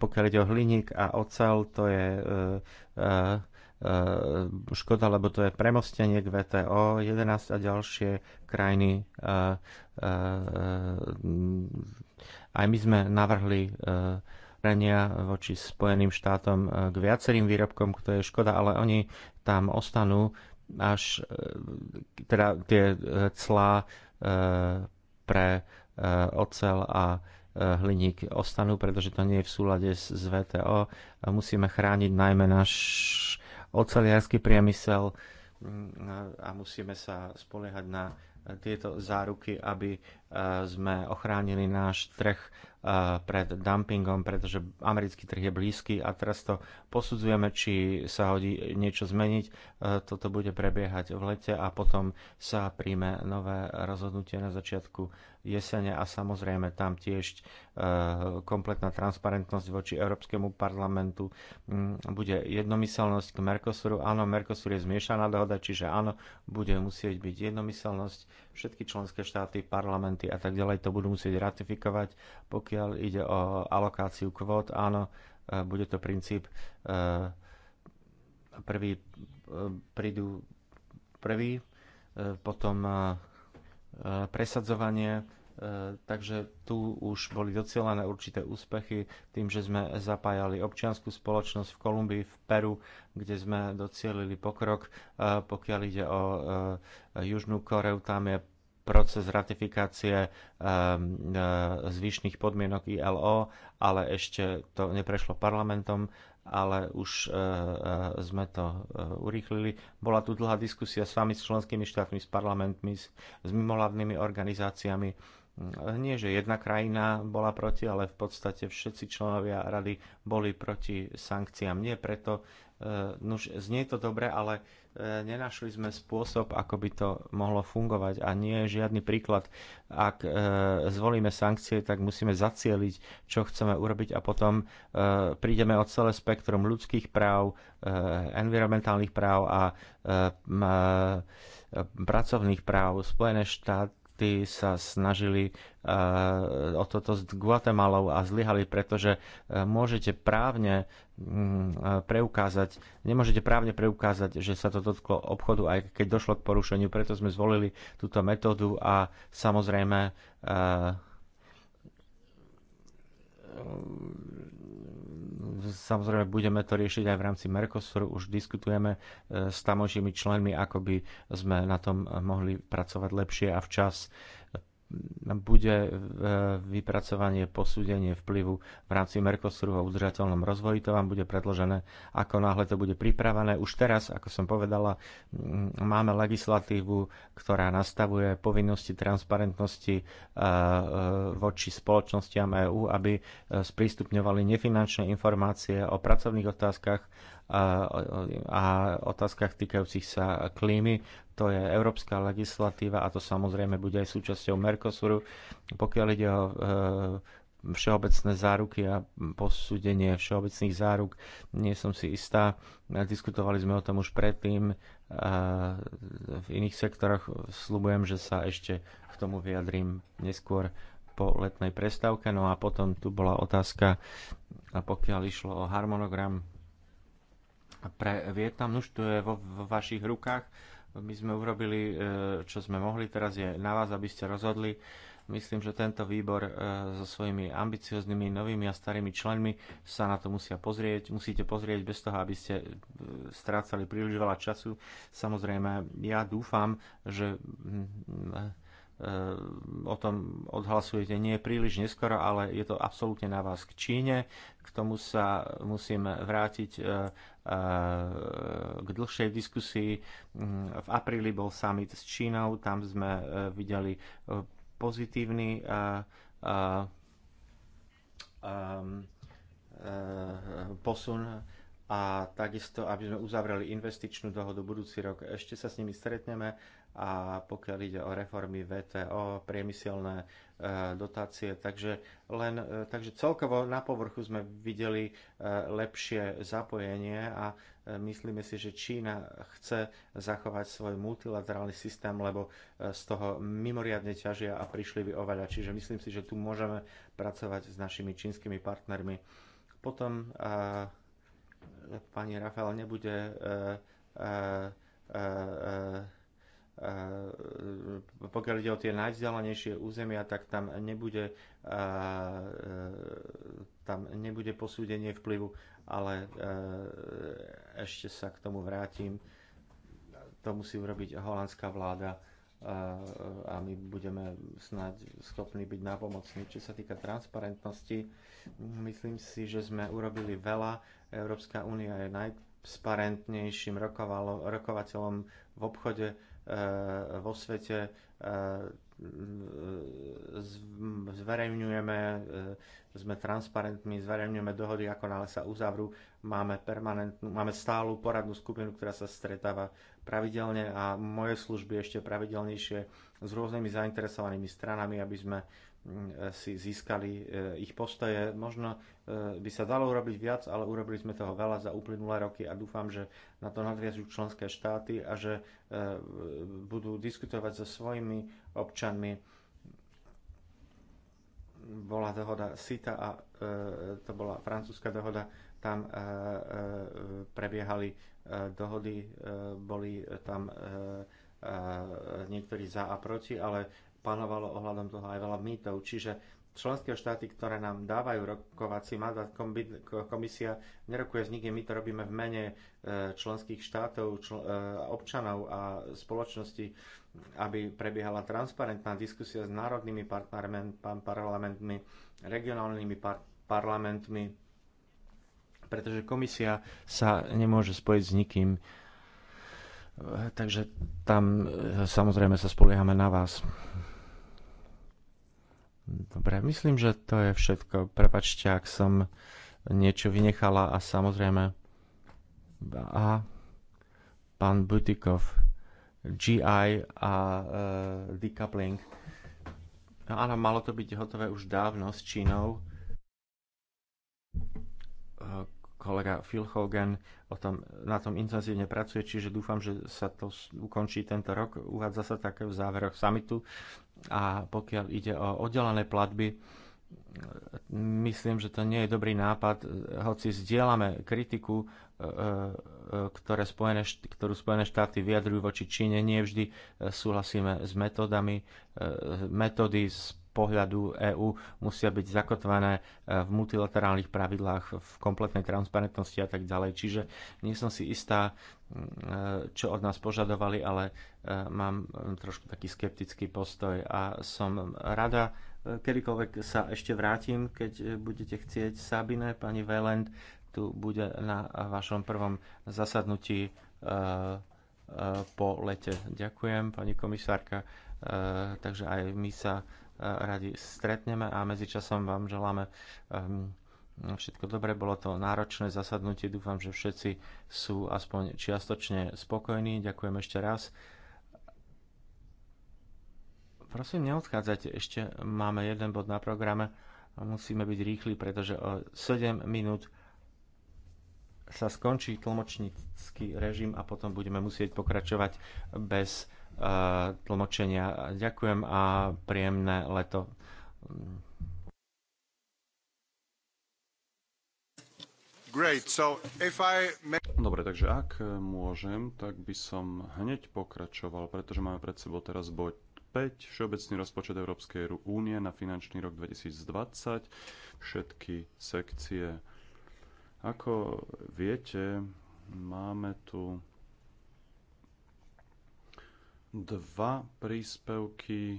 pokiaľ ide o hliník a ocel, to je Eh, škoda, lebo to je premostenie k VTO, 11 a ďalšie krajiny. Eh, eh, aj my sme navrhli rania voči Spojeným štátom k viacerým výrobkom, to je škoda, ale oni tam ostanú až teda tie clá pre ocel a hliník ostanú, pretože to nie je v súlade s VTO. Musíme chrániť najmä náš oceliarský priemysel mm, a musíme sa spoliehať na tieto záruky, aby Eh, sme ochránili náš trh eh, pred dumpingom, pretože americký trh je blízky a teraz to posudzujeme, či sa hodí niečo zmeniť. Eh, toto bude prebiehať v lete a potom sa príjme nové rozhodnutie na začiatku jesene a samozrejme tam tiež kompletná transparentnosť voči Európskemu parlamentu. Mm, bude jednomyselnosť k Mercosuru. Áno, Mercosur je zmiešaná dohoda, čiže áno, bude musieť byť jednomyselnosť Všetky členské štáty, parlamenty a tak ďalej to budú musieť ratifikovať. Pokiaľ ide o alokáciu kvót, áno, e, bude to princíp e, prvý e, prídu prvý, potom presadzovanie E, takže tu už boli docielené určité úspechy tým, že sme zapájali občianskú spoločnosť v Kolumbii, v Peru, kde sme docielili pokrok. E, pokiaľ ide o e, Južnú Koreu, tam je proces ratifikácie zvyšných podmienok ILO, ale ešte to neprešlo parlamentom ale už e, e, sme to e, urýchlili. Bola tu dlhá diskusia s vami, s členskými štátmi, s parlamentmi, s, s organizáciami Mm, nie, že jedna krajina bola proti, ale v podstate všetci členovia rady boli proti sankciám. Nie preto, no, znie to dobre, ale e, nenašli sme spôsob, ako by to mohlo fungovať a nie je žiadny príklad. Ak e, zvolíme sankcie, tak musíme zacieliť, čo chceme urobiť a potom prídeme o celé spektrum ľudských práv, environmentálnych práv a pracovných práv. Spojené štát, tí sa snažili eh, o toto s Guatemalou a zlyhali, pretože eh, môžete právne mm, eh, preukázať, nemôžete právne preukázať, že sa to dotklo obchodu, aj keď došlo k porušeniu, preto sme zvolili túto metódu a samozrejme Samozrejme, budeme to riešiť aj v rámci Mercosuru. Už diskutujeme e, s tamožnými členmi, ako by sme na tom mohli pracovať lepšie a včas bude e, vypracovanie posúdenie vplyvu v rámci Mercosuru o udržateľnom rozvoji. To vám bude predložené, ako náhle to bude pripravené. Už teraz, ako som povedala, máme legislatívu, ktorá nastavuje povinnosti transparentnosti e, e, voči spoločnostiam EÚ, aby sprístupňovali nefinančné informácie o pracovných otázkach a otázkach týkajúcich sa klímy. To je európska legislatíva a to samozrejme bude aj súčasťou Mercosuru. Pokiaľ ide o e, všeobecné záruky a posúdenie všeobecných záruk. Nie som si istá. Diskutovali sme o tom už predtým. E, v iných sektoroch slubujem, že sa ešte k tomu vyjadrím neskôr po letnej prestávke. No a potom tu bola otázka, pokiaľ išlo o harmonogram pre Vietnam. Už to je vo, vo vašich rukách. My sme urobili, e, čo sme mohli. Teraz je na vás, aby ste rozhodli. Myslím, že tento výbor e, so svojimi ambicioznými novými a starými členmi sa na to musia pozrieť. Musíte pozrieť bez toho, aby ste e, strácali príliš veľa času. Samozrejme, ja dúfam, že o tom odhlasujete nie príliš neskoro, ale je to absolútne na vás k Číne. K tomu sa musím vrátiť k dlhšej diskusii. Mm, v apríli bol summit s Čínou, tam sme e, videli e, pozitívny e, posun a takisto, aby sme uzavreli investičnú dohodu budúci rok. Ešte sa s nimi stretneme a pokiaľ ide o reformy VTO, priemyselné Eh, dotácie. Takže, len, eh, takže celkovo na povrchu sme videli eh, lepšie zapojenie a myslíme si, že Čína chce zachovať svoj multilaterálny systém, lebo z toho mimoriadne ťažia a prišli by oveľa. Čiže myslím si, že tu môžeme pracovať s našimi čínskymi partnermi. Potom pani Rafael nebude pokiaľ ide o tie najvzdialenejšie územia, tak tam nebude, e, tam nebude posúdenie vplyvu, ale e, ešte sa k tomu vrátim. To musí urobiť holandská vláda a my budeme snáď schopní byť nápomocní. Čo sa týka transparentnosti, myslím si, že sme urobili veľa. Európska únia je najtransparentnejším rokovateľom v obchode Eh, vo svete eh, zverejňujeme, eh, sme transparentní, zverejňujeme dohody, ako náhle sa uzavrú. Máme, permanentnú, máme stálu poradnú skupinu, ktorá sa stretáva pravidelne a moje služby ešte pravidelnejšie s rôznymi zainteresovanými stranami, aby sme Mm, e, si získali e, ich postoje. Možno e, by sa dalo urobiť viac, ale urobili sme toho veľa za uplynulé roky a dúfam, že na to nadviazujú členské štáty a že budú diskutovať so svojimi občanmi. Bola dohoda SITA a to bola francúzska dohoda, tam prebiehali dohody, boli tam niektorí za a proti, ale panovalo ohľadom toho aj veľa mýtov. Čiže členské štáty, ktoré nám dávajú rokovací mandát, komisia nerokuje s nikým, my to robíme v mene e, členských štátov, čl- e, občanov a spoločnosti, aby prebiehala transparentná diskusia s národnými parlamentmi, regionálnymi par- parlamentmi, pretože komisia sa nemôže spojiť s nikým. E, takže tam samozrejme sa spoliehame na vás. Dobre, myslím, že to je všetko. Prepačte, ak som niečo vynechala a samozrejme a pán Butikov, GI a uh, decoupling. No áno, malo to byť hotové už dávno s Čínou. Eh, kolega Phil Hogan o tom, na tom intenzívne pracuje, čiže dúfam, že sa to ukončí tento rok. Uvádza sa také v záveroch samitu. A pokiaľ ide o oddelené platby, myslím, že to nie je dobrý nápad, hoci zdieľame kritiku, e, e, ktoré Spojené, ktorú Spojené štáty vyjadrujú voči Číne, nie vždy e, súhlasíme s metódami, Metódy pohľadu EÚ musia byť zakotvené e, v multilaterálnych pravidlách, v kompletnej transparentnosti a tak ďalej. Čiže nie som si istá, e, čo od nás požadovali, ale e, mám trošku taký skeptický postoj a som rada, kedykoľvek sa ešte vrátim, keď budete chcieť. Sabine, pani Veland, tu bude na vašom prvom zasadnutí po lete. Ďakujem, pani komisárka. Takže aj my sa radi stretneme a medzičasom vám želáme ehm, všetko dobré. Bolo to náročné zasadnutie. Dúfam, že všetci sú aspoň čiastočne spokojní. Ďakujem ešte raz. Prosím, neodchádzajte. Ešte máme jeden bod na programe musíme byť rýchli, pretože o 7 minút sa skončí tlmočnícky režim a potom budeme musieť pokračovať bez tlmočenia. Ďakujem a príjemné leto. Dobre, takže ak e, môžem, tak by som hneď pokračoval, pretože máme pred sebou teraz bod 5, Všeobecný rozpočet Európskej únie na finančný rok 2020, všetky sekcie. Ako viete, máme tu dva príspevky e,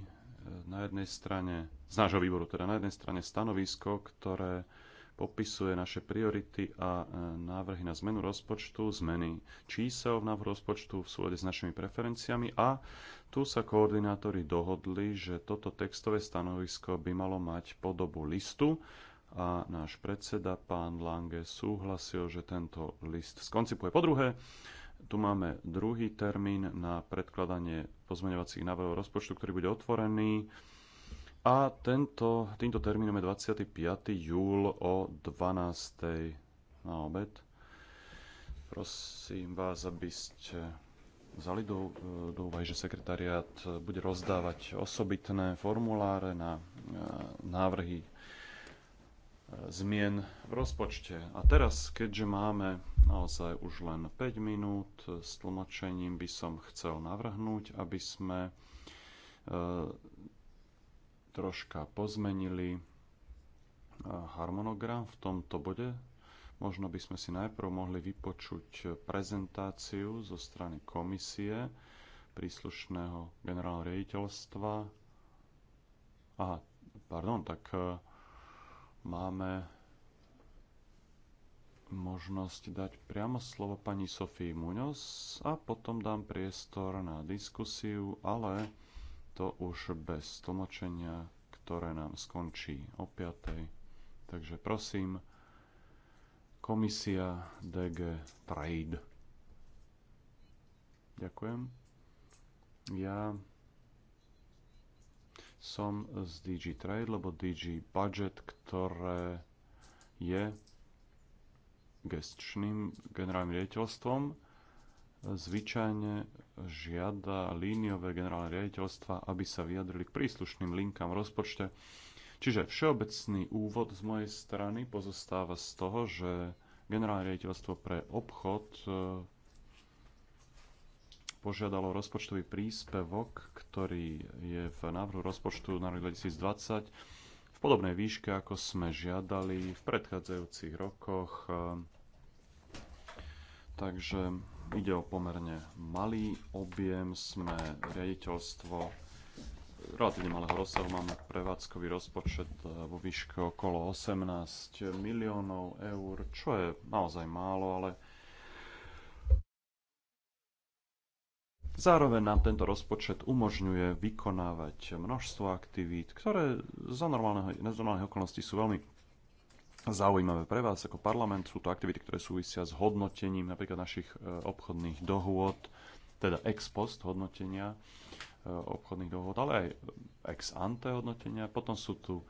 na jednej strane, z nášho výboru teda, na jednej strane stanovisko, ktoré popisuje naše priority a e, návrhy na zmenu rozpočtu, zmeny čísel v návrhu rozpočtu v súlade s našimi preferenciami a tu sa koordinátori dohodli, že toto textové stanovisko by malo mať podobu listu a náš predseda pán Lange súhlasil, že tento list skoncipuje. Po druhé, tu máme druhý termín na predkladanie pozmeňovacích návrhov rozpočtu, ktorý bude otvorený. A tento, týmto termínom je 25. júl o 12. na obed. Prosím vás, aby ste vzali do, do úvahy, že sekretariat bude rozdávať osobitné formuláre na návrhy zmien v rozpočte. A teraz, keďže máme naozaj už len 5 minút s tlmočením, by som chcel navrhnúť, aby sme e, troška pozmenili e, harmonogram v tomto bode. Možno by sme si najprv mohli vypočuť prezentáciu zo strany komisie príslušného generálneho riaditeľstva. Aha, pardon, tak e, máme možnosť dať priamo slovo pani Sofii Muňos a potom dám priestor na diskusiu, ale to už bez tlmočenia, ktoré nám skončí o 5. Takže prosím, komisia DG Trade. Ďakujem. Ja som z DG Trade, lebo DG Budget, ktoré je gestčným generálnym riaditeľstvom, zvyčajne žiada líniové generálne riaditeľstva, aby sa vyjadrili k príslušným linkám v rozpočte. Čiže všeobecný úvod z mojej strany pozostáva z toho, že generálne riaditeľstvo pre obchod požiadalo rozpočtový príspevok, ktorý je v návrhu rozpočtu na rok 2020 v podobnej výške, ako sme žiadali v predchádzajúcich rokoch. Takže ide o pomerne malý objem. Sme riaditeľstvo relatívne malého rozsahu. Máme prevádzkový rozpočet eh, vo výške okolo 18 miliónov eur, čo je naozaj málo, ale Zároveň nám tento rozpočet umožňuje vykonávať množstvo aktivít, ktoré za normálneho, normálnych okolností sú veľmi zaujímavé pre vás ako parlament. Sú to aktivity, ktoré súvisia s hodnotením napríklad našich e, obchodných dohôd, teda ex post hodnotenia e, obchodných dohôd, ale aj ex ante hodnotenia. Potom sú tu e,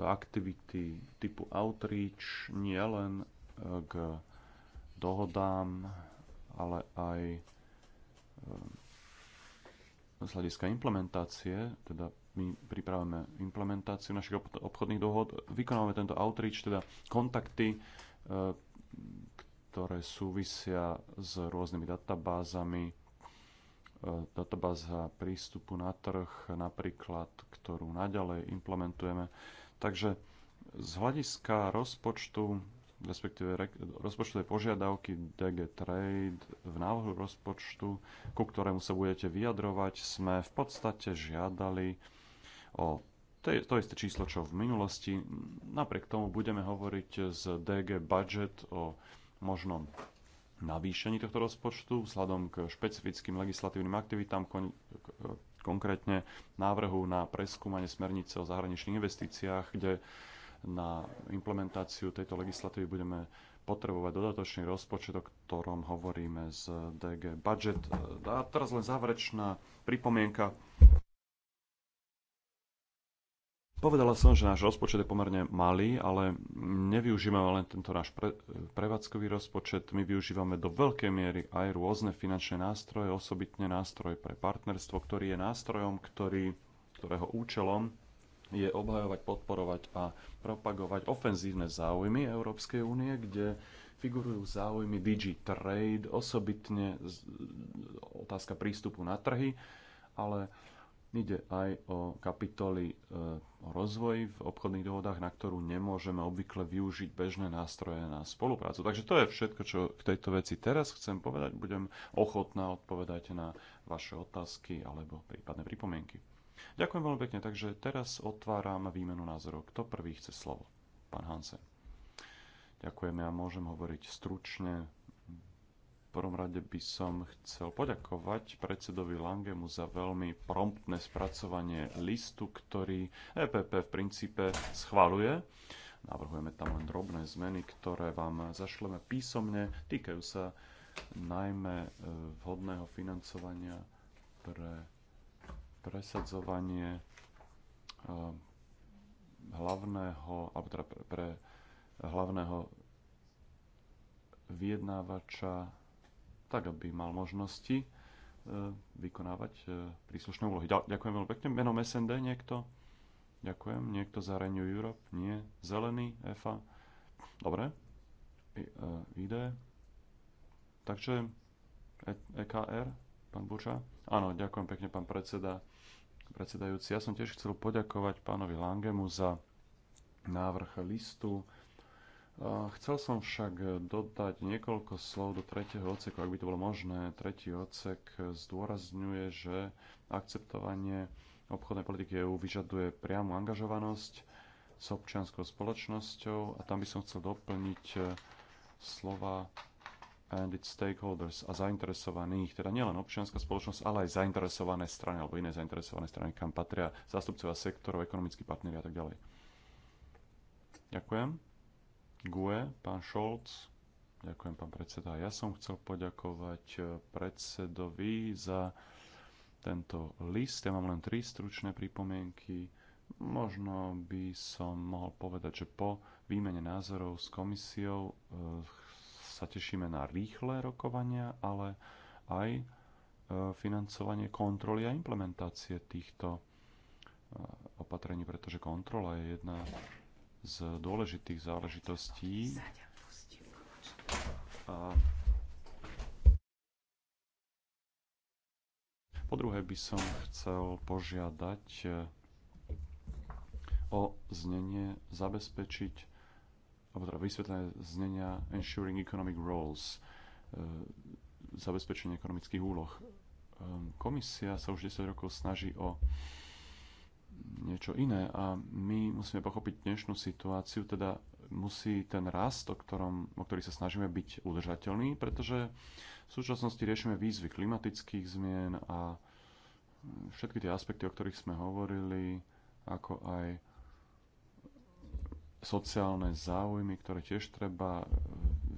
aktivity typu outreach, nielen k dohodám, ale aj Ehm, z hľadiska implementácie, teda my pripravíme implementáciu našich obchodných dohod, vykonávame tento outreach, teda kontakty, ehm, ktoré súvisia s rôznymi databázami, ehm, databáza prístupu na trh napríklad, ktorú naďalej implementujeme. Takže z hľadiska rozpočtu respektíve rozpočtové požiadavky DG Trade v návrhu rozpočtu, ku ktorému sa budete vyjadrovať, sme v podstate žiadali o to, to isté číslo, čo v minulosti. Napriek tomu budeme hovoriť z DG Budget o možnom navýšení tohto rozpočtu vzhľadom k špecifickým legislatívnym aktivitám, kon, konkrétne návrhu na preskúmanie smernice o zahraničných investíciách, kde na implementáciu tejto legislatívy budeme potrebovať dodatočný rozpočet, o ktorom hovoríme z DG Budget. A teraz len záverečná pripomienka. Povedala som, že náš rozpočet je pomerne malý, ale nevyužívame len tento náš pre, prevádzkový rozpočet. My využívame do veľkej miery aj rôzne finančné nástroje, osobitne nástroj pre partnerstvo, ktorý je nástrojom, ktorý, ktorého účelom je obhajovať, podporovať a propagovať ofenzívne záujmy Európskej únie, kde figurujú záujmy DigiTrade, osobitne otázka prístupu na trhy, ale ide aj o kapitoly e, o rozvoji v obchodných dohodách, na ktorú nemôžeme obvykle využiť bežné nástroje na spoluprácu. Takže to je všetko, čo k tejto veci teraz chcem povedať. Budem ochotná odpovedať na vaše otázky alebo prípadné pripomienky. Ďakujem veľmi pekne, takže teraz otváram výmenu názorov. Kto prvý chce slovo? Pán Hansen. Ďakujem, ja môžem hovoriť stručne. V prvom rade by som chcel poďakovať predsedovi Langemu za veľmi promptné spracovanie listu, ktorý EPP v princípe schvaluje. Navrhujeme tam len drobné zmeny, ktoré vám zašleme písomne. Týkajú sa najmä e, vhodného financovania pre presadzovanie eh, hlavného, alebo teda pre, pre hlavného vyjednávača, tak aby mal možnosti eh, vykonávať eh, príslušné úlohy. Ďakujem veľmi pekne. Menom SND niekto? Ďakujem. Niekto za Renew Europe? Nie. Zelený? EFA? Dobre. ID. Takže EKR? E pán Buča? Áno, ďakujem pekne, pán predseda predsedajúci. Ja som tiež chcel poďakovať pánovi Langemu za návrh listu. Chcel som však dodať niekoľko slov do tretieho odseku, ak by to bolo možné. Tretí odsek zdôrazňuje, že akceptovanie obchodnej politiky EÚ vyžaduje priamu angažovanosť s občianskou spoločnosťou a tam by som chcel doplniť slova and its stakeholders a zainteresovaných, teda nielen občianská spoločnosť, ale aj zainteresované strany alebo iné zainteresované strany, kam patria zástupcovia sektorov, ekonomickí partneri a tak ďalej. Ďakujem. GUE, pán Šolc. Ďakujem, pán predseda. Ja som chcel poďakovať eh, predsedovi za tento list. Ja mám len tri stručné pripomienky. Možno by som mohol povedať, že po výmene názorov s komisiou eh, sa tešíme na rýchle rokovania, ale aj e, financovanie kontroly a implementácie týchto e, opatrení, pretože kontrola je jedna z dôležitých záležitostí. A po druhé by som chcel požiadať e, o znenie zabezpečiť alebo teda vysvetlené znenia Ensuring Economic Roles, e, zabezpečenie ekonomických úloh. E, komisia sa už 10 rokov snaží o niečo iné a my musíme pochopiť dnešnú situáciu, teda musí ten rast, o, ktorom, o ktorý sa snažíme byť udržateľný, pretože v súčasnosti riešime výzvy klimatických zmien a všetky tie aspekty, o ktorých sme hovorili, ako aj sociálne záujmy, ktoré tiež treba e,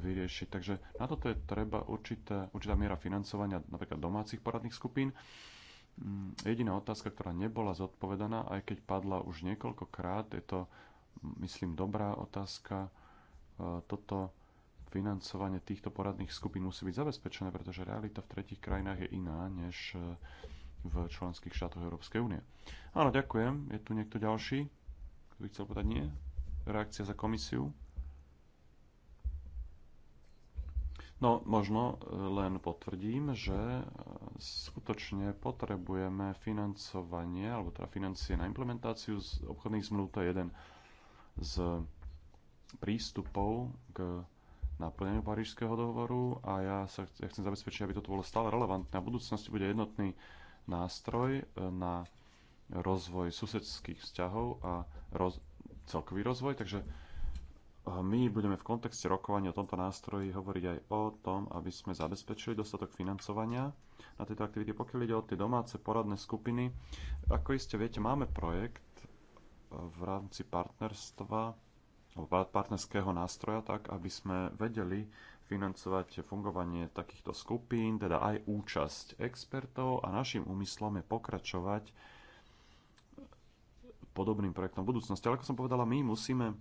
vyriešiť. Takže na toto je treba určité, určitá miera financovania napríklad domácich poradných skupín. Mm, jediná otázka, ktorá nebola zodpovedaná, aj keď padla už niekoľkokrát, je to, myslím, dobrá otázka. E, toto financovanie týchto poradných skupín musí byť zabezpečené, pretože realita v tretich krajinách je iná než e, v členských štátoch Európskej únie. Áno, ďakujem. Je tu niekto ďalší, kto by chcel povedať nie? reakcia za komisiu? No, možno e, len potvrdím, že e, skutočne potrebujeme financovanie, alebo teda financie na implementáciu z obchodných zmluv. To je jeden z prístupov k naplneniu Parížského dohovoru a ja sa ja chcem zabezpečiť, aby toto bolo stále relevantné. A v budúcnosti bude jednotný nástroj e, na rozvoj susedských vzťahov a roz, celkový rozvoj, takže eh, my budeme v kontexte rokovania o tomto nástroji hovoriť aj o tom, aby sme zabezpečili dostatok financovania na tieto aktivity. Pokiaľ ide o tie domáce poradné skupiny, ako iste viete, máme projekt eh, v rámci partnerstva alebo partnerského nástroja, tak aby sme vedeli financovať fungovanie takýchto skupín, teda aj účasť expertov a našim úmyslom je pokračovať podobným projektom v budúcnosti. Ale ako som povedala, my musíme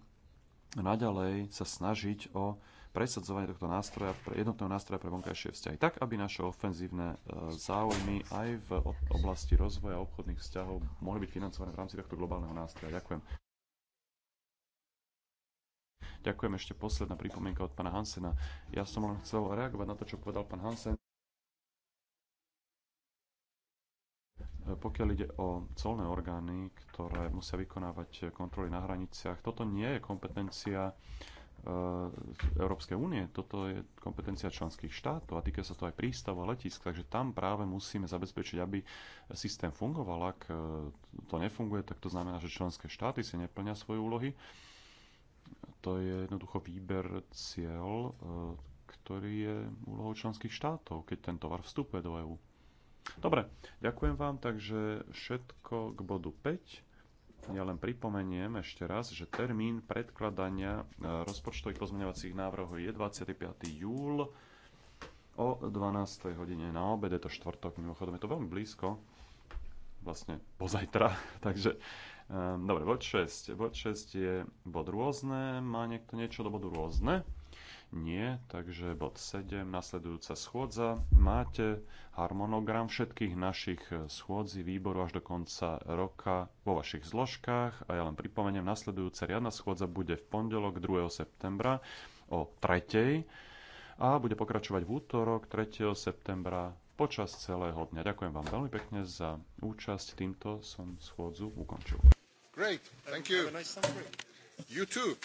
naďalej sa snažiť o presadzovanie tohto nástroja, jednotného nástroja pre vonkajšie vzťahy, tak aby naše ofenzívne e, záujmy aj v oblasti rozvoja obchodných vzťahov mohli byť financované v rámci tohto globálneho nástroja. Ďakujem. Ďakujem ešte posledná pripomienka od pána Hansena. Ja som len chcel reagovať na to, čo povedal pán Hansen. E, pokiaľ ide o colné orgány, ktoré musia vykonávať kontroly na hraniciach, toto nie je kompetencia e, Európskej únie, toto je kompetencia členských štátov a týka sa to aj prístav a letisk, takže tam práve musíme zabezpečiť, aby systém fungoval. Ak e, to nefunguje, tak to znamená, že členské štáty si neplňa svoje úlohy. To je jednoducho výber cieľ, ktorý je úlohou členských štátov, keď ten tovar vstupuje do EÚ. Dobre, ďakujem vám, takže všetko k bodu 5. Ja len pripomeniem ešte raz, že termín predkladania e, rozpočtových pozmeňovacích návrhov je 25. júl o 12. hodine na obed, je to štvrtok, mimochodom je to veľmi blízko, vlastne pozajtra, [laughs] takže um, dobre, bod 6. Bod 6 je bod rôzne, má niekto niečo do bodu rôzne? Nie, takže bod 7, nasledujúca schôdza. Máte harmonogram všetkých našich schôdzí výboru až do konca roka vo vašich zložkách a ja len pripomeniem, nasledujúca riadna schôdza bude v pondelok 2. septembra o 3. a bude pokračovať v útorok 3. septembra počas celého dňa. Ďakujem vám veľmi pekne za účasť. Týmto som schôdzu ukončil. Great, thank you. Have a nice summer You too.